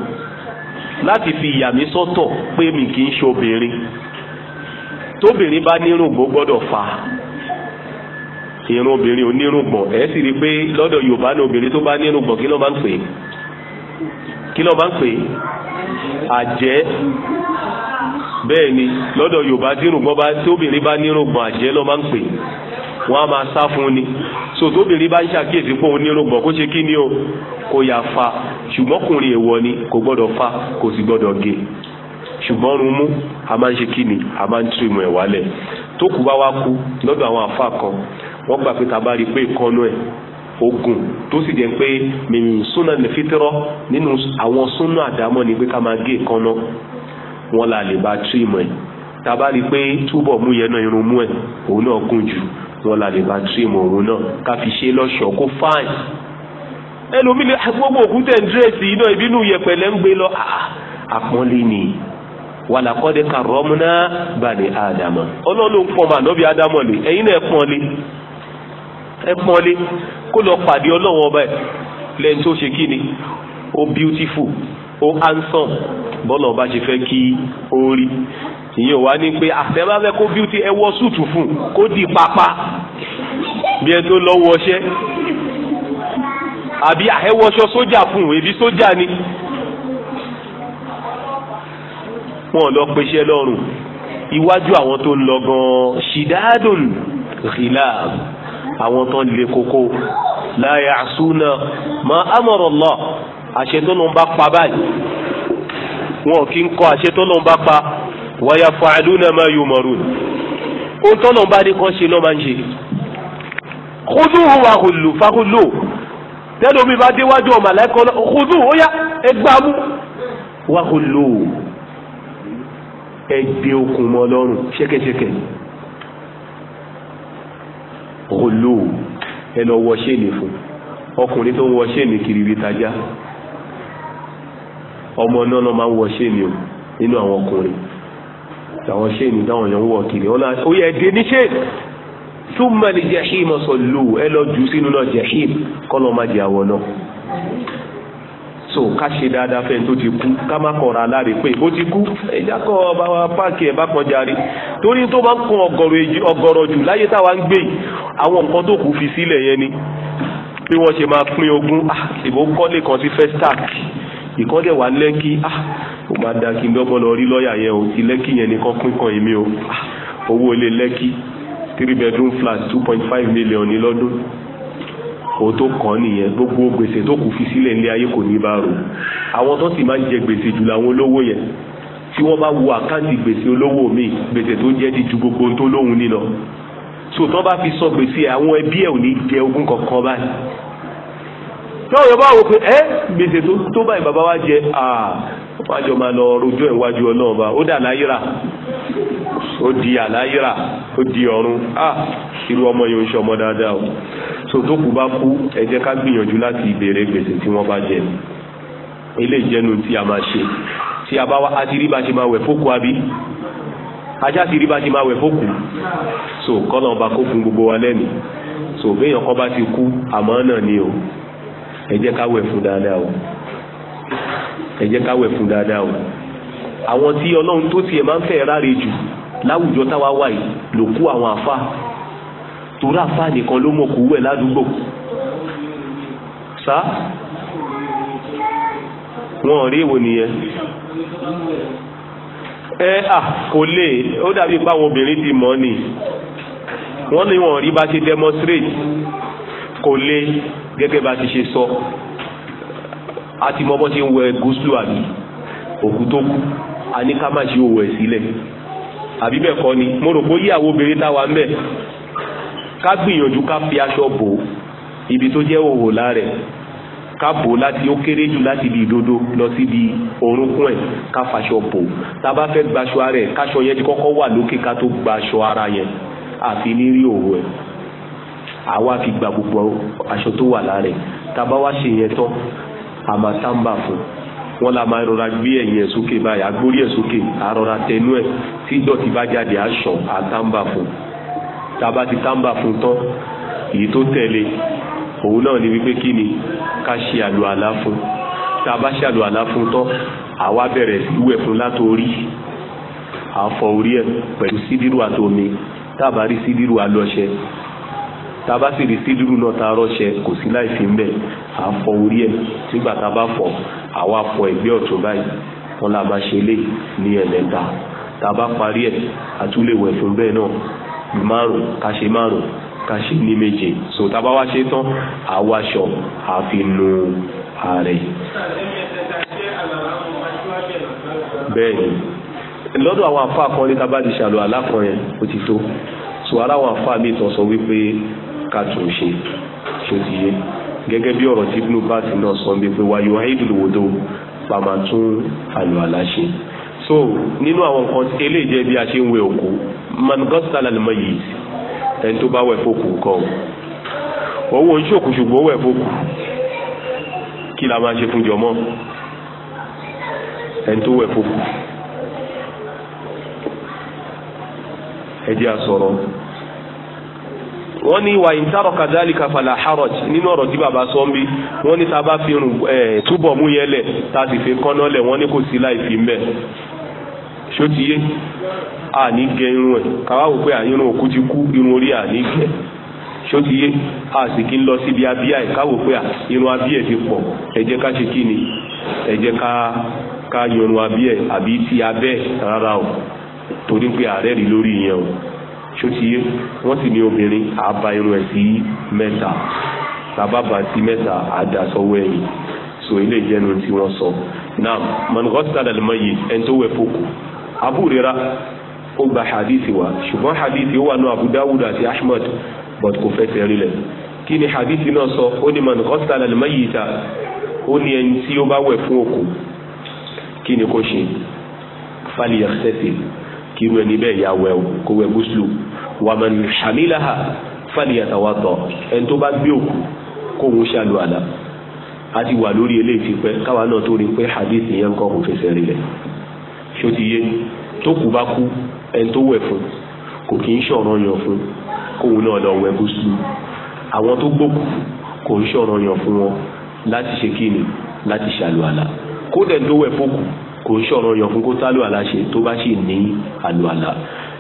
A: láti fi ìyà mi sọ́tọ̀ pé mi kì í ṣobìnrin tóbìnrin bá nírùngbọ̀n gbọ́dọ̀ fa irun obìnrin ò nírùngbọ̀n ẹ̀ sì rí i pé lọ́dọ̀ yorùbá ní obìnrin tó bá nírùngbọ̀n kí ló máa ń pè é kí ló máa ń pè é àjẹ́ bẹ́ẹ̀ ni lọ́dọ̀ yorùbá tí irùngbọ̀n bá tóbìnrin bá àjẹ́ ló máa ń pè é wọ́n á máa sá fún ni so tóbìnrin bá ń ṣàkíyèsí pé òun ní rògbọ̀n kó ṣe kí ni o kó yà fa ṣùgbọ́n kùnrin èèwọ̀ ni kò gbọ́dọ̀ fa kò sì gbọ́dọ̀ gé ṣùgbọ́n rún mú a máa ń ṣe kí ni a máa ń tú ìmọ̀ ẹ̀ wálẹ̀ tó kù bá wá kú lọ́dọ̀ àwọn àfa kan wọ́n gbà pé ta bá rí i pé ìkọ́nú ẹ̀ ogun tó sì jẹ́ pé mímí súnà nìfitírọ́ nínú àwọn súnà àdámọ́ ni pé ká máa gé ìkọ́nà wọn là lè bá tú ìmọ̀ ẹ̀ tá rí pé túbọ̀ mú yẹn náà irun mú ẹ̀ òun náà gùn jù tí la lálẹ́ bá trim òun náà ká fi ṣe lọ́ṣọ̀ọ́ kó fáìn ẹlòmílẹ̀ gbogbo òkúta ẹ̀ńdírẹ́sì iná ìbínú yẹpẹ̀lẹ́ ń gbé lọ ah, ah, àpọ́nlé ni wàlàkọ́dé karọ́mùnà bani àdàmà ọlọ́run pọ́nmọ́ ànábì àdàmọ̀ lé ẹ̀yin náà pọ́nlé ẹ pọ́nlé kó lọ pàdé ọlọ́run ọba ẹ̀ lẹ́yìn tó ṣe kí ni ó beautiful ó handsome bọ́lá ọba ṣe fẹ́ kí ó rí ìyẹn ò wá ní pé àtẹ̀báfẹ́ ah, kó bíútì ẹ wọ súùtù fún kó di pápá bí ẹ tó lọ wọṣẹ́ àbí àhẹ́wọṣọ ah, sójà fún ẹbí sójà ni wọn lọ pèsè lọ́rùn iwájú àwọn tó ń lọ gan-an ṣìdáàdùn khilab àwọn tó ń le koko láyà àsúná ma amara Allah àṣẹ tó bá pa báyìí wọn kì í kọ àṣẹ tó bá pa wa yaf'aluna ma yumarun ó tọ́nà bá ní kan ṣe lọ́ máa ń ṣe khuduhu wa hullu fahullu tẹ́lẹ̀ omi bá déwájú ọmọ àlẹ́kọ́ khudu ó yá ẹgbàá mú wa hullu ẹgbẹ́ okùn mọ́ lọ́rùn ṣẹ́kẹ́ṣẹ́kẹ́ hullu ẹ lọ wọ ṣéènì fún ọkùnrin tó ń wọ ṣéènì kiri ibi tajà ọmọ náà lọ máa ń wọ ṣéènì o nínú àwọn ọkùnrin àtàwọn ṣéènì táwọn èèyàn ń wọ̀ kiri wọn náà ó yẹ ẹ dé ní ṣéènì súnmọ́ ní jẹ̀hìm sallu ẹ lọ jù sínú náà jẹ̀hìm kọ́ lọ́ má jẹ àwọ̀ náà so ká ṣe dáadáa fẹ́ni tó ti kú ká má kọ̀ra aláre pé ó ti kú ẹ̀já kọ́ ọba wa páàkì ẹ̀ bá kan járe torí tó bá ń kun ọ̀gọ̀rọ̀ jù láyé táwa ń gbé àwọn nǹkan tó kù fi sílẹ̀ yẹn ni bí wọ́n ṣe máa pín ogún ah ìbò kọ́lé kan sí festac ìkọ́dẹ̀ wà lẹ́kì ah ó máa dá kí n dọ́gbọ́n lọ rí lọ́ọ̀yà yẹn o ti lẹ́kì yẹn ní kọ́ pínkàn èmi o owó ilé lẹ́kì three bedroom flat two point five million ní lọ́dún òun tó kàn nìyẹn gbogbo gbèsè tó kù fi sílẹ̀ nílé ayé kò ní bá rò àwọn tó sì máa ń jẹ gbèsè jù làwọn olówó yẹn tí wọ́n bá wo àkáǹtì gbèsè olówó mi gbèsè tó jẹ́ ti ju gbogbo ohun tó lóhun nílọ so tó bá fi sọ gbèsè àwọn ẹbí ẹ̀ ò ní jẹ ogún kankan báyìí táwọn èèyàn bá wò pé ẹ gbèsè tó báyìí bàbá wa jẹ wájọ máa lọ rojọ́ ìwájú ọlọ́run bá ó dà láyìírà ó di àláyìírà ó di ọ̀run irú ọmọ yìí ń ṣe ọmọ dáadáa o so tó kù bá kú ẹ jẹ́ ká gbìyànjú láti béèrè gbèsè tí wọ́n bá jẹ ilé ìjẹnu tí a máa ṣe tí a bá wá a ti rí bá ṣe máa wẹ̀ fókù àbí ajá ti rí bá ṣe máa wẹ̀ fókù so kọ́nà ọba kó fún gbogbo wa lẹ́nu so béèyàn kan bá ti kú àmọ́ náà ni o ẹ jẹ́ ká wẹ̀ fún dáadáa o ẹ jẹ́ ká wẹ̀ fún dáadáa o àwọn tí ọlọ́run tó tiẹ̀ máa ń fẹ́ ráre jù láwùjọ táwa wà yìí ló kú àwọn àfa torí àfa nìkan ló mọ̀ kó wẹ̀ ládùúgbò sá wọn ò rí èwo nìyẹn ẹ à kò lè ó dàbí pé àwọn obìnrin ti mọ̀ ni wọ́n ní wọn ò rí bá ṣe demonstrate kò lé gẹ́gẹ́ bá ti ṣe sọ àti mọ́ bọ́ ti ń wẹ gúúsùlù àbí òkú tó kú a ní ká má ṣe òwò ẹ̀ sílẹ̀ àbí bẹ́ẹ̀ kọ́ ni mo rò pé yíyàwó obìnrin táwa ń bẹ̀ ká gbìyànjú ká fi aṣọ bò ibi tó jẹ́ òwò lára ká bò láti ó kéré jù láti ibi ìdodo lọ síbi orúnkún ẹ̀ ká faṣọ bò tá a bá fẹ́ gbaṣọ ara ẹ̀ káṣọ yẹn ti kọ́kọ́ wà lókè ká tó gbaṣọ ara yẹn àfi ní rí òwò ẹ̀ àwa fi gba gbogbo aṣọ tó wà lára ẹ̀ tàbá wá ṣe yẹn tán àmà táǹbà fún wọn la máa rọra gbé ẹ̀yìn ẹ̀ sókè báyìí agbórí ẹ̀ sókè àrọra tẹnu ẹ̀ tí ìdọ̀tí bá jáde aṣọ àtàǹbà fún tàbá ti táǹbà fún tán èyí tó tẹ̀lé òun náà ni wípé kí ni ká ṣe àlò àlá fún tá a bá ṣe àlò àlá fún tán àwa bẹ̀rẹ̀ sí wẹ̀ fún látòrí àfọ orí ẹ̀ pẹ̀lú sídìrú àtomi tá rí sídìrú alọ́ṣẹ tába sì rí sídùrú náà tá a rọṣẹ kò sí láì fi ń bẹ à ń fọ orí ẹ nígbà tá a bá fọ àwa fọ ẹ̀gbẹ́ ọ̀tún báyìí wọn la máa ṣe lé ní ẹlẹta tába parí ẹ àtúlẹ̀wẹ̀ fún bẹ́ẹ̀ náà márùn káṣe márùn káṣe ní méje so tába wá ṣe tán àwa aṣọ àfi nu ààrẹ. bẹ́ẹ̀ni lọ́dọ̀ àwọn àfa kan ní tába ti ṣàlùwàlá kan yẹn ó ti so ara àwọn àfa mi tàn sọ wípé ká tún ṣe ṣé ti yé gẹ́gẹ́ bí ọ̀rọ̀ tí Ibn Abbas náà sọ bí pé wáyé wáyé ìdúlòwòdó pàmà tún àlùwàlá ṣe so nínú àwọn nǹkan eléyìí jẹ́ bí a ṣe ń wẹ òkú man gọ́sàlà lè mọ yìí ẹni tó bá wẹ̀ fókù nǹkan o owó ń ṣòkù ṣùgbọ́n wẹ̀ fókù kí la máa ṣe fún jọmọ́ ẹni tó wẹ̀ fókù ẹ jẹ́ àsọ̀rọ̀ wọ́n ní wà ìtàrọ̀ kàdálíkà fàlà harrod nínú ọ̀rọ̀ tí bàbá sọ ń bí wọ́n ní tá a bá fi rùn túbọ̀ mú yẹn lẹ̀ tá a sì fi kọ́nà lẹ̀ wọ́n ní kò sí láì fi mbẹ́ ṣó ti yé àní gẹ irun ẹ̀ káwá wò pé irun òkú ti kú irun orí àní gẹ ṣó ti yé a sì kí ń lọ síbi abíyá ẹ̀ káwò pé irun abíyẹ̀ ti pọ̀ ẹ ká ṣe kí ni ẹ ká ká yọrun abíyẹ̀ àbí ti abẹ́ rárá o torí pé ààrẹ rí lórí yẹn o ṣótiyé wọ́n sì ní obìnrin àbá irun ẹ̀ sí mẹ́ta tàbábà sí mẹ́ta àdàsọ́wọ́ ẹ̀yìn so ilé ìjẹnu tí wọ́n sọ náà mọ̀nùkọ́sítàdà lè mọ̀yì ẹni tó wẹ̀ fòkù abúrera ó gba hadithi wa ṣùgbọ́n hadithi ó wà ní Abu Dawud àti Ahmad but kò fẹsẹ̀ rinlẹ̀ kí ni hadithi náà sọ ó ní mọ̀nùkọ́sítàdà lè mọ̀yì ta ó ní ẹni tí ó bá wẹ̀ fún òkú kí ni kò ṣe fàlìyà sẹ́sìn kíru ẹni bẹ́ẹ̀ ya wẹ̀ kó wẹ̀ gúúsùlù wàmán hamilaha fàlìyàtàwàtọ̀ ẹni tó bá gbé òkú kóhun ṣàlù àlà a ti wà lórí eléyìí ti pẹ́ káwa náà tó rí pé hadith yẹn kọ́ kò fẹsẹ̀ rí lẹ̀ ṣó ti yé tó kù bá kú ẹni tó wẹ̀ fún kò kì í ṣọ̀rọ̀ yàn fún kóhun náà lọ wẹ̀ gúúsùlù àwọn tó gbókù kò ń ṣọ̀rọ̀ yàn fún wọn láti ṣe kíni láti ṣàlù àlà kódẹ̀ tó wẹ̀ fókù kò ń ṣọ̀rọ̀ yàn fún kó tálù àláṣe tó bá sì ní àlù àlá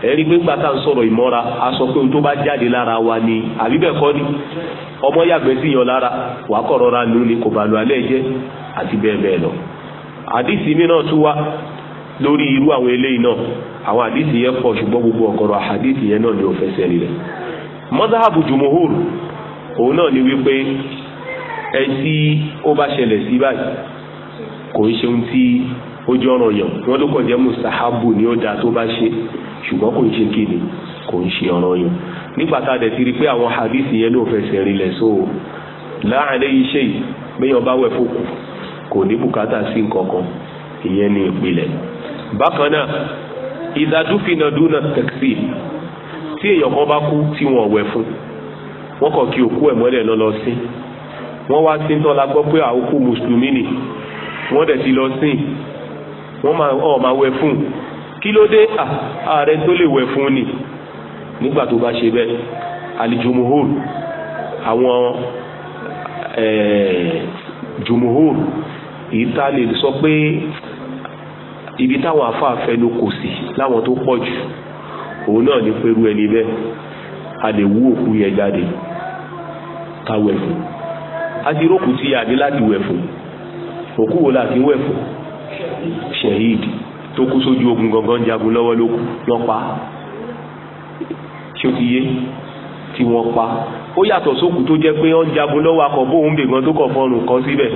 A: ẹ̀rí pé gbàtà ń sọ̀rọ̀ ìmọ́ra a sọ pé ohun tó bá jáde lára wa ni àbí bẹ́ẹ̀ kọ́ ni ọmọ yàgbẹ́ sí yan lára wàá kọ̀ rọra nù ni kò bàlù alẹ́ jẹ́ àti bẹ́ẹ̀ bẹ́ẹ̀ lọ àdìsí mi náà tún wá lórí irú àwọn eléyìí náà àwọn àdìsí yẹn pọ̀ ṣùgbọ́n gbogbo ọ̀gọ̀rọ̀ àdìsí yẹn náà ni ò fẹsẹ̀ rí rẹ̀ mọ́sáàbù jùmọ̀hóòrù òun náà ni wípé ẹ tí ó bá ṣẹlẹ̀ sí báyìí kò ń ṣe ohun tí ó jọ ọ̀ràn yàn wọn ló kàn jẹ́ mustahabu ni ó dáa tó bá ṣe ṣùgbọ́n kò ń ṣe kéde kò ń ṣe ọ̀ràn yàn nígbà tá a dẹ̀ ti rí i pé àwọn hadith yẹn ló fẹsẹ̀ rinlẹ̀ so láàrin iṣẹ́ yìí béèyàn bá wẹ̀ fòkù kò ní bùkátà sí nǹkan kan ìyẹn ní ìpìlẹ̀ bákan náà ìdádúfinadúnà tẹ̀sí tí èèyàn kan bá kú tí wọ́n wẹ̀ fún wọ́n kàn kí òkú ẹ̀ mọ́lẹ̀ lọ́lọ́ sí wọ́n wá sí tán la gbọ́ pé àókù mùsùlùmí ni wọ́n dẹ̀ ti lọ sí wọ́n máa wẹ fún un kí ló dé ààrẹ tó lè wẹ fún ni nígbà tó bá ṣe bẹ́ẹ̀ alijumuhur àwọn jumuhur èyí tá a lè sọ pé ibi táwọn afáàfẹ́ ló kò sí láwọn tó pọ̀ jù òun náà ní pẹ̀lú ẹni bẹ́ẹ̀ a lè wú òkú yẹn jáde ká fún a ti rókù tí a láti wẹ̀ fún òkú wo láti wẹ̀ fún shahid tó kú sójú ogun gangan jagun lọ́wọ́ ló kú wọ́n pa ṣé ó ti yé tí wọ́n pa ó yàtọ̀ sókù tó jẹ́ pé wọ́n jagun lọ́wọ́ akọ̀ bóun bè gan tó kọ̀ fọ́rùn kan síbẹ̀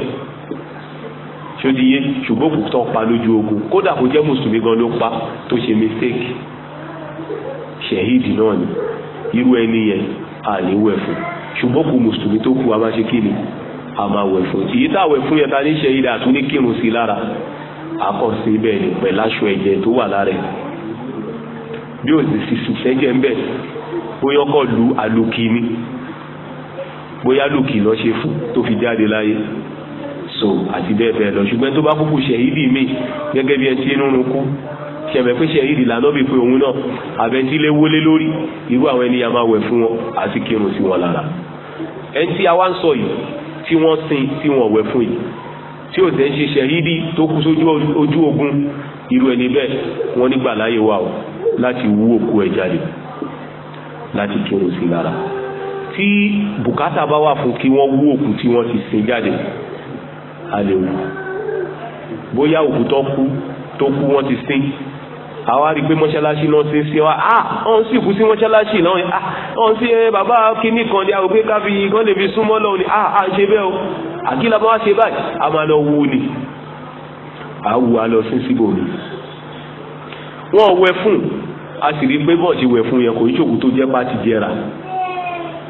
A: ṣé ó ti yé ṣùgbọ́n kò tán pa lójú ogun kódà kò jẹ́ mùsùlùmí gan ló pa tó ṣe mistake shahid náà ni irú ẹni yẹn àníwò ẹ̀fọ́ ṣùgbọ́n kò mùsùlùmí tó kù a máa ṣe kí a máa wẹ̀ fún èyí tá fún yẹn ta ní ṣe ilẹ̀ sí lára akọ̀sí bẹ́ẹ̀ ni pẹ̀lú aṣọ ẹ̀jẹ̀ tó wà lára bí ó sì sì sẹ́jẹ̀ ń bẹ̀ bóyá ọkọ̀ lu alùkì ni bóyá alùkì lọ ṣe fún tó fi jáde láyé so àti bẹ́ẹ̀ bẹ́ẹ̀ lọ ṣùgbọ́n tó bá kúkú ṣẹ̀yídì míì gẹ́gẹ́ bí ẹ ti nínú kú ṣẹ̀mẹ̀ pé ṣẹ̀yídì lànà bí pé òun náà àbẹ̀tílé wọlé lórí irú àwọn ẹni yàmá wẹ̀ fún wọn àti kírun sí wọn lára ẹni tí a wá ń sọ yìí tí wọ́n sin tí wọ́n wẹ̀ fún yìí tí ó tẹ̀ ń ṣe ṣẹ̀hídì tó kú sójú ojú ogun irú ẹni bẹ́ẹ̀ wọ́n nígbà láyé wa o láti wú òkú ẹ̀ jáde láti kírun sí lára tí bùkátà bá wà fún kí wọ́n wú òkú tí wọ́n ti sin jáde a lè wú bóyá òkú tó kú tó kú wọ́n ti sin àwa rí i pé mọ́ṣáláṣí náà ṣe ṣe wa ah ọ̀n sì kú sí mọ́ṣáláṣí náà ah ọ̀n sì eh, bàbá kínní kan ní àwọn pé káfí kan lè fi súnmọ́ lọ́wọ́ ni ah ah ṣe bẹ́ẹ̀ o àkìlá máa ṣe báyìí a máa lọ wo ni a wù á lọ sí síbò ni. wọ́n wẹ fún a sì rí i pé bọ́ọ̀sì wẹ fún yẹn kò ní ṣòkú tó jẹ́ pàtì jẹrà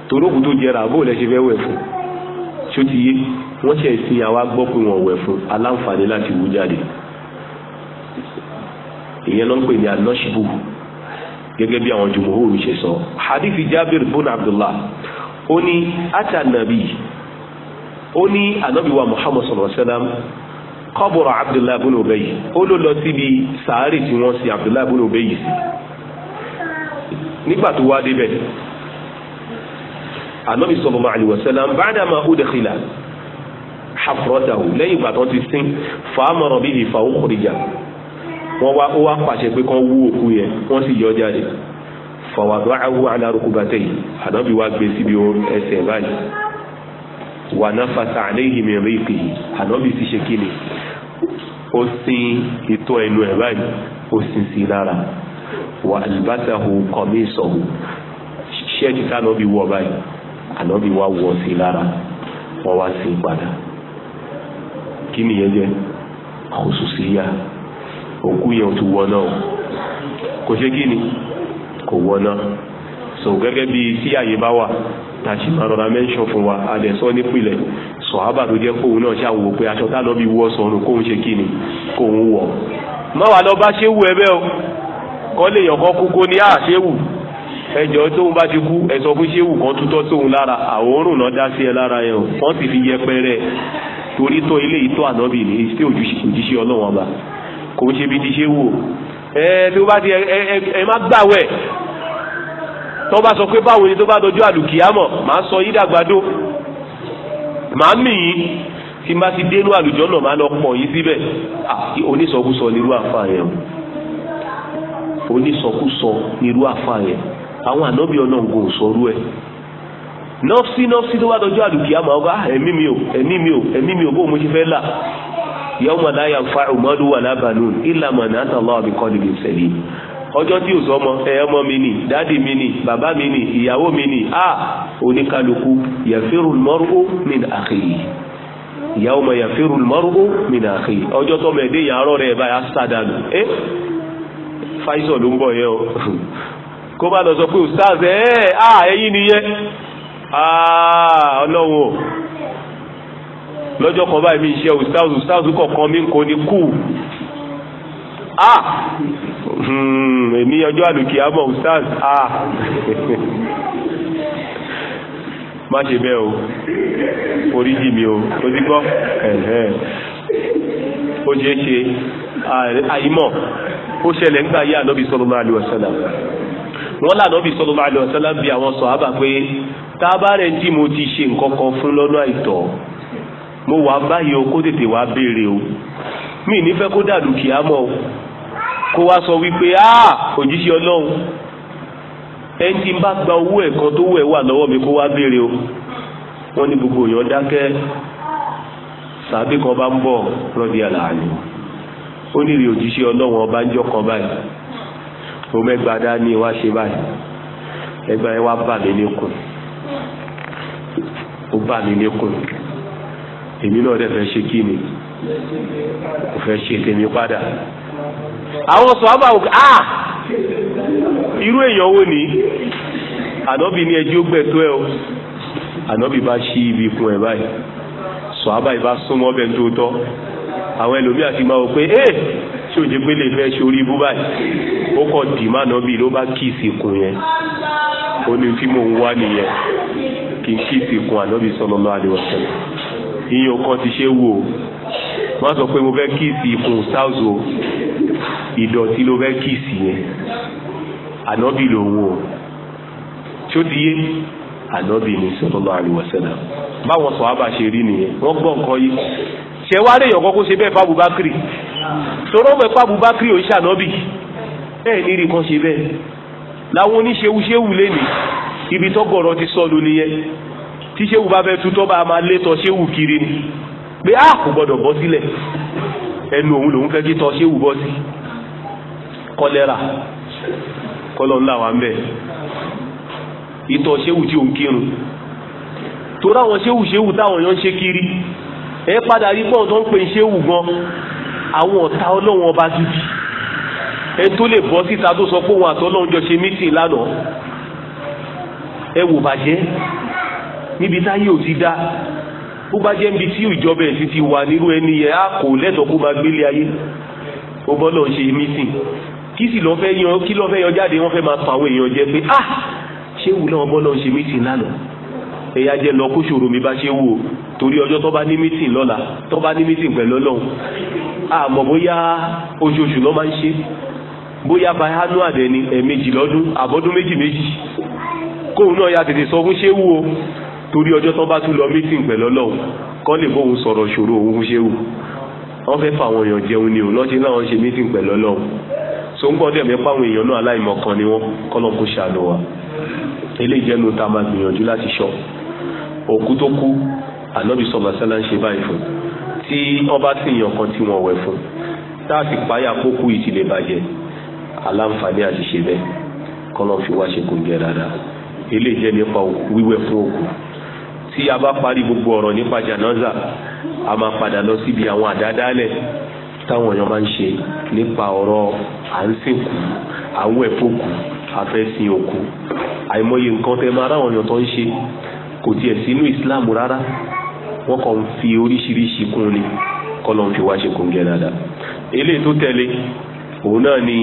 A: torókù tó jẹrà bóòlù ẹ ṣe fẹ́ wẹ fún ṣó ti yé wọ́n ṣẹ̀ ìyẹn ló ń pè ní anọ́ṣibù gẹ́gẹ́ bí àwọn jùmọ̀hóòrù ṣe sọ hadithi jabir bun abdullah ó ní ata nabi ó ní anabiwa muhammad sallallahu alaihi wa sallam kọ́bùrọ̀ abdullah bun obeyi ó ló lọ síbi sàárè tí wọ́n sin abdullah bun obeyi sí nígbà tó wá débẹ̀ anabi sallallahu alaihi wa sallam ba'dama udkhila hafratahu lẹ́yìn ìgbà tó ti sin fàámọ̀rọ̀ bíi ìfàwọ́kùrìjà wọ́n wá ó wá pàṣẹ pé kán wú òkú yẹn wọ́n sì yọ jáde fọwọ́dọ́ awú alárùkúbatẹ́ yìí ànábì wá gbé síbi ẹsẹ̀ báyìí wà náà fasa àléhìn mi rí ìpè yìí ànábì sì ṣe ni ó sin ìtọ́ ẹnu ẹ̀ báyìí ó sin sí lára wà àlùbáṣàhù kọ́míṣọ̀hù ṣẹ́ẹ̀tì tá ànábì wọ̀ báyìí ànábì wá wọ̀ sí lára wọ́n wá sí padà kí nìyẹn jẹ́ khususiyya òkú yẹn ò tún wọná o kò ṣe kí kò wọná so gẹ́gẹ́ bí tí àyè bá wà tàṣí máa rọra mẹ́ńṣọ̀ fún wa adẹ̀sọ́ nípìnlẹ̀ sọ̀hábà tó jẹ́ kóun náà ṣàwò pé aṣọ tá lọ́ọ́ bí wọ́ sọ̀rùn kóun ṣe kí ni kóun wọ̀ má wàá lọ bá ṣe wù ẹ bẹ́ẹ̀ o kọ́ lè yàn kọ́ kú kó ní àṣẹ wù ẹjọ́ tóun bá ti kú ẹ̀sọ́ fún ṣé wù kan tútọ́ tóun lára àwòrán náà dá sí ẹ lára yẹn wọ́n sì fi yẹpẹrẹ torí tọ́ ilé ìtọ́ ànábì ní ìṣe òjíṣẹ́ ọlọ́wọ́n ọba kò ń ṣe bí ti ṣe wò ẹ bí ó bá ti ẹ má gbàwẹ̀ tó bá sọ pé báwo ni tó bá dojú àlùkìyámọ̀ màá sọ yín dàgbàdo màá mì yín tí má ti dénú àlùjọ náà máa lọ pọ̀ yín síbẹ̀ onísọkúsọ nírú àfa yẹn o onísọkúsọ nírú àfa yẹn àwọn ànábì ọlọ́run kò sọrú ẹ̀ nọ́ọ̀sì nọ́ọ̀sì tó bá dojú àlùkìyámọ̀ ọgá ah, ẹ̀mí mi ò ẹ̀mí mi ò ẹ̀mí mi ò bó mo ṣe fẹ́ là yawma la yanfa'u malu wala banun illa man ata Allah bi qalbin salim ọjọ́ tí òsọ ọmọ ẹ ọmọ mi ni dáàdì mi ni bàbá mi ni ìyàwó mi ni a oníkálukú yafiru al-mar'u min akhihi yawma yafiru al-mar'u min akhihi ọjọ́ tó mẹ́ẹ̀dẹ́ yàrá rẹ̀ báyà sádàlù ẹ́ fáìsọ̀ ló ń bọ̀ yẹn o kó bá lọ sọ pé ustaz ẹ̀ ẹ́ ẹ̀yìn nìyẹn ọlọ́run o lọ́jọ́ kan báyìí mi ṣe ustazu ustazu kọ̀ọ̀kan mi kò ní kú ah èmi ọjọ́ àlùkì àmọ́ ustaz a <laughs> má ṣe bẹ́ẹ̀ o oríjì mi o tó ti gbọ́ ó ṣe é ṣe àìmọ̀ ó ṣẹlẹ̀ nígbà yá ànábì sallallahu alaihi wasallam wọ́n lànà bí sallallahu alaihi wasallam bí àwọn sọ̀hábà pé tá ń tí mo ti ṣe nǹkan kan fún lọ́nà àìtọ́ mo wà báyìí o kó tètè wá béèrè o mi nífẹ̀ẹ́ kó dà dúkìá mọ́ o kó wá sọ wípé áà òjíṣẹ́ ọlọ́run ẹni tí n bá gba owó ẹ̀ kan tó wọ̀ ẹ̀ wà lọ́wọ́ mi kó wá béèrè o wọ́n ní gbogbo èèyàn dákẹ́ sàbí kan bá ń bọ̀ rọ́dí àlàáni ó ní rí òjíṣẹ́ ọlọ́run ọba ń jọ́ kan báyìí mo mẹ́gbàá dání wá ṣe báyìí ẹgbàá yẹn bà mí níkùn ó bà mí níkùn èmi náà dẹ̀ fẹ́ ṣe kí ni kò fẹ́ ṣe tèmi padà àwọn sọ̀hábà òkè à irú èèyàn wo ni ànábì ní ẹjọ́ gbẹ̀tọ́ ẹ o ànábì bá ṣí ibi fún ẹ báyìí sọ̀hábà ìbá súnmọ́ ọbẹ̀ tó tọ́ àwọn ẹlòmíà ti máa wò pé ẹ tí ò jẹ́ pé lè fẹ́ ṣorí ibú báyìí ó kọ̀ dì má ànábì ló bá kí ìsìnkún yẹn ó ní tí mò ń wá nìyẹn kì í kí ìsìnkún ànábì sallallahu alaihi wasallam ìyẹn kan ti ṣe wò má sọ pé mo fẹ́ kíìsì ikùn south o ìdọ̀tí ló fẹ́ kíìsì yẹn ànábì lòun o tí ó ti yé ànábì ni sallallahu alaihi wasallam báwọn sọ àbá ṣe rí nìyẹn wọ́n gbọ́ nǹkan yìí ṣe wá lè yọ̀kọ́ kó ṣe bẹ́ẹ̀ fábùbákiri sọ̀rọ̀ mọ̀ fábùbákiri ò ń ṣànábì bẹ́ẹ̀ ní rí kan ṣe bẹ́ẹ̀ làwọn oníṣewuṣewu lé ní ibi tọ́gọ̀rọ̀ ti sọnù tí ṣéwù bá fẹ́ tutọ́ bá máa lé tọ́ ṣéwù kiri ni pé a ah, kò gbọ́dọ̀ bọ́ sílẹ̀ ẹnu òun lòun fẹ́ kí tọ́ ṣéwù bọ́ sí kọ́lẹ́rà kọ́lọ́ ńlá wa ń bẹ̀ ìtọ̀ ṣéwù tí òun kírun torí àwọn ṣéwù ṣéwù táwọn yàn ń ṣe kiri ẹ padà rí pọ́n tó ń pè ṣéwù gan àwọn ọ̀tá ọlọ́wọ́n ọba gidi ẹ tó lè bọ́ síta tó sọ pé òun àtọ́lọ́wọ́n jọ ṣe mítìn lánàá ẹ wò bàjẹ́ níbi táyé ò ti dá bó bá jẹ́ níbi tí ìjọba ẹ̀sìn ti wà nírú ẹni yẹn á kò lẹ́tọ̀ọ́ kó máa gbélé ayé ó bọ́ lọ́ọ́ ṣe mítìn kí sì lọ́ọ́ fẹ́ yan kí lọ́ọ́ fẹ́ yan jáde wọ́n fẹ́ máa pa àwọn èèyàn jẹ pé ah ṣé wù náà bọ́ lọ́ọ́ ṣe mítìn lánàá ẹ̀yà jẹ́ lọ kó ṣòro mi bá ṣe wù ó torí ọjọ́ tó bá ní mítìn lọ́la tó bá ní mítìn pẹ̀lú ọlọ́run àmọ́ bóyá oṣooṣù lọ́ máa ń ṣe bóyá bayanu àdẹni ẹ̀ẹ̀mejì lọ́dún àbọ́dún méjì méjì kóun náà ya tètè sọ fún ṣé wù ó torí ọjọ́ tó bá tún lọ mítìn pẹ̀lú ọlọ́run kọ́ lè bóun sọ̀rọ̀ ṣòro òun ṣe wù wọ́n fẹ́ fà àwọn èèyàn jẹun ni ò lọ́sí láwọn ṣe mítìn pẹ̀lú ọlọ́run so ń gbọ́dọ̀ mẹ́pà àwọn èèyàn náà aláìmọ̀kan ni wọ́n kọ́lọ́n kó ṣàánú wa eléyìí jẹ́nu tá a máa gbìyànjú láti ṣọ́ òkú tó kú ànábì sọ màsálà ń ṣe báyìí fún tí wọ́n bá sì yàn kan tí wọ́n wẹ̀ fún tá a sì páyà pókú ìtìlẹ̀ bàjẹ́ aláǹfààní àti ṣe bẹ́ẹ̀ kọ́lọ́n fi wá ṣe kò jẹ́ dáadáa eléyìí jẹ́ nípa wíwẹ̀ fún òkú tí a bá parí gbogbo ọ̀rọ̀ nípa jànáza a máa padà lọ síbi àwọn àdádálẹ̀ táwọn èèyàn máa ń ṣe nípa ọ̀rọ̀ à ń sìnkú à ń wẹ̀ fókù àfẹ́sìn òkú àìmọye nǹkan tẹ máa ráwọn èèyàn tó ń ṣe kò tiẹ̀ sínú ìsìláàmù rárá wọ́n kàn ń fi oríṣiríṣi kún ni kọ́lọ́ ń fi wá ṣe kóńgẹ́ dáadáa eléyìí tó tẹ̀lé òun náà ni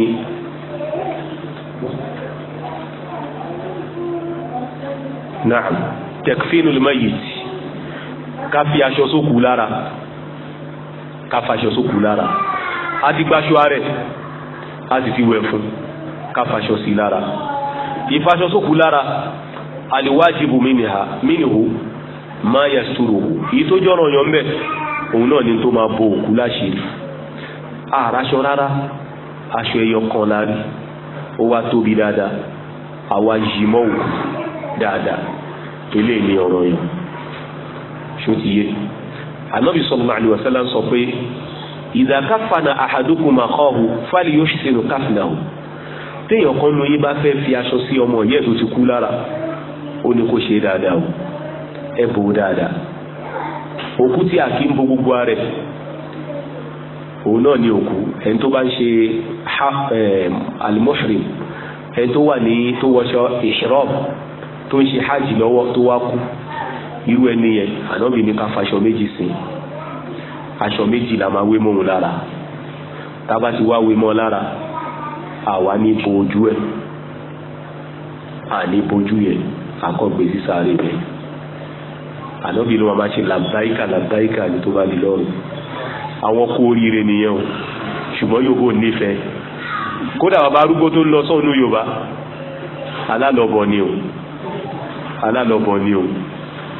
A: naam tẹ̀kfínú lè mẹ́yìí ká fi aṣọ sókù lára ká faṣọ sókù lára a ti gbaṣọ arẹ a sì fi wẹ̀ fún ká faṣọ sí lára ìfaṣọ sókù lára aliwajibu miniha minihu máa yẹ suruhu èyí tó jọrọ yan bẹ òun náà ni tó máa bo òkú láṣìírí àràṣọ rárá aṣọ ẹyọ kan lárí ó wá tóbi dáadáa àwa yìí mọ́ òkú dáadáa eléyìí ni ọ̀rọ̀ yẹn ṣó ti yé anabi sallallahu alaihi wasallam sọ pé idha kafana ahadukum akhahu falyushsin kafnahu téèyàn kan lóyún bá fẹ́ fi aṣọ sí ọmọ yẹn tó ti kú lára ó ní kó ṣe dáadáa o ẹ bò ó dáadáa òkú tí a kì í bo gbogbo ara rẹ̀ òun náà ni òkú ẹni tó bá ń ṣe eh, alimọ́ṣirin ẹni tó wà ní tó wọṣọ ìṣirọ́ọ̀bù tó ń ṣe hajj lọ́wọ́ tó wá kú irú ẹni yẹn ànábì ní ká faṣọ méjì sìn aṣọ méjì la máa wé mọ́hun lára tába ti wá wé mọ́ lára àwa ní bo ojú ẹ̀ àní bojú yẹn àkọ́gbé sísáré rẹ̀ ànábì ló máa ṣe làbáíkà làbáíkà ní tó bá di lọ́rùn àwọn kú oríire nìyẹn o ṣùgbọ́n yòókù nífẹ̀ẹ́ kódà bàbá arúgbó tó lọ sọ́ọ̀nù yorùbá alálọ́bọ̀ ni o alálọ́bọ̀ ni o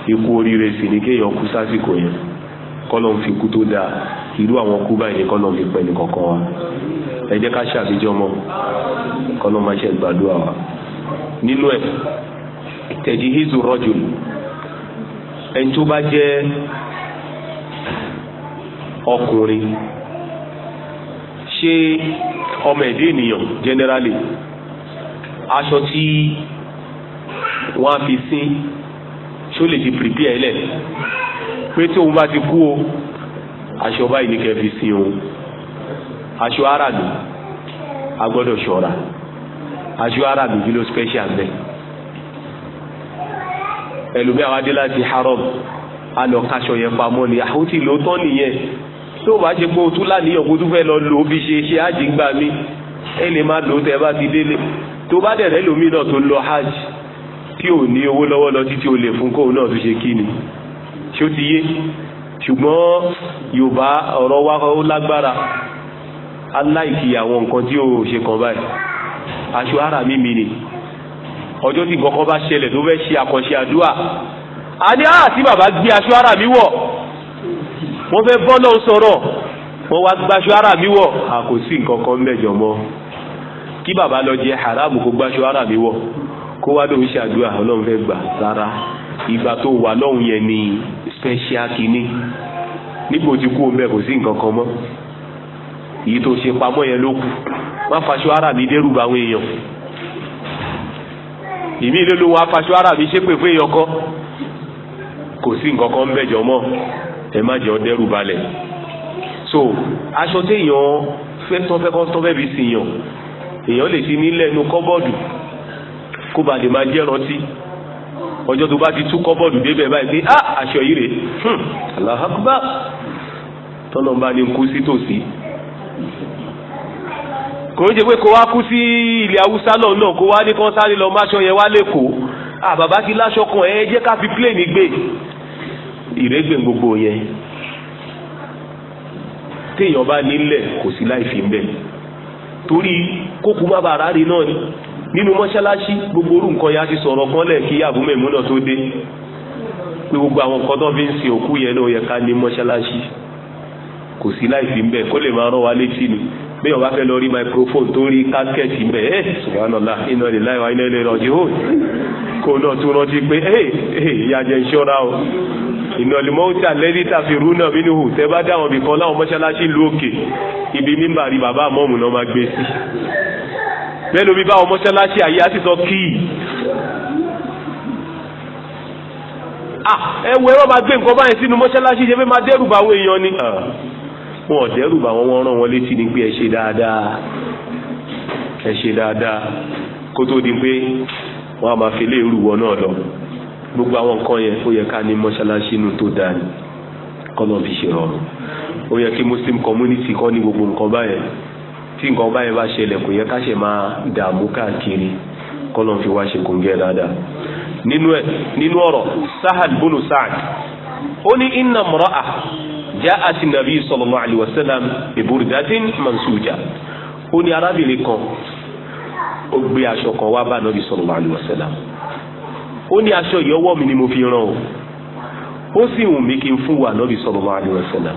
A: ikú oríire sì ní kéèyàn kú sásìkò yẹn kọ́lọ̀ ń fi kú tó dáa irú àwọn kú báyìí ní kọ́lọ̀ ń fi pẹ́ ní wa ẹ jẹ́ ká ṣàfijọ́ mọ́ kọ́lọ̀ máa ṣe gbàdúrà wa nínú ẹ̀ tẹ̀jí hizu rọ́jò ẹni tó bá jẹ́ ọkùnrin ṣé ọmọ ẹ̀dẹ́ ènìyàn generally aṣọ tí wọ́n á fi sín tí ó lè fi prepare lẹ̀ pé tí òun bá ti kú o aṣọ báyìí ní kẹ́ fi sin òun aṣọ aráàlú a gbọ́dọ̀ ṣọ́ra aṣọ aráàlú bí ló special bẹ́ẹ̀ ẹlòmíà wá dé láti haram a lọ kaṣọ yẹn pamọ́ ni àwọn tí lò tán nìyẹn tó bá ṣe pé o tún láníyàn kó tún fẹ́ lọ lò ó fi ṣe ṣe ájì gbà ẹ lè má lò ó tẹ bá ti délé tó bá dẹ̀ rẹ́ náà tó lọ hajj tí ò ní owó lọ́wọ́ lọ títí o lè fún kóun náà tó ṣe kí ni ṣé ó ti yé ṣùgbọ́n yorùbá ọ̀rọ̀ wa ó lágbára aláìkí àwọn nǹkan tí ó ṣe kàn báyìí aṣọ ara mi ni ọjọ́ tí nǹkan kan bá ṣẹlẹ̀ tó fẹ́ ṣe àkànṣe àdúrà a ní àá ah, tí bàbá gbé aṣọ ara mi wọ̀ wọ́n fẹ́ bọ́ náà sọ̀rọ̀ wọ́n wá gbaṣọ ara mi wọ̀ a kò sí nǹkan kan mẹ́jọ mọ́ kí bàbá lọ jẹ haram kó gbaṣọ ara mi wọ̀ kó wá lóun ṣàdúrà ọlọ́run fẹ́ gbà sára ìgbà tó wà lọ́hùn yẹn ni special kínní níbo ti kú omi ẹ̀ kò sí nǹkan kan mọ́ èyí tó ṣe pamọ́ yẹn ló kù má faṣọ ara mi dẹ́rù bá àwọn èèyàn ìmí ìlú ló wá faṣọ ara mi ṣépè fún èèyàn kọ́ kò sí nǹkan kan bẹ̀jọ mọ́ ẹ má jẹ́ dẹ́rù balẹ̀ so aṣọ téèyàn fẹ́ tán fẹ́ kọ́ tán fẹ́ fi sìn yàn èèyàn lè ti nílẹ̀ inú kọ́bọ́ọ̀dù kó ba lè máa jẹ́ rántí ọjọ́ tó bá ti tú kọ́bọ̀dù débẹ̀ báyìí pé á ah, aṣọ yìí rè hmm, Allahu Akbar tọ́nà bá ní kú sí tòsí kò ń jẹ́ pé kó wá kú sí ilẹ̀ haúsá náà náà kó wá ní kán sáré lọ máṣọ yẹn wá lẹ́kọ̀ọ́ àbàbá ah, ti láṣọ kan ẹ jẹ́ ká fi pléènì gbé ìrẹ́gbẹ̀ gbogbo yẹn téèyàn bá nílẹ̀ kò sí láì fi ń bẹ̀ torí kókù má bàa náà ni nínú mọ́ṣáláṣí gbogbo orú nǹkan yá ti sọ̀rọ̀ kan lẹ̀ kí yàgò mẹ́múnà tó dé pé gbogbo àwọn nǹkan tó fi ń sin òkú yẹn náà yẹ ká ní mọ́ṣáláṣí kò sí láìsí mbẹ kó lè máa rán wa létí ni bí wọn bá fẹ́ lọ rí microphone tó rí kákẹ́ẹ̀tì mbẹ ẹ eh, subhanallah iná lè láìwá iná lè rọjì ó kó náà tún rántí pé ẹ ẹ ìyàjẹ o iná lè mọ́ tà lẹ́ni tàfi rú náà nínú hù tẹ́ bá dáwọn ibìkan láwọn mọ́ṣáláṣí lóòkè ibi mímbà bàbá àmọ́mù náà máa gbé sí bẹ́ẹ̀ lómi bá ọmọ ṣáláṣí ayé á sì sọ kíì. Ah, ẹ wo ẹ̀rọ máa gbé nǹkan báyìí sínú mọ́ṣáláṣí ṣe fẹ́ máa dẹ́rù bá àwọn èèyàn ni. Ah, wọn ò dẹ́rù bá wọn wọ́n rán wọn létí ni pé ẹ ṣe dáadáa ẹ ṣe dáadáa kó tó di pé wọn a máa fi léèrú wọn náà lọ gbogbo àwọn nǹkan yẹn ó yẹ ká ní mọ́ṣáláṣí inú tó dáa ni kọ́nà fi ṣe rọrùn ó yẹ kí muslim community kọ́ ní gbogbo nǹkan báyẹn tí nǹkan báyìí bá ṣẹlẹ̀ kò yẹ ká ṣe máa dààmú káàkiri kọ́lọ́n fi wá ṣe kòǹgẹ́ dáadáa nínú ọ̀rọ̀ sahad bunu sa'ad ó ní inna mura'a ja'at nabi sallallahu alayhi wa sallam biburdatin mansuja ó ní arábìnrin kan ó gbé aṣọ kan wá bá nabi sallallahu alayhi wa sallam ó ní aṣọ ìyọwọ́ mi ni mo fi rán o ó sì wù mí kí n fún wa nabi sallallahu alayhi wa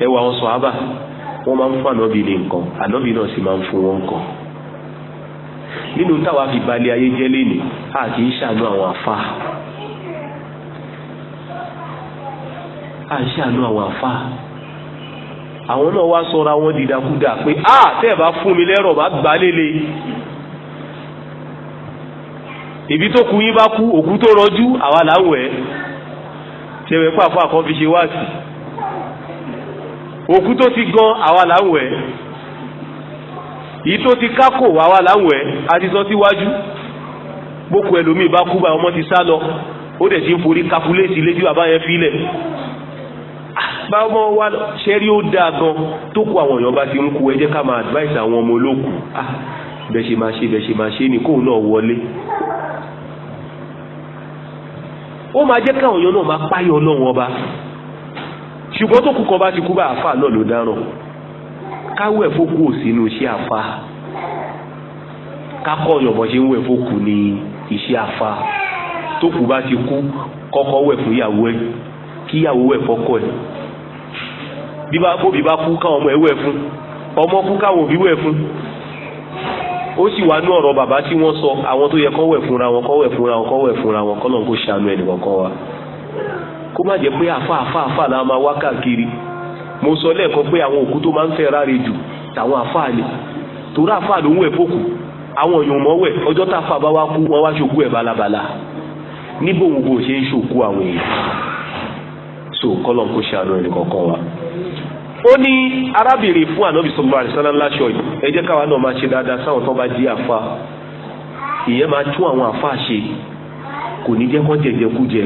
A: ẹ wà wọn sọ ábà wọ́n máa ń fún ànábì lè nǹkan ànábì náà sì máa ń fún wọn nǹkan nínú táwa fi balẹ̀ ayé jẹ́ lénìí a kì í ṣàánú àwọn àfa a ṣàánú àwọn àfa àwọn náà wá sọra wọn dìdakúdà pé a tẹ́ ẹ̀ bá fún mi lẹ́rọ̀ bá gbà lélẹ̀ ibi tó kú yín bá kú òkú tó rọjú àwa là ń wẹ̀ pàápàá kan fi ṣe wáàsí òkú tó ti gan àwa là ń wẹ̀ yìí tó ti kákò àwa là ń wẹ̀ a ti sọ síwájú bókù ẹlòmíì bá kú báyìí ọmọ ti sá lọ ó dẹ̀ ti ń forí kakuléètì létí bàbá yẹn filẹ̀ báwọn wá ṣẹ́rí ó dáa gan tó kó àwọn èèyàn bá ti ń kú ẹ ká máa advice àwọn ọmọ olókù bẹ́ẹ̀ ṣe máa ṣe bẹ́ẹ̀ ṣe máa ṣe ni kóun náà wọlé ó máa jẹ́ káwọn èèyàn náà máa páyọ̀ ọlọ́run ọba ṣùgbọ́n tó kù kan bá ti kú bá àfa náà ló dáràn káwẹ̀ fókù ò sínú iṣẹ́ àfa kákọ́ ọ̀yọ̀bọ̀ ṣe ń wẹ̀ fókù ní iṣẹ́ àfa tó kù bá ti kú kọ́kọ́ wẹ̀ fún ìyàwó ẹ̀ kí ìyàwó wẹ̀ fọ́kọ ẹ̀ bí bá kó bí bá kú káwọn ọmọ ẹ̀ wẹ̀ fún ọmọ kú káwọn òbí wẹ̀ fún ó sì wá ní ọ̀rọ̀ bàbá tí wọ́n sọ àwọn tó yẹ kọ́ wẹ̀ fúnra wọn kọ́ wẹ̀ fúnra wọn kọ́ wẹ̀ fúnra wọn kọ́ lọ́n kó ṣàánú ẹnì kọ̀ọ̀kan wa kó má jẹ́ pé àfa àfa àfa la máa wá káàkiri mo sọ lẹ́ẹ̀kan pé àwọn òkú tó máa ń fẹ́ ráre jù tàwọn àfa ni torí àfa ló ń wẹ̀ fókù àwọn èèyàn mọ́ wẹ̀ ọjọ́ tá a fà bá wá kú wọ́n wá ṣòkú ẹ̀ balabala níbo òun kò ṣe ń ṣòkú àwọn èèyàn so kọ́lọ́n kó ṣàánú ẹni kọ̀ọ̀kan wa. ó ní arábìnrin fún ànábì sọgbà àdìsánlá láṣọ yìí ẹ jẹ́ káwa náà máa ṣe dáadáa sáwọn tó bá di àfa ìyẹn máa tún àwọn àfa ṣe kò ní jẹ́ kó jẹ̀jẹ̀ kú jẹ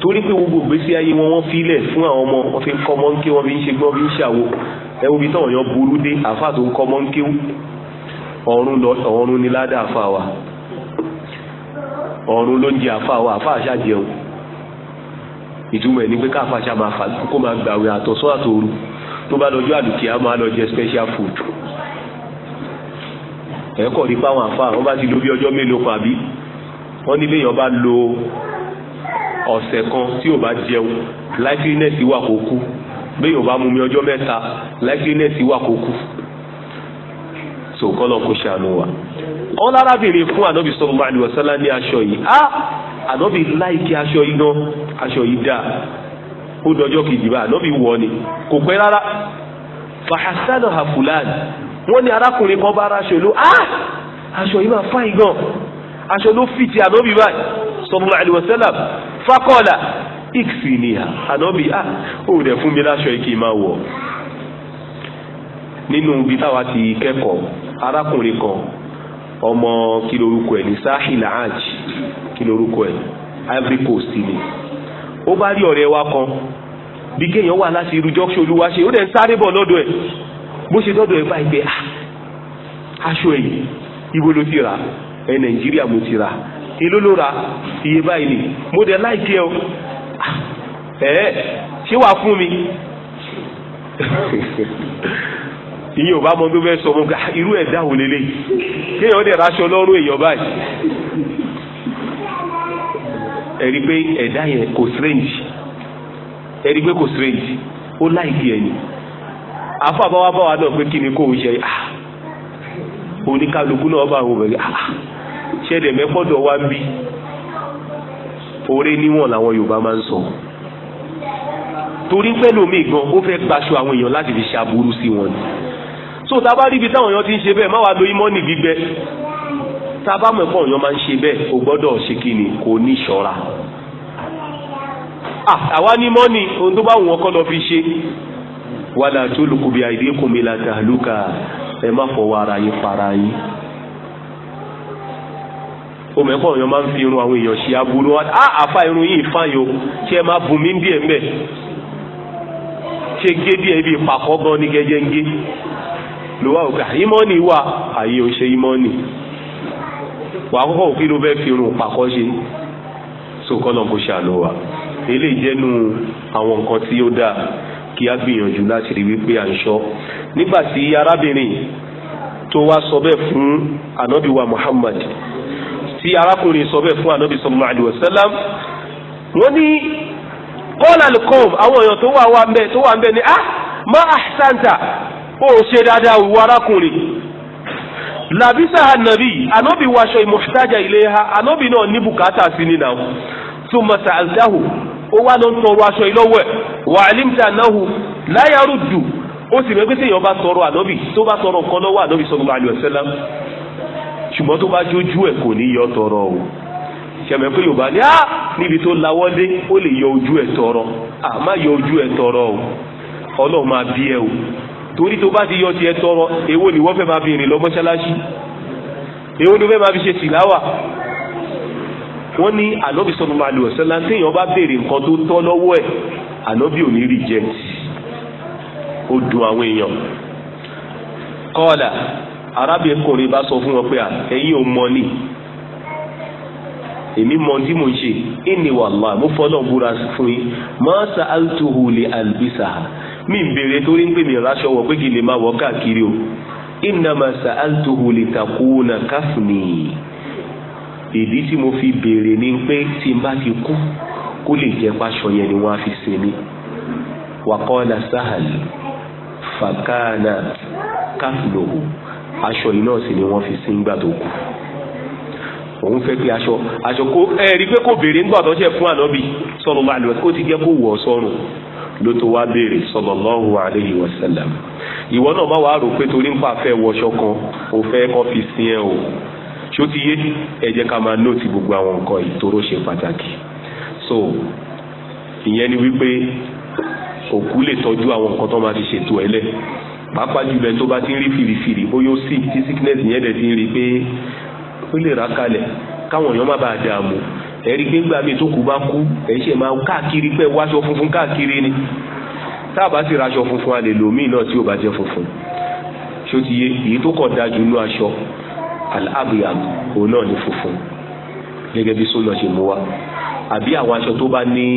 A: torí pé gbogbo ìgbésí ayé wọn wọ́n filẹ̀ fún àwọn ọmọ wọ́n fi ń kọ́ mọ́ńké wọ́n fi ń ṣe gbọ́n fi ń ṣàwo ẹwú bí táwọn èèyàn burú dé àfáà tó ń kọ́ mọ́ńké ọ̀run ni ládàá àfáà wa ọ̀run ló ń jẹ àfáà wa àfáà ṣàjẹun ìtumọ̀ ẹ̀ ní pé káfáà ṣá máa fà kó máa gbàwé àtọ̀sọ́ àtòru tó bá lọ́jọ́ àdùkìá máa lọ jẹ special food ẹ̀kọ́ ní pàwọn àfáà wọ́n bá ti lo bí ọjọ́ mélòó kan àbí ní ọ̀sẹ̀ kan tí ò bá jẹun likeliness wà kó kú bẹ́ẹ̀ ò bá mumi ọjọ́ mẹ́ta likeliness wà kó kú so kọ́lọ̀ kó ṣàánú wa. wọ́n lárábìnrin fún ànábì sallallahu alaihi wasallam ní aṣọ yìí á ah! ànábì láìkí aṣọ yìí náà aṣọ yìí dáa ó dọjọ́ kejì bá ànábì wọ̀ ni kò pẹ́ rárá fàhásánà hàfúlàn wọ́n ní arákùnrin kan bá aṣọ ló á ah! aṣọ yìí máa fáyìn gan aṣọ ló fìtì ànábì báyìí sallallahu alaihi wasallam fakọ́ọ̀là ìkìsì ni ànábì à ah, ó dẹ̀ fún mi láṣọ yìí kí n máa wọ̀ nínú ibi táwa ti kẹ́kọ̀ọ́ arákùnrin kan ọmọ kí lorúkọ ẹ̀ ní sahil hajj kí lorúkọ Ivory Coast ni ó bá rí ọ̀rẹ́ wa kan bí kéèyàn wà láti irú junction olúwa ṣe ó dẹ̀ ń sáré bọ̀ lọ́dọ̀ ẹ̀ bó ṣe dọ́dọ̀ ẹ̀ báyìí pé ah, aṣọ ẹ̀yìn ibo ló ti rà ẹ̀ Nàìjíríà mo ti rà èló ló ra iye báyìí ni mo láìkí ẹ o ah, ṣé wàá fún mi iye <laughs> ò bá mọ sọ mo gba irú ẹ̀ dáhùn lélẹ̀ kéèyàn dẹ̀ raṣọ lọ́rùn èèyàn báyìí ẹ̀rí pé ẹ̀dá yẹn kò strange ẹ̀rí pé kò strange ó láìkí ẹ̀ ni àbáwá báwa ni kò ń ṣe ah, náà bá wọn ṣẹlẹ̀ mẹ́kọ́dọ̀ wá ń bí oore níwọ̀n làwọn Yorùbá máa ń sọ torí pẹ́lú mi gan ó fẹ́ gbaṣọ àwọn èèyàn láti fi ṣàbúrú sí wọn ni so tá a bá rí ibi táwọn èèyàn ti ń ṣe bẹ́ẹ̀ má wàá lo imọ́nì gbígbẹ tá a bá mọ̀ pọ̀ èèyàn máa ń ṣe bẹ́ẹ̀ o gbọ́dọ̀ ṣe kí ni kò ní ìṣọ́ra àwa ní mọ́nì ohun tó bá wù wọ́n kọ́ lọ fi ṣe wàdà tó lùkùbí àìdínkùnmi làtàlùkà ẹ má fọwọ́ ara yín para yín o mọ̀ ẹ̀kọ́ èèyàn máa ń fi irun àwọn èèyàn ṣe aburú wá ah, á àfa irun yìí fáyọ kí ẹ máa bùnmí díẹ̀ ńbẹ̀ ṣe gé díẹ̀ ibi ìpàkọ́ gan ní gẹ́gẹ́ ń gé ló wá òkè ìmọ̀ọ́nì wà àyè ò ṣe ìmọ̀ọ́nì wà á kọ́kọ́ òkè ló fẹ́ fi irun ìpàkọ́ ṣe so kọ́nà kó ṣàánú wa eléyìí jẹ́nu àwọn nǹkan tí ó dáa kí a gbìyànjú láti rí wípé à ń ṣọ́ nígbà tí arábìnrin tó wá sọ bẹ́ẹ̀ fún ànábìwá Muhammad tí arákùnrin sọ bẹ́ẹ̀ fún anabi sallallahu alaihi wasallam wọ́n ní kọ́ọ̀lù alukọ́ọ̀mù àwọn èèyàn tó wà wà ń bẹ tó wà ń bẹ ní ah ma ahsanta ó ṣe dáadáa wù arákùnrin làbísà anabi anabi wàṣọ ìmọ̀ṣájà ilé ha anabi náà ní bùkátà sí ni náà tó mọ̀tà àlùdáhù ó wá ló ń tọrọ aṣọ ìlọ́wọ́ ẹ̀ wà á náà láyà rúdù ó sì rẹ́gbẹ́sẹ̀ yẹn bá tọrọ ànábì tó bá tọrọ nǹkan lọ́wọ́ ànábì sallallahu ṣùgbọ́n tó bá jójú ẹ̀ kò ní yọ tọrọ o ṣẹ̀mẹ̀ pé yorùbá ní á níbi tó lawọ́dé ó lè yọ ojú ẹ̀ tọrọ à má yọ ojú ẹ̀ tọrọ o ọlọ́run máa bí ẹ o torí tó bá ti yọ tiẹ̀ tọrọ èwo ni wọ́n fẹ́ máa fi rìn lọ mọ́ṣáláṣí èwo ni wọ́n fẹ́ máa fi ṣe tìláwà wọ́n ní ànábì sọ́nù máa lù ọ̀sẹ̀ láti èèyàn bá béèrè nǹkan tó tọ́ lọ́wọ́ ẹ̀ ànábì ò ní rí ó dùn àwọn èèyàn kọ́ọ̀là arábìnrin bá sọ fún wọn pé à ẹ̀yin ò mọ ni èmi mọ tí mo ń ṣe ìní wàllá mo fọlọ́ búra fún yín máa sa altuhu lè albisa mi ń béèrè torí ń pè mí ráṣọ wọ pé kí lè máa wọ káàkiri o ìnàmà sa altuhu lè takuna káfíní ìdí tí mo fi béèrè ni pé tí n bá ti kú kó lè jẹ́ páṣọ yẹn ni wọ́n á fi ṣe mí wàkọ́ọ́lá sahal fàkànà káfíní aṣọ yìí náà sì ni wọ́n fi sí ńgbà tó kù òun fẹ́ pé aṣọ aṣọ kó ẹ rí i pé kò béèrè ńgbà tó ṣe fún ànábì sallallahu alaihi wasallam kó ti jẹ́ kó wọ̀ sọ́run ló tó wá béèrè sallallahu alaihi wasallam ìwọ náà má wàá rò pé torí ń pa fẹ́ wọṣọ kan ò fẹ́ kọ́ fi sin ẹ o ṣó ti yé ẹ ká máa nóòtì gbogbo àwọn nǹkan ìtòrò ṣe pàtàkì so ìyẹn ni wípé òkú lè tọ́jú àwọn nǹkan tó máa ti ṣètò ẹlẹ́ pàápàá jùlọ tó bá ti ń rí fìrìfìrì ó yóò sick tí sickness yẹn dẹ̀ ti ń rí pé ó lè ra kalẹ̀ káwọn èèyàn má bàa dààmú ẹ̀rí pé ńgbà míì tó kù bá kú ẹ̀ṣẹ̀ máa káàkiri pé wáṣọ funfun káàkiri ni tá a bá ti raṣọ funfun a lè lò míì náà tí ò bá jẹ́ funfun ṣó èyí tó kàn dájú inú aṣọ al-abyad òun náà ni funfun gẹ́gẹ́ bí sólọ ṣe mú wa àbí àwọn aṣọ tó bá ní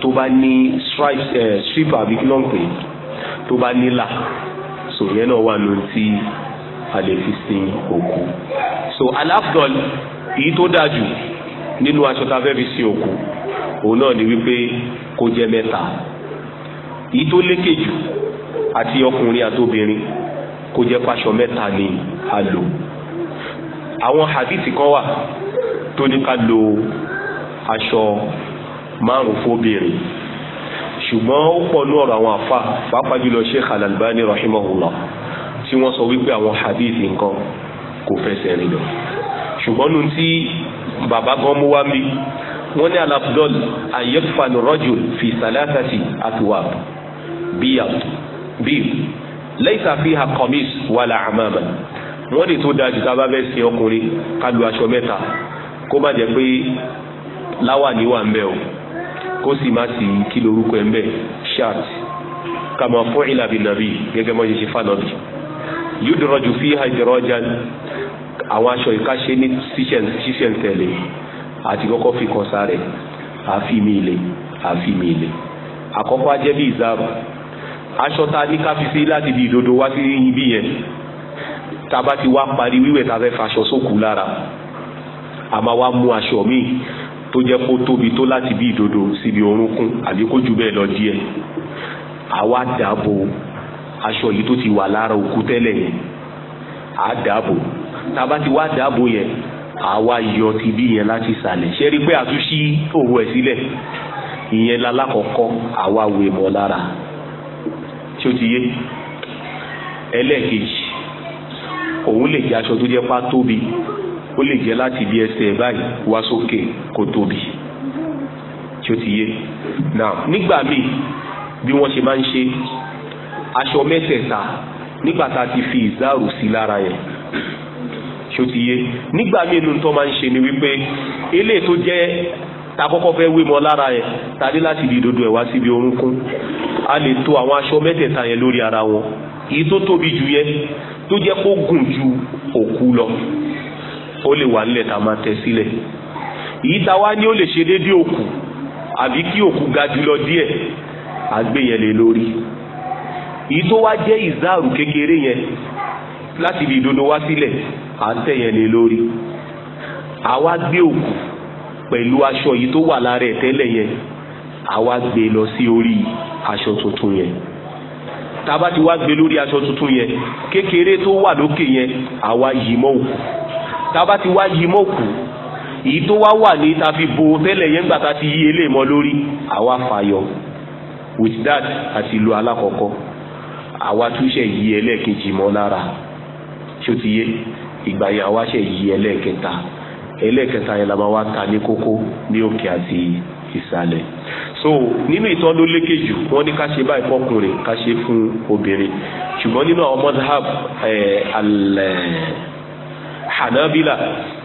A: tó bá ní stripes ẹ̀ eh, strip àbí kí ló ń pè é tó bá nílà so yẹn náà wà ló ti a lè fi sin òkú so aláfdọ́l èyí tó dáa jù nínú aṣọ tá a fẹ́ fi sin òkú òun náà ni wípé kó jẹ mẹ́ta èyí tó lékè jù àti ọkùnrin àtobìnrin kó jẹ́ pàṣọ mẹ́ta ni a lò àwọn hadithi kan wà tó ní ká lo aṣọ márùn fóbìnrin ṣùgbọ́n ó pọ̀ ní ọ̀rọ̀ àwọn àfa pàápàá jùlọ Sheikh Al-Albani rahimahullah tí wọ́n sọ wípé àwọn hadith nǹkan kò fẹsẹ̀ rìn lọ ṣùgbọ́n nu tí bàbá gan mú wá mi wọ́n ní alabdol ayefanu rajul fi salatati atwab bíyàb bíyàb laysa fiha qamis wala amama wọ́n ní tó dájú tá a bá fẹ́ sin ọkùnrin ká aṣọ mẹ́ta kó má jẹ́ pé láwà ní wà ń bẹ́ o kó sì má sí kí lorúkọ ẹ̀ ń bẹ̀ ṣáàt kàmá fún ìlàbí nàbí gẹ́gẹ́ mọ́ ṣe ṣe fànàbí yudraju fiha idrajan àwọn aṣọ ìkáṣe ní ṣíṣẹ̀ntẹ̀lé àti kọ́kọ́ fi kan sáré àfi mi ilé àfi mi ilé àkọ́kọ́ ajẹ́ bí ìzáàbù aṣọ ta ní ká láti di ìdodo wá sí ibi yẹn tá a bá ti wá parí wíwẹ̀ tá a fẹ́ faṣọ sókù lára a máa mú aṣọ míì tó jẹ́ kó tóbi tó láti bí ìdodo síbi orúnkún àbí kó jù bẹ́ẹ̀ lọ díẹ̀ àwa dàbò aṣọ yìí tó ti wà lára òkú tẹ́lẹ̀ yẹn à dàbò tá a bá ti wá dàbò yẹn àwa yọ ti bí yẹn láti sàlẹ̀ ṣe rí pé àtúnṣí òwò ẹ̀ sílẹ̀ ìyẹn lalákọ̀ọ́kọ́ àwa wè mọ́ lára tí ó ti yé ẹlẹ́ẹ̀kejì òun lè jẹ́ aṣọ tó jẹ́ pá ó lè jẹ́ láti bí ẹsẹ̀ báyìí wá sókè kó tóbi tí ó ti yé now nígbà míì bí wọ́n ṣe máa ń ṣe aṣọ mẹ́tẹ̀ẹ̀ta nígbà tá a ti fi ìzáàrù sí lára yẹn tí ó ti yé nígbà míì nínú tó máa ń ṣe ni wípé eléyìí tó jẹ́ ta kọ́kọ́ fẹ́ wé mọ́ lára yẹn ta dé láti di dodo ẹ̀ wá síbi orúnkún a lè to àwọn aṣọ mẹ́tẹ̀ẹ̀ta yẹn lórí ara wọn èyí tó tóbi jù yẹn tó jẹ́ kó gùn ju òkú lọ ó lè wà nílẹ̀ tá a máa tẹ sílẹ̀ èyí tá a wá ní ó lè ṣe déédéé òkú àbí kí òkú ga jùlọ díẹ̀ àgbéyẹlẹ lórí èyí tó wá jẹ́ ìzáàrù kékeré yẹn láti ibi ìdodo wá sílẹ̀ à ń tẹ̀yẹlẹ lórí àwa gbé òkú pẹ̀lú aṣọ yìí tó wà lára ẹ̀ tẹ́lẹ̀ yẹn àwa gbé lọ sí orí aṣọ tuntun yẹn tá a bá ti wá gbé lórí aṣọ tuntun yẹn kékeré tó wà lókè yẹn àwa yìí mọ́ òkú tá a bá ti wá yí mọ́kù èyí tó wá wà ní tàbí bo tẹ́lẹ̀ yẹn gbà tá ti yí eléyìí lórí àwa fàyọ with that àti lu alákọ̀ọ́kọ́ àwa túnṣe yí ẹlẹ́ẹ̀kejì mọ́ lára ṣó ti yé ìgbà yẹn àwa ṣe yí ẹlẹ́ẹ̀kẹta ẹlẹ́ẹ̀kẹta yẹn la máa wá ta ní kókó ní òkè àti ìsàlẹ̀ so nínú ìtàn ló lékè jù wọ́n ní ká ṣe báyìí fọkùnrin ká ṣe fún obìnrin ṣùgbọ́n nínú àwọn mọ́tàhàb ẹ̀ eh, alẹ́ eh, hanabila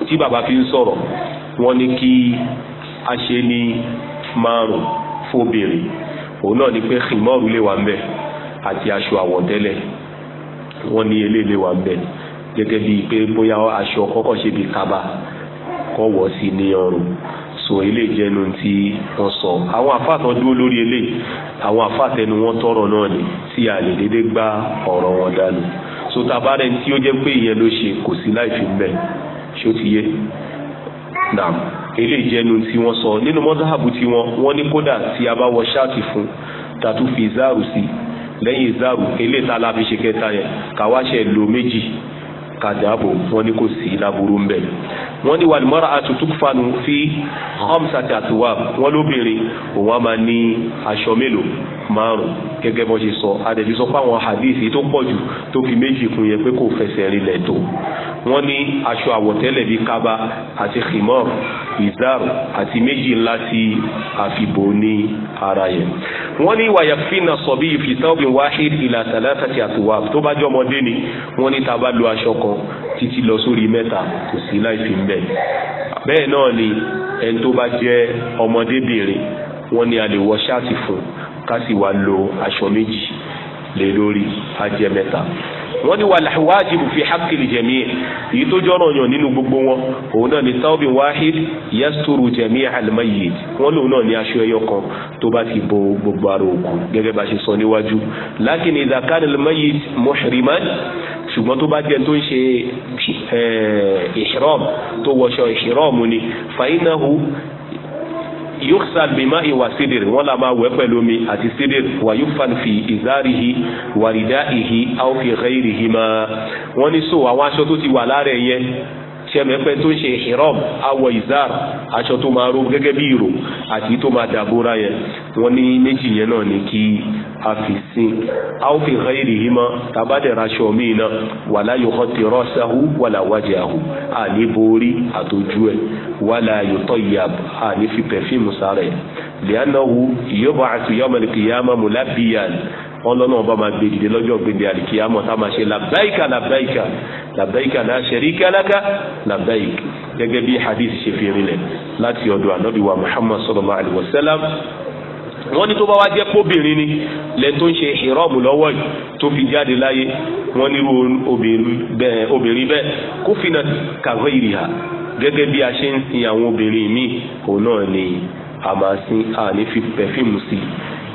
A: tí bàbá fi ń sọ̀rọ̀ wọ́n ní kí a ṣe ní márùn fóbìnrin òun náà ni pé khimoru lè wà ń bẹ àti aṣọ àwọ̀tẹ́lẹ̀ wọ́n ní eléyìí lè wà ń bẹ gẹ́gẹ́ bíi pé bóyá aṣọ kọ́kọ́ ṣe bíi kaba kọ́ wọ́ sí ní ọrùn so ilé ìjẹnu tí wọ́n sọ àwọn àfáàtàn dúró lórí eléyìí àwọn àfáàtẹnu wọn tọrọ náà ni tí a lè dédé gbá ọ̀rọ̀ wọn dànù so tabarẹ tí ó jẹ́ pé ìyẹn ló ṣe kò sí láì fi bẹ ṣó ti yé naam eléyìí jẹnu tí wọ́n sọ nínú mọ́sáàbù tí wọ́n wọ́n ní kódà tí a bá wọ ṣáàtì fún tàtú fi záàrù sí lẹ́yìn záàrù eléyìí tá a láfi ṣe kẹta yẹn kàwáṣẹ lo méjì kàdáàbò wọ́n ní kò sí láburú ń bẹ wọ́n ní wàlúmọ́ra àtútùfanu fi hamsati àtúwà wọ́n lóbìnrin òun á máa ní aṣọ mélòó márùn gẹ́gẹ́ bọ́ ṣe sọ adẹ̀bí sọ fáwọn hadithi tó pọ̀ jù tó fi méjì kún yẹ pé kò fẹsẹ̀ rinlẹ̀ tó wọ́n ní aṣọ àwọ̀tẹ́lẹ̀ bíi kaba àti khimar izar àti méjì ńlá ti àfibò ní ara yẹn wọ́n ní wàyàfínà sọ̀bí ìfìtọ́bìn wáhid ìlà tàlátàtì àtùwà tó bá jọ ọmọdé ni wọ́n ní ta bá lo aṣọ kan títí lọ sórí mẹ́ta kò sí láìfi ń bẹ̀ bẹ́ẹ̀ náà ni ẹni tó bá jẹ́ ọmọdébìnrin wọ́n ní a lè wọ ṣáàtì fún ká sì wá lo aṣọ méjì lé lórí ajẹ́ mẹ́ta wọ́n ní wàlá wájibu fi hakili jẹ̀mí èyí tó jọ́rọ̀ yàn nínú gbogbo wọn òun náà ni tawbi wahid yasturu jẹ̀mí alimayi wọ́n lòun náà ni aṣọ ẹyọ kan tó bá ti bo gbogbo ara òkú gẹ́gẹ́ bá ṣe sọ níwájú lakin idha alimayi muhriman ṣùgbọ́n tó bá jẹ́ tó ń ṣe ìṣirọ́m eh, tó wọṣọ ìṣirọ́m ni fainahu yuksa bima iwa sidir wọn la máa wẹ̀ pẹ̀lú omi àti sidir wa yufan fi izarihi warida ihi aw fi ghairihi ma wọn ní so àwọn aṣọ tó ti wà lára yẹn sẹ́mẹ̀pẹ́ tó ń ṣe hiram awọ izar aṣọ tó máa ró gẹ́gẹ́ bí ìrò àti tó máa dàbóra yẹn wọ́n ní méjì yẹn náà ni kí a fi sin a ó fi hàn èrè yìí mọ́ tabadẹ̀rẹ̀ aṣọ míì náà wala yukhattira sahu wala àní borí àtòjú ẹ̀ wala yutayyab àní fi pẹ̀fíìmù sára ẹ̀ lẹ́yìn náà yóò bá àtúnyàmọ̀ kìyàmọ̀ mọ̀lábíyàn ọlọ́nà ọba máa gbé dìde lọ́jọ́ gbèdé àlìkíyàmọ̀ tá a máa ṣe làbáìkà làbáìkà làbáìkà la sharika laka làbáìkà gẹ́gẹ́ bí hadith ṣe fi rinlẹ̀ láti ọ̀dọ̀ ànábì wa muhammad sallallahu alayhi wa sallam wọ́n ní tó bá wá jẹ́ kóbìnrin ni lẹ́ni tó ń ṣe ìrọ́ọ̀mù lọ́wọ́ yìí tó fi jáde láyé wọ́n ní obìnrin bẹ́ẹ̀ kófìnà kàwé ìrìhà gẹ́gẹ́ bí a ṣe ń sin àwọn obìnrin míì òun náà ni a máa sin a ní fi pẹ̀fíìmù sí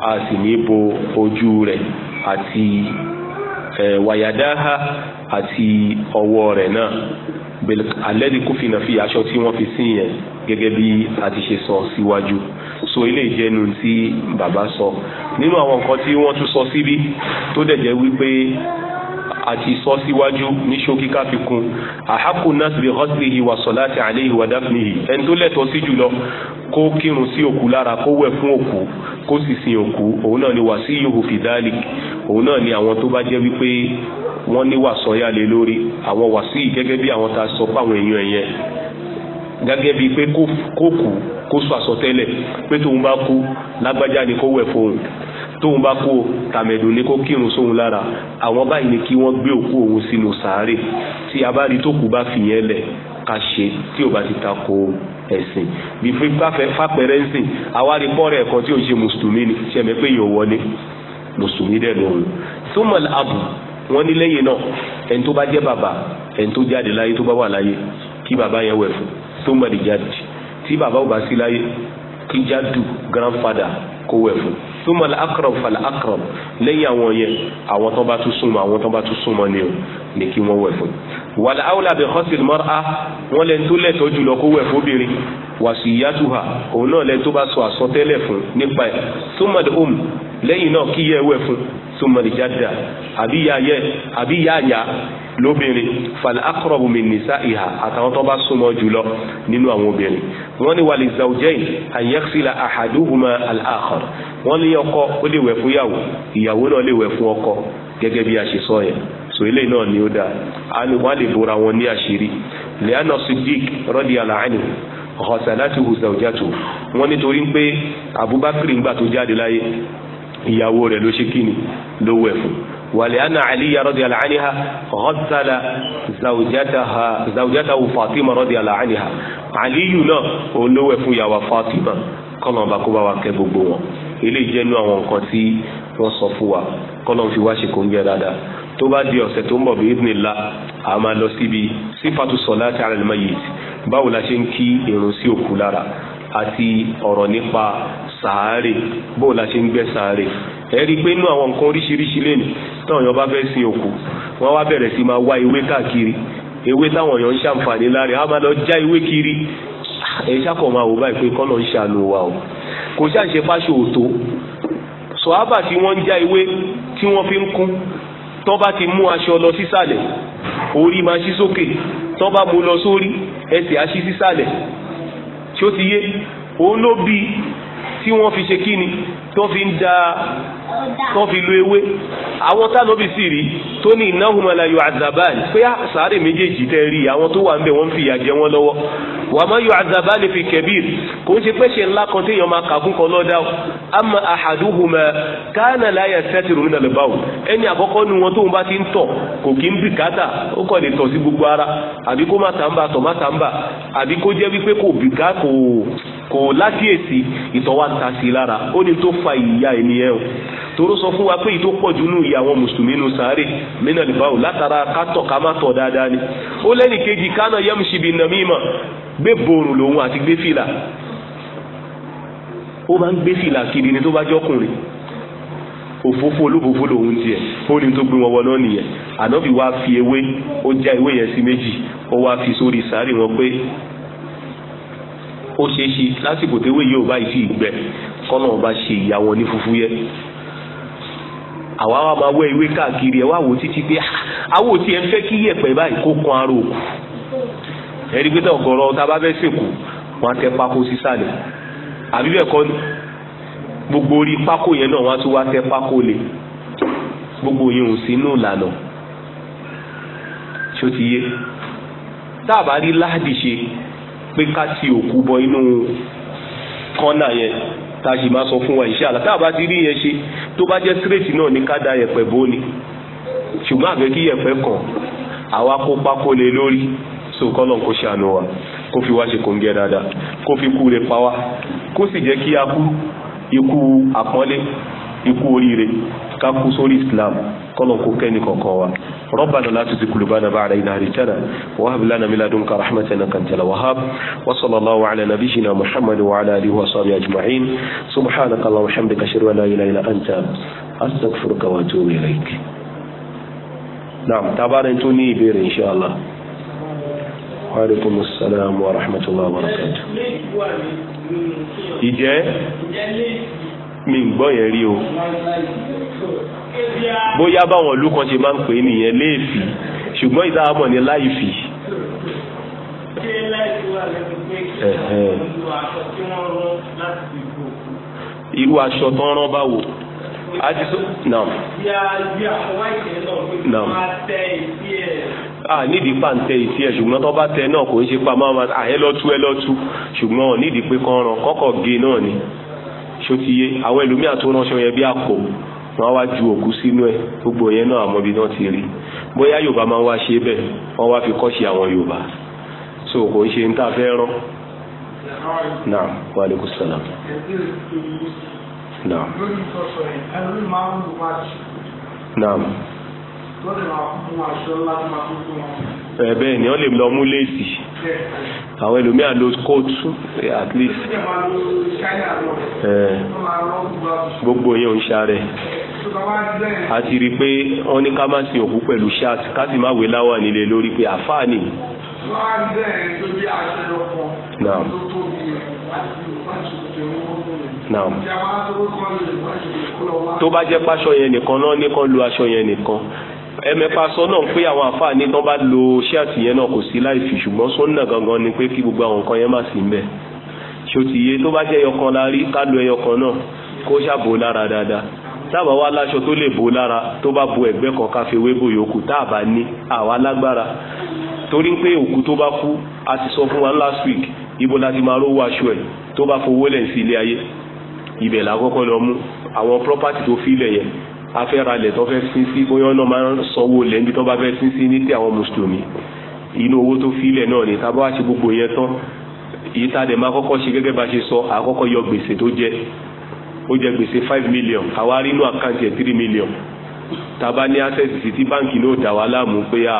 A: a sì ní bo ojú rẹ̀ àti ẹ̀ wàyàdáhà àti ọwọ́ rẹ̀ náà alẹ́ni kó fìnà fi aṣọ tí wọ́n fi sí yẹn gẹ́gẹ́ bí a ti ṣe sọ síwájú so ilé ìjẹnu tí bàbá sọ nínú àwọn nǹkan tí wọ́n tún sọ síbí tó dẹ̀ jẹ́ wípé àti sọ síwájú ní ṣókí ká fi kún àhákù nas bi ghaslihi wa salati alayhi wa dafnihi ẹni tó lẹ́tọ̀ọ́ sí jùlọ kó kírun sí òkú lára kó wẹ̀ fún òkú kó sì sin òkú òun náà ni wasiyuhu fi dhalik òun náà ni àwọn tó bá jẹ́ wípé wọ́n ní wàsọ̀yà lé lórí àwọn wàsí gẹ́gẹ́ bí àwọn tá a sọ fáwọn èèyàn ẹ̀yẹn gẹ́gẹ́ bíi pé kó kú kó sọ àsọtẹ́lẹ̀ pé tóun bá kú lágbájá ni kó wẹ̀ fóun tóun bá kú tàmẹ̀dùn ní kó kírun sóhun lára àwọn báyìí ni kí wọ́n gbé òkú òun sínú sàárè tí a bá rí tó kù bá fìyẹn lẹ̀ ká ṣe tí ò bá ti ta ko ẹ̀sìn bí fápẹ̀rẹ́ ń sìn àwárí pọ́ọ̀rẹ́ ẹ̀kan tí ò ń ṣe mùsùlùmí ni ṣẹ̀mẹ́ pé yóò wọlé mùsùlùmí dẹ̀ lòun súnmọ́ àbù wọ́n ní lẹ́yìn náà ẹni tó bá jẹ́ bàbá ẹni tó jáde láyé tó bá wà láyé kí bàbá yẹn wẹ̀ fún tó mọ̀ ní jáde tí bàbá ò bá sí láyé kí jádù grandfather kó wẹ̀ fún súnmọ́ akọrọ falẹ akọrọ lẹ́yìn àwọn yẹn àwọn tó bá tún súnmọ́ àwọn tó bá tún súnmọ́ ni o ní kí wọ́n wẹ̀ fún wàlà áwùlà bẹ xọ́sìlì mọ́ra wọn lẹ́ni tó lẹ́tọ́ jùlọ kó wẹ̀ fóbìnrin wàsí ìyájúhà òun náà lẹ́ni tó bá sọ àsọtẹ́lẹ̀ fún nípa ẹ̀ súnmọ́dé òmù um, lẹ́yìn náà kí yẹ wẹ̀ fún súnmọ́dé jáde àbí yáyẹ àbí yáyà lóbìnrin fàlẹ́ akọ̀rọ̀bù mi nìsa ìhà àtàwọn tó bá súnmọ́ jùlọ nínú àwọn obìnrin wọ́n ní wàlẹ̀ zawjain àyẹ́sílà àhàdúhùmá al-akhar wọ́n ọkọ ó lè wẹ̀ fún ìyàwó ìyàwó náà lè wẹ̀ fún ọkọ gẹ́gẹ́ bí a ṣe sọ yẹn so eléyìí náà ni ó dáa wọ́n á lè bora wọn ní àṣírí lẹ́yìn Siddiq radiyallahu anhu khasalatuhu zawjatuhu wọ́n nítorí pé Abubakar ńgbà tó jáde láyé ìyàwó rẹ̀ ló ṣe kíni ló wẹ̀ fún wàlẹ̀ ana aliya radiyallahu anha ghassala zawjatahu fatima radiyallahu anha aliyu náà òun ló wẹ̀ fún yàwá fatima kọ́lọ́n kó bá wa kẹ́ gbogbo wọn eléyìí jẹ́ àwọn nǹkan tí wọ́n sọ fún wa kọ́lọ́n fi wá ṣe kò ń jẹ́ dáadáa tó bá di ọ̀sẹ̀ tó ń bọ̀ bíi ìdìnnìlá a máa lọ síbi sífàtú sọ̀láàtì alal mayyit báwo la ṣe ń kí irun sí òkú lára àti ọ̀rọ̀ nípa sàárè bóò la ṣe ń gbẹ́ sàárè ẹ rí i pé inú àwọn nǹkan oríṣiríṣi lè táwọn èèyàn bá fẹ́ sin òkú wọ́n wá bẹ̀rẹ̀ sí máa wá ewé káàkiri ewé táwọn èèyàn ń ṣàǹfààní láre á máa lọ já ewé kiri ẹ ṣàkọ̀ máa wò báyìí pé kọ́nà ń ṣàánú wa o kò ṣàǹṣe fáṣọ òtó sọ̀hábà tí wọ́n ń já ewé tí wọ́n fi ń kún tó bá ti mú aṣọ lọ sísàlẹ̀ orí máa ṣí sókè tó bá mú lọ sórí ẹsẹ̀ á sísàlẹ̀ tí ó ti yé òun ló bí tí wọ́n fi ṣe kí ni tó fi ń da
B: tó fi lu ewé
A: àwọn tánàbí sì rí tó ní innahuma la yu'azzabani pé sàárè méjèèjì tẹ́ rí àwọn tó wà ń bẹ̀ wọ́n ń fìyà jẹ wọ́n lọ́wọ́ wa ma yu'azzabani fi kabir kò ń ṣe pẹ́ṣẹ̀ ńlá kan téèyàn máa kà kan lọ́dá amma ahaduhuma kana la yastatiru min al-bawl ẹni àkọ́kọ́ nu wọn tóun bá ti ń tọ̀ kò kí ń bìkátà ó kàn lè tọ̀ sí gbogbo ara àbí kó má tàǹbà tọ̀ má tàǹbà àbí kó jẹ́ wípé kò bìkátà kò kò lákìyèsí ìtọ̀wá wá ń ta sí lára ó ní tó fa ìyà ènìyàn o toro sọ fún wa pé ìtò pọ̀jù nù ìyà àwọn mùsùlùmí nù sáré mínà lè báwò látara kátọ̀ ká má tọ̀ dáadáa ni ó lẹ́nì kejì kánà yẹ́mùsì bìnnà mímọ̀ gbé bòrùn lòun àti gbé fìlà ó bá ń gbé fìlà kiri ni tó bá jọkùnrin òfófó olófófó lòun tiẹ̀ ó ní tó gbé wọn wọná nìyẹn ànábì wá fi ewé ó já ewé yẹn sí méjì ó wá fi sórí sáré wọn pé ó ṣeé ṣe lásìkò tẹ́wé yóò bá ìfi ìgbẹ́ kọ́nà ọba ṣe ìyá wọn ní fúfú yẹ àwa wa máa wẹ ìwé káàkiri ẹ wá wò títí pé àwọn ah, òtí ẹ fẹ́ kí yẹ̀pẹ̀ báyìí kó kan ara òkú ẹni pé tọ̀gọ̀rọ̀ ta bá fẹ́ sèkú wọn á tẹ pákó sísàlẹ̀ àbí bẹ́ẹ̀ kọ́ ni gbogbo orí pákó yẹn náà wọn tún wá tẹ pákó lé gbogbo yẹn ò sí inú ìlànà tí ó ti yé tá a bá rí láàdì ṣe pé ká ti òkú bọ inú kọ́nà yẹn tá a sì máa sọ fún wa insha Allah tá a bá ti rí yẹn ṣe tó bá jẹ́ straight náà ní ká da yẹ̀pẹ̀ bó ni ṣùgbọ́n àgbẹ̀ kí yẹ̀pẹ̀ kàn àwa kó pákó lé lórí so kọ́lọ̀ kó ṣàánú wa kó fi wá ṣe kò ń gẹ́ dáadáa kó fi kú rẹ̀ pa wá kó sì jẹ́ kí a kú ikú àpọ́nlé ikú oríire ká kú sórí islam kọ́lọ̀ kó kẹ́ni kọ̀ọ̀kan wa rabbana la tuzigh qulubana ba'da idh hadaytana wa hab lana min ladunka rahmatan innaka antal wahhab wa sallallahu ala nabiyyina muhammad wa ala alihi wa sahbihi ajma'in subhanaka allahumma wa hamdika ashhadu an la ilaha illa anta astaghfiruka wa atubu ilayk. نعم tabarin tó ní ìbéèrè insha allah. wa alaykum assalam wa rahmatullahi wa barakatuh. mi ń gbọ́ yẹn rí o bóyá báwọn ìlú kan ṣe máa ń pè é nìyẹn léèfì ṣùgbọ́n ìdáhàmọ̀ ni láìfì. irú aṣọ tó ń rán báwo àdìsó nam. nam. a nídìí pa ń tẹ ìtí ẹ ṣùgbọ́n tó bá tẹ náà kò ń ṣe pa máa ma àyẹ́ lọ́tú ẹ lọ́tú ṣùgbọ́n nídìí pé kán ran kọ́kọ́ gé e náà ni ṣó ti yé àwọn ẹlòmíà tó ránṣọ yẹn bí àpò wọ́n wá ju òkú sínú ẹ̀ gbogbo yẹn náà àmọ́ bí náà ti rí bóyá yorùbá máa ń wá ṣe bẹ́ẹ̀ wọ́n wá fi kọ́ṣe àwọn yorùbá so kò ń ṣe ń tà fẹ́ rán.
B: naam wa aleykum salaam. naam.
A: naam. ẹ lè lọ mú léèsì àwọn ẹlòmíà lo coat eh, at least eh, gbogbo yẹn ò ń ṣàrẹ̀ a ti rí i pé wọ́n ní ká má sin òkú pẹ̀lú shirt ká sì má wé láwà nílé lórí pé àfáà ni.
B: naam naam tó bá jẹ́ pàṣọ yẹn nìkan
A: náà ní lu aṣọ yẹn nìkan ẹ̀mẹ́fà sọ́nà pé àwọn àfáàní tán bá lo ṣẹ́ẹ̀tì yẹn náà kò sí láì ṣùgbọ́n sọ́nà gangan ni pé kí gbogbo àwọn nǹkan yẹn má sí mbẹ̀ ṣòtìyé tó bá jẹ́ ẹyọkan la rí ká lo ẹyọkan náà kó ṣàbò lára dáadáa tábà wá láṣọ tó lè bò lára tó bá bo ẹ̀gbẹ́ kan ká fi wébò yòókù táàbà ní àwa lágbára torí pé òkú tó bá kú a ti sọ fún wa last week ibo la ti máa rówó aṣọ ẹ̀ tó bá fowó lẹ̀ sí ilé ayé ibẹ̀ làkọ́kọ́ lọ mú àwọn property tó fi ilẹ̀ yẹn afẹ́ralẹ̀ tó fẹ́ sin sí bóyá ọ̀nà máa ń sanwó lẹ́ni tó bá fẹ́ sin sí ní ti àwọn mùsùlùmí inú owó tó filẹ̀ náà ni tá a bá gbogbo yẹn tán èyí dẹ̀ máa kọ́kọ́ ṣe gẹ́gẹ́ bá ṣe sọ àkọ́kọ́ yọ gbèsè tó jẹ ó jẹ gbèsè five million àwa rí inú àkáǹtì ẹ̀ three million tàbá ní access sí tí báǹkì náà dà wá láàmú pé à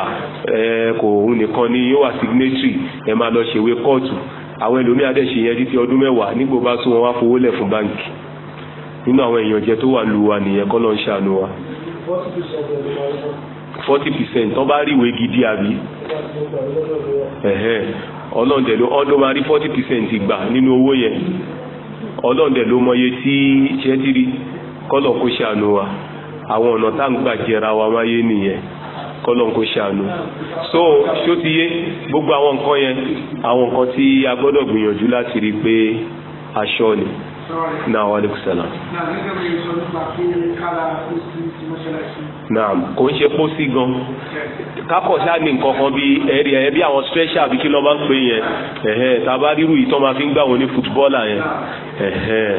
A: ẹ kò òun nìkan ni yóò wà signatory ẹ máa lọ ṣèwé kóòtù àwọn ẹlòmíà dẹ̀ títí ọdún mẹ́wàá nígbò bá sún wọn wá fowó lẹ̀ fún báǹkì nínú àwọn èèyàn jẹ tó wà lù wa nìyẹn kọ́ ló ṣàánú wa forty percent tó bá rí ìwé gidi àbí ọlọ́run dẹ̀ ló ọdún máa rí forty percent gbà nínú owó yẹn ọlọ́run dẹ̀ ló mọye tí ṣẹ́tìrì kọ́lọ̀ kó ṣàánú wa àwọn ọ̀nà tá ń gbà jẹra wa máyé nìyẹn kọ́lọ́n kó ṣàánú so ṣó ti yé gbogbo àwọn nǹkan yẹn àwọn nǹkan tí a gbọ́dọ̀ gbìyànjú láti rí pé aṣọ ni náà wà ní kùsàlà. náà kò ń ṣe pósí gan kákọ̀ ṣáà ní nǹkan kan bíi ẹ̀rí ẹ̀ bí àwọn special bí kí ló máa ń pè yẹn ẹ̀hẹ́n tàbá rírú yìí tó máa fi ń gbà wọn ní fútbọ́ọ̀là yẹn
B: ẹ̀hẹ́n.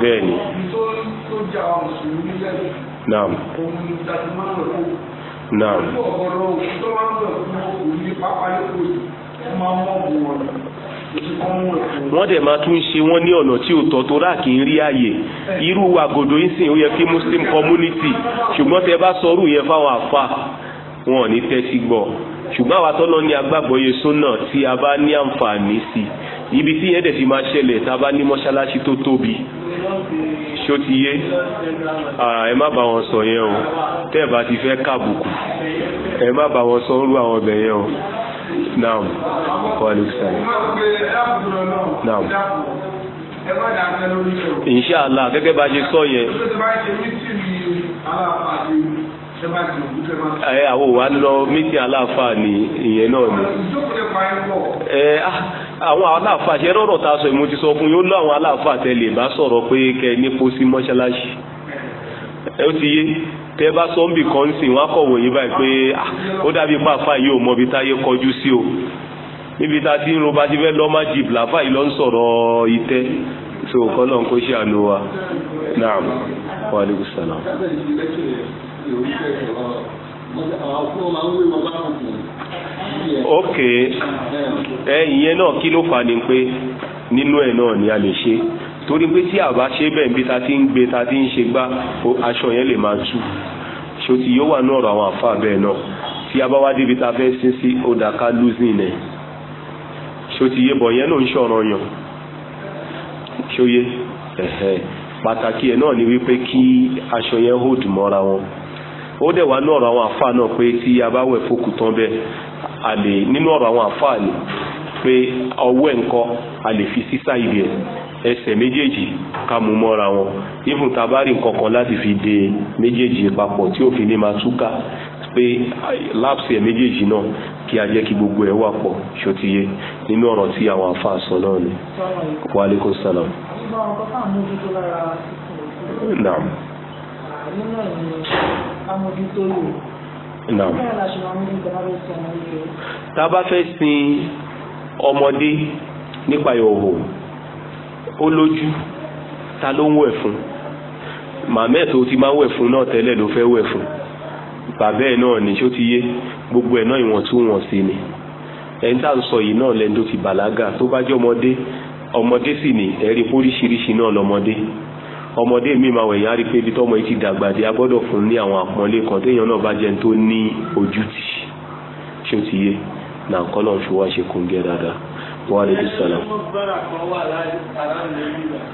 B: bẹ́ẹ̀ ni. náà. náà wọ́n dẹ̀ máa
A: tún ṣe wọ́n ní ọ̀nà tí ò tọ́ tó ráàkì ń rí àyè irú àgòdò ìsìn ó yẹ kí muslim community ṣùgbọ́n tẹ bá sọ orú yẹn fáwọn àfa wọn ò ní tẹ́tí gbọ́ ṣùgbọ́n àwa tọ́lọ́ ní agbábọ̀ yẹn sọ́nà tí a bá ní àǹfààní sí ibi tí yẹn dẹ̀ ti máa ṣẹlẹ̀ tá a bá ní mọ́ṣáláṣí tó tóbi ṣó ti yé ẹ má bá wọn sọ yẹn o tẹ́ẹ̀ bá ti fẹ́ kábùkù ẹ má bá wọn sọ naam wàlúù sàlẹ̀ naam inṣàlá gẹ́gẹ́ bá ṣe sọ yẹn ẹ àwọn lọ mítí ni ìyẹn náà ni ẹ ah, àwọn rọrọ ta sọ ti sọ fún lọ àwọn bá sọ̀rọ̀ pé ní tẹ bá sọ ń bì kan sìn wọn akọ̀wé yìí báyìí pé ó dàbí pàfà yìí ò mọbi táyé kọjú sí o níbi tá a ti ń ro bá ti fẹ́ lọ́ọ́ má jìb làfà yìí lọ ń sọ̀rọ̀ ìtẹ́
B: so kọ́lọ̀ ń kó ṣe àánú wa naam wa aleykum salaam. ok
A: ẹ ìyẹn náà kí ló fà ní pé nínú ẹ náà ni a lè ṣe torí pé tí àbá ṣe bẹ́ẹ̀ bí ta ti ń gbé ta ti ń ṣe gbá aṣọ yẹn lè máa tú ṣó ti yóò wà ní ọ̀rọ̀ àwọn àfa bẹ́ẹ̀ náà tí a bá wá débi ta fẹ́ sin sí ó dà ká lùzìn nẹ̀ ṣó ti yé bọ̀ yẹn náà ń ṣọ̀rọ̀ yàn ṣó yé pàtàkì ẹ̀ náà ni wípé kí aṣọ yẹn hold mọ́ra wọn ó dẹ̀ wá ní ọ̀rọ̀ àwọn àfa náà pé tí a bá wẹ̀ fókù tán bẹ́ẹ̀ a lè nínú ọ̀rọ̀ àwọn àfa pé ọwọ́ ẹ̀ ńkọ́ a lè fi sísá ibi ẹ̀ ẹsẹ̀ méjèèjì ká mú mọ́ra wọn even tá a bá rí nǹkankan láti fi de méjèèjì papọ̀ tí òfin ní máa túká pé lápsì ẹ̀ méjèèjì náà kí a jẹ́ kí gbogbo ẹ̀ wà pọ̀ ṣòtíye nínú ọ̀rọ̀ tí àwọn àfáà sọ náà ni wa alaikum salam.
B: naam. naam.
A: tá a bá fẹ́ sin ọmọdé nípa ìhòòhò ó lójú ta ló ń wẹ̀ fún màmá ẹ̀ tó ti máa wẹ̀ fún náà tẹ́lẹ̀ ló fẹ́ wẹ̀ fún bàbá ẹ̀ náà ní ṣó ti yé gbogbo ẹ̀ náà ìwọ̀ntúnwọ̀nsì ni ẹni tá à ń sọ yìí náà lẹ́ni tó ti bàlágà tó bá jẹ́ ọmọdé ọmọdé sì ni ẹ̀rí póríṣiríṣi náà lọ́mọdé ọmọdé mi máa wẹ̀yìn á rí pé ibi tọ́mọ yìí ti dàgbà dé a gbọ́dọ̀ fún ní àwọn àpọ́nlé kan téèyàn náà bá jẹun tó ní ojútì ṣó ti yé nà ń kọ́ fi wá ṣe kóńgẹ́ dáadáa. wàlẹ́bí sọ̀lá.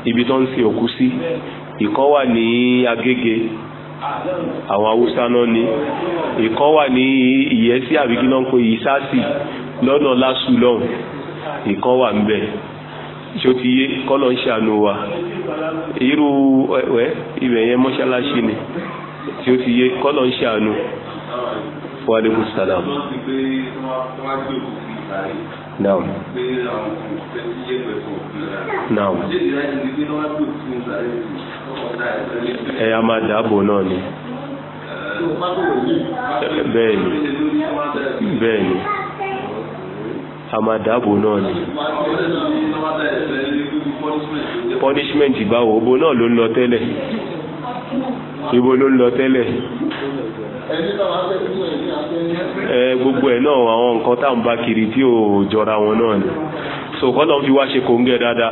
B: ibi tó ń sin
A: òkú sí ìkan wà ní agége àwọn haúsá ni ìkan wà ní ìyẹ́sí àbíkí náà lọ́nà lásù lọ́hùn ìkan wà ń bẹ tí ó ti yé kọ́lọ̀ ń ṣàánú wa irú ibẹ̀ yẹn mọ́ṣáláṣí ni tí ó ti yé kọ́lọ̀ ń ṣàánú
B: wa naam. naam. ẹ a máa dáàbò náà ni. bẹ́ẹ̀ni bẹ́ẹ̀ni a máa dáàbò náà ni.
A: punishment báwo ibo náà ló ń lọ tẹ́lẹ̀ ibo ló ń lọ tẹ́lẹ̀ ẹ gbogbo ẹ náà àwọn nǹkan tá à ń bá kiri tí ò jọra wọn náà ni sòkò náà fi wá ṣe kòńgẹ́ dáadáa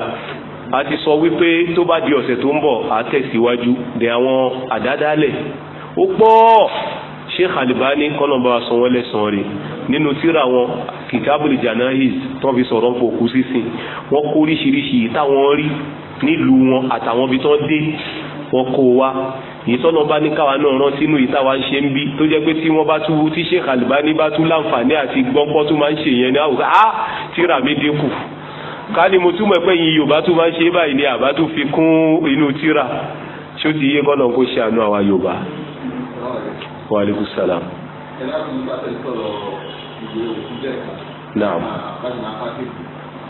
A: a ti sọ wípé tó bá di ọ̀sẹ̀ tó ń bọ̀ á tẹ̀síwájú de àwọn àdádálẹ̀ ó pọ̀ Sheikh Albani kọ́nàbà sọ wọ́n lẹ́sàn-án rẹ̀ nínú tíra wọn kìtàbùlì janahiz tó fi sọ̀rọ̀ pò kú sísìn wọ́n kó oríṣiríṣi táwọn rí nílùú wọn àtàwọn ibi tó ń dé wọ́n kó wa èyí tọ́nà bá ní káwa náà rán sínú yìí táwa ń ṣe ń bí tó jẹ́ pé tí wọ́n bá tún tí Sheikh Albani bá tún láǹfààní àti gbọ́ngbọ́n tó máa ń ṣe yẹn ní àwùjọ á tíra mi dínkù ká ní mo túmọ̀ pé yìí Yorùbá tó máa ń ṣe báyìí ni àbá tó fi kún inú tíra ṣé ó ti yé kọ́nà kó ṣe àánú àwa Yorùbá. wa aleykum salaam.
B: naam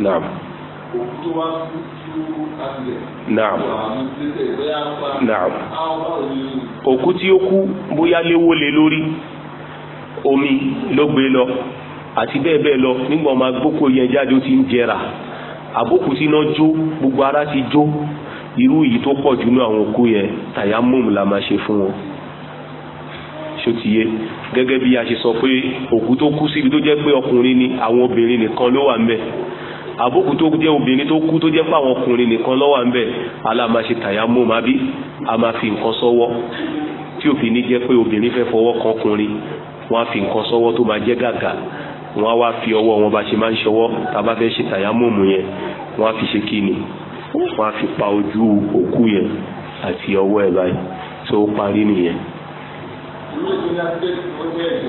B: naam naam naam
A: òkú tí ó kú bóyá léwó lé lórí omi ló gbé lọ àti bẹ́ẹ̀ bẹ́ẹ̀ lọ nígbà ọmọ agbókò yẹn jáde ó ti ń jẹrà àbókù tí iná jó gbogbo ara ti jó irú yìí tó pọ̀ jù ní àwọn òkú yẹn tàyámùm la máa ṣe fún wọn ṣòtìyé gẹ́gẹ́ bí a ṣe sọ pé òkú tó kú síbi tó jẹ́ pé ọkùnrin ni àwọn obìnrin nìkan ló wà ń bẹ̀ àbókù tó jẹ́ obìnrin tó kú tó jẹ́ pé àwọn ọkùnrin nìkan ló wà ń bẹ̀ alámaṣe tàyámọ́ máa bí a máa fi nǹkan sọ́wọ́ tí òfin ní jẹ́ pé obìnrin fẹ́ fọwọ́ kan ọkùnrin wọ́n á fi nǹkan sọ́wọ́ tó máa jẹ́ gàgà wọ́n á wá fi ọwọ́ wọn bá ṣe máa ń ṣọwọ́ tá a bá fẹ́ ṣe tàyámọ́mù yẹn wọ́n á fi ṣe kíni wọ́n á fi pa ojú òkú yẹn àti ọwọ́ ẹ̀ báyìí tó parí nìyẹn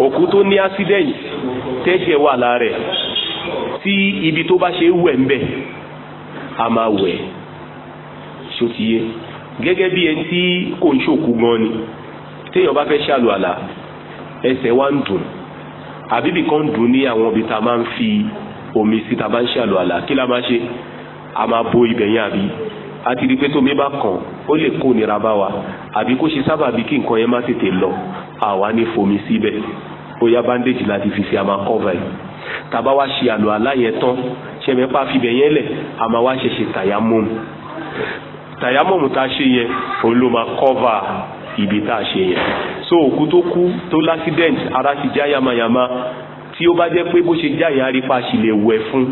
A: òkú tó ní ásídẹ̀yìn tẹ́jẹ̀ wà lára sí ibi tó bá ṣe é wẹ̀ ń bẹ̀ a máa wẹ̀ ṣó ti yé gẹ́gẹ́ bí ẹni tí kò ń ṣòkú gan ni téèyàn bá fẹ́ ṣàlù àlà ẹsẹ̀ wa ń dùn àbíbì kan dùn ní àwọn ibi tá a máa ń fi omi sí tá a ń ṣàlù àlà kí la máa ṣe a máa bo ibẹ̀ yẹn àbí a rí pé tómi bá kàn ó lè kó nira bá wa àbí kó ṣe sábà bí kí nǹkan yẹn má tètè lọ àwa ní fomi síbẹ̀ bóyá bandage láti fi ṣe a máa cover tàbá wá ṣe àlọ́ aláyẹ tán ṣẹ̀mẹ́pá fibẹ̀ yẹn lẹ̀ àmà wá ṣẹ̀ṣẹ̀ tàyámọ́mù tàyámọ́mù tá a ṣe yẹn òun ló máa kọ́va ibi tá a ṣe yẹn so òkú tó kú tó lásídẹ̀ǹt ara ti já yamayama tí ó bá jẹ́ pé bó ṣe já ìyá rí pa ṣì lè wẹ̀ fún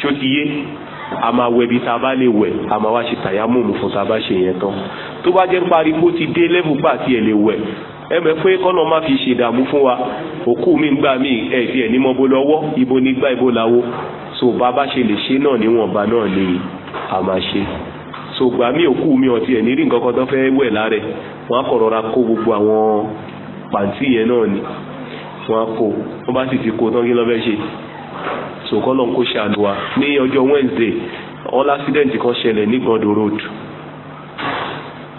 A: ṣó ti yé ibi tá a bá lè wẹ̀ a máa ṣe tàyámọ́mù fún tá a bá ṣe yẹn tán tó bá jẹ́ parí bó ti dé lẹ́bùgbà ẹ mọ̀ pé kọ́nà má fi ṣèdààmú fún wa òkú mi ń gbà mí ẹ̀fì ẹ̀ ní mọ́ bó lọ́wọ́ ibo ní gbá ibo làwọ́ so bàbá ṣe lè ṣe náà níwọ̀nba náà ni a máa ṣe so gbà mí òkú mi ọ̀tí ẹ̀ ní rí nǹkan kan tó fẹ́ wẹ̀ lára wọn á kọ̀ rọra kó gbogbo àwọn pàǹtí yẹn náà ni wọn kó wọn bá sì ti kó tán kí lọ́ fẹ́ ṣe so kọ́nà kó ṣàlùwà ní ọjọ́ Wednesday all accident kan ṣẹlẹ̀ ní gbọ́dọ̀ road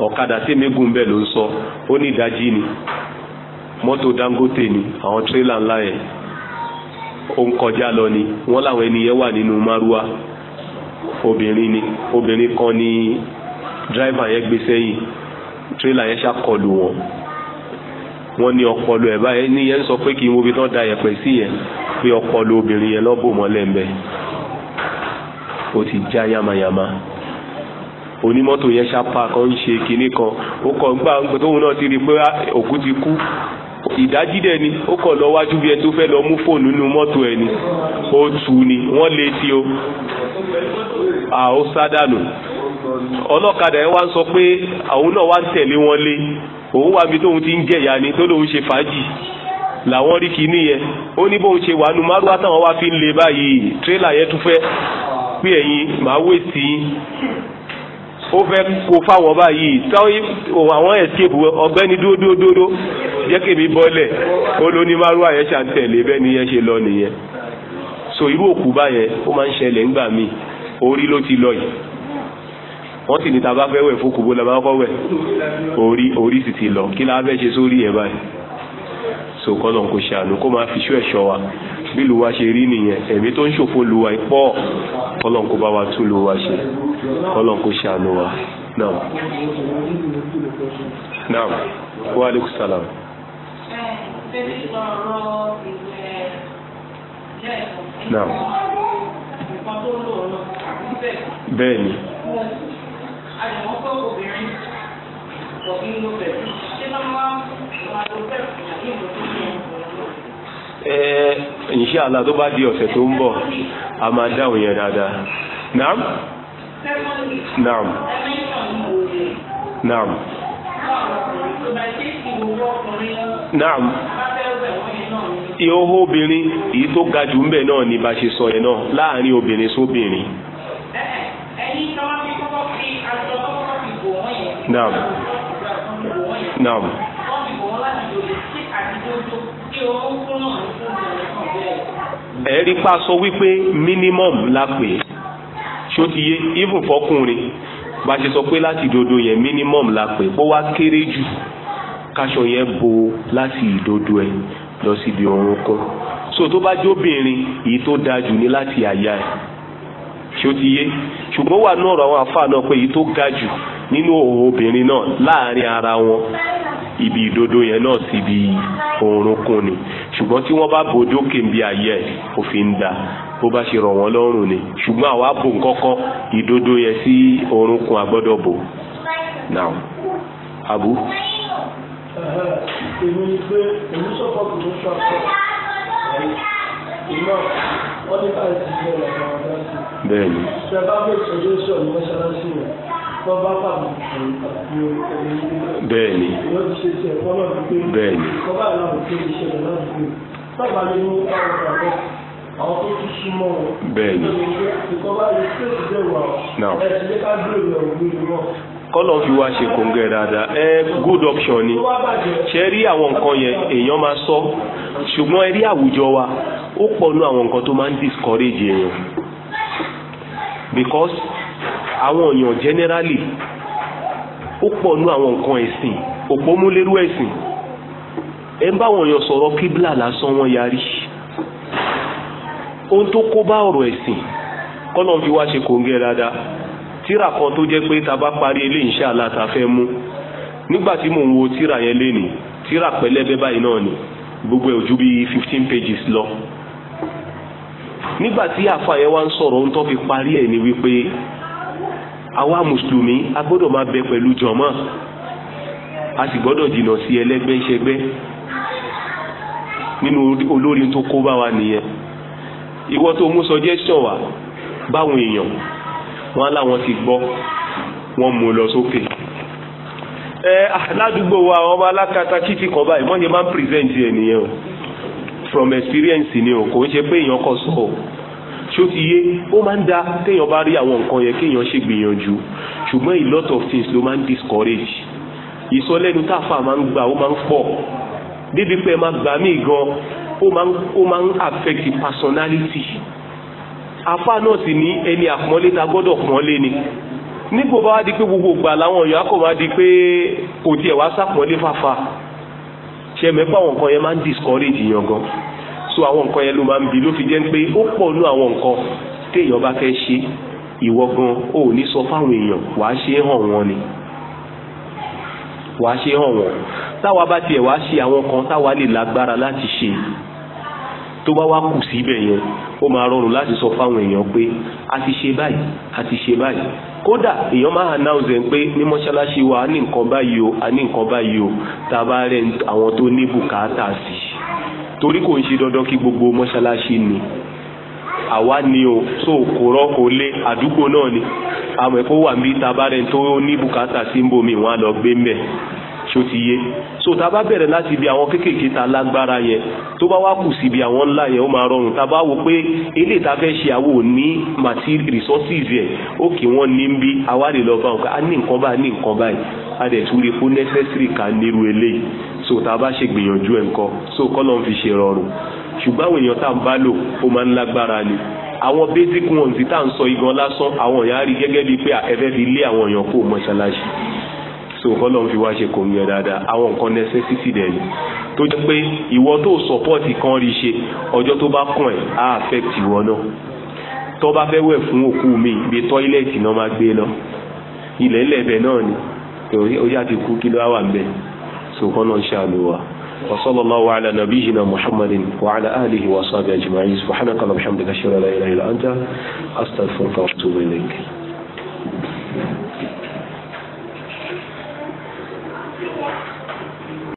A: ọ̀kadà tí mégùn bẹ́ẹ̀ ló ń sọ ó ní ìdajì ni mọ́tò Dangote ni àwọn tírélà ńlá yẹn ó ń kọjá lọ ni wọ́n láwọn ẹni yẹn wà nínú márúwá obìnrin ni obìnrin kan ni dráìvà yẹn gbé sẹ́yìn tírélà yẹn ṣàkọlù wọn wọ́n ní ọpọlọ ẹ̀ báyẹn ní yẹn sọ pé kí n wo ibi tán da yẹ̀pẹ̀ sí yẹn pé ọpọlọ obìnrin yẹn lọ́bò mọ́lẹ̀ ń bẹ́ẹ̀ ó ti já yamayama. Yama onímọ́tò yẹn ṣapa kan ń ṣe kinní kan ó kàn ń gbà ń tóun náà ti rí i pé ah, òkú ti kú ìdájídẹ ni ó kàn lọ wájú bí ẹ tó fẹ́ lọ mú fóònù nínú mọ́tò ẹ ni ó tù ni wọ́n lé tí o àwọn sádànù ọlọ́kadà ẹ wá ń sọ pé àwọn náà wá ń tẹ̀lé wọn lé òun wá bí tóun ti ń jẹ̀yà ni tó lóun ṣe fàájì làwọn rí kinní yẹn ó ní bóun ṣe wà nù márùn àtàwọn wá fi ń lé báyìí tírélà yẹn tún fẹ́ pé ẹ̀yin màá wé sí i ó fẹ́ kó fáwọn báyìí táwọn àwọn escape ọ̀gbẹ́ni dúdúdúdú jẹ́ kèmí bọ́lẹ̀ ó ló ní márùwá yẹn ṣà ń tẹ̀lé bẹ́ẹ̀ ni yẹn ṣe lọ nìyẹn so irú òkú báyẹn ó máa ń ṣẹlẹ̀ ńgbà míì orí ló ti lọ yìí wọ́n sì ní ta bá fẹ́ wẹ̀ fún kùbó la máa kọ́ wẹ̀ orí orí sì ti lọ kí la fẹ́ ṣe sórí ẹ̀ báyìí so kọ́lọ̀ kò ṣàánú kó máa fi ṣú ẹ̀ṣọ́ wa bí luwa ṣe rí nìyẹn ẹ̀mí tó ń ṣòfò luwa ipọ́ kọ́lọ̀ kó bá wa tún luwa ṣe kọ́lọ̀ kò ṣàánú wa naam
B: naam wa salaam. naam bẹ́ẹ̀ni obìnrin ọ̀gbìn
A: ẹ ala tó bá di ọ̀sẹ̀ tó ń bọ̀ a máa dáhùn yẹn dáadáa naam naam naam naam ìhóhó obìnrin èyí tó ga jù ń bẹ̀ náà ni bá ṣe sọ yẹn náà láàrin obìnrin sóbìnrin. ẹ̀rí pa sọ wípé minimum la pè ṣó ti yé even fọkùnrin bá ṣe sọ pé láti dodo yẹn minimum la pè bó wá kéré jù káṣọ yẹn bo láti ìdodo ẹ lọ sí ibi orúnkún so tó bá jóbìnrin èyí tó dáa jù ní láti àyà ẹ ṣó ti yé ṣùgbọ́n wà náà ọ̀rọ̀ àwọn àfáà náà pé èyí tó ga jù nínú òhò obìnrin náà láàrin ara wọn ibi ìdodo yẹn náà sì di orúnkún ni ṣùgbọ́n tí wọ́n bá bòjó kèmí ayé òfin ń da bó bá ṣe rọ̀ wọ́n lọ́rùn ni ṣùgbọ́n àwa bò ń kọ́kọ́ ìdodo yẹn sí orúnkún agbọ́dọ̀ bò
B: now abu. èmi ni pé èmi sọ́kọ̀ tó ń ṣàkóso ìmọ̀ wọ́n ní káyọ̀ ti bẹ̀rẹ̀ àwọn ọ̀dọ́ sí. bẹ́ẹ̀ ni. ṣe bá bẹ̀rẹ̀ sọ́jọ́ sọ̀rọ̀ mọ́ṣáláṣí rẹ̀ bẹ́ẹ̀ni bẹ́ẹ̀ni bẹ́ẹ̀ni kọ́lọ̀ fi wá ṣe kòǹgẹ́ dáadáa ẹ good option ni
A: ṣe rí àwọn nǹkan yẹn èèyàn máa sọ ṣùgbọ́n ẹ rí àwùjọ wa ó pọ̀ nú àwọn nǹkan tó máa ń discourage èèyàn because àwọn èèyàn generally ó pọ̀ nú àwọn nǹkan ẹ̀sìn òpómúlérú ẹ̀sìn ẹ ń bá àwọn èèyàn sọ̀rọ̀ kíbla lásán wọn yarí ohun tó kó bá ọ̀rọ̀ ẹ̀sìn kọ́nà fi wá ṣe kòǹgẹ́ dáadáa tíra kan tó jẹ́ pé ta bá parí ilé insha Allah ta fẹ́ mú nígbà tí mò ń wo tíra yẹn lé ní tíra pẹ̀lẹ́bẹ báyìí náà ni gbogbo ẹ̀ ojú bíi fifteen pages lọ nígbà tí àfa yẹn wá ń sọ̀rọ̀ ohun tó fi parí ẹ̀ ni wípé àwa mùsùlùmí a gbọ́dọ̀ máa bẹ pẹ̀lú jọ̀mọ́ a sì gbọ́dọ̀ jìnnà sí ẹlẹ́gbẹ́ ṣẹgbẹ́ nínú olórí tó kó bá wa nìyẹn ìwọ tó mú suggestion wá báwọn èèyàn wọn láwọn ti gbọ́ wọn mú lọ sókè ẹ aládùúgbò wa ọmọ alákatá kìtì kan báyìí wọ́n ṣe máa ń present ẹ̀ nìyẹn o from experience ni o kò ń ṣe pé èèyàn kọ sọ o. So ṣó ti yé ó máa ń da téèyàn bá rí àwọn nǹkan yẹn kéèyàn ṣe gbìyànjú ṣùgbọ́n a lot of things ló máa ń discourage ìsọlẹ́nu táfà máa ń gbà ó máa ń pọ̀ débi pé ẹ máa gbà mí gan ó máa ń ó máa ń affect personality afá náà sì ní ẹni àpọ́nlé ta gbọ́dọ̀ pọ́nlé ni nígbò bá wá di pé gbogbo ìgbà làwọn èèyàn á kò wá di pé kò tiẹ̀ wá sápọ́nlé fàfà ṣe mẹ́fà àwọn nǹkan yẹn máa ń discourage yàn gan so àwọn nǹkan yẹn ló máa ń bi ló fi jẹ́ pé ó pọ̀ nú àwọn nǹkan téèyàn bá fẹ́ ṣe ìwọ gan ò ní sọ fáwọn èèyàn wàá ṣe é hàn wọn ni wàá ṣe é hàn wọn táwa bá tiẹ̀ wàá ṣe àwọn kan táwa lè lágbára láti ṣe tó bá wá kù síbẹ̀ yẹn ó máa rọrùn láti sọ fáwọn èèyàn pé a ti ṣe báyìí a ti ṣe báyìí kódà èèyàn máa announce ẹ̀ pé ní mọ́ṣáláṣí wa a ní nǹkan báyìí o a ní nǹkan báyìí o tá a bá rẹ àwọn tó ní bùkátà sí i torí kò ń ṣe dandan kí gbogbo mọ́ṣáláṣí ni àwa ni o so kò rọ́kò lé àdúgbò náà ni àmọ́ ẹ̀kọ́ wà ń bí tabarẹ́ tó ní bùkátà sí wọn lọ gbé mbẹ́ ṣó ti yé so tá a bá bẹ̀rẹ̀ láti ibi àwọn kéékèèké tá a lágbára yẹ tó bá wá kù sí ibi àwọn ńlá yẹn ó máa rọrùn tá a bá wo pé eléyìí tá fẹ́ ṣe àwọn òní material resources yẹ ó kì wọ́n ní bí àwa lọ bá wọn ká a ní nǹkan báyìí ní nǹkan báyìí a dẹ̀ tún lè fún necessary ká nírú eléyìí so tá a bá ṣe gbìyànjú ẹ̀ ńkọ́ so kọ́ ló ń fi ṣe rọrùn ṣùgbọ́n àwọn èèyàn tá à ń bá lò ó máa ń lágbára ni àwọn basic ones tá à sọ igan lásán àwọn èèyàn á rí gẹ́gẹ́ bíi pé ẹ̀fẹ́ fi lé àwọn èèyàn kó mọ́ṣáláṣí so kọ́lọ́n fi wá ṣe kò ń yẹ dáadáa àwọn nǹkan necessity dẹ̀ ni tó jẹ́ pé ìwọ tó support kan rí ṣe ọjọ́ tó bá kàn ẹ́ á affect ìwọ náà tó bá fẹ́ wẹ̀ fún òkú mi ibi tọ́ílẹ̀tì náà máa gbé lọ ilẹ̀ ńlẹ̀bẹ̀ náà ni orí àti kú kí ló wà ńbẹ̀ so kọ́lọ́n ṣàlù wa وصلى الله على نبينا محمد وعلى آله وصحبه أجمعين سبحانك اللهم وبحمدك أشهد أن لا إله إلا أنت أستغفرك وأتوب إليك Yeah.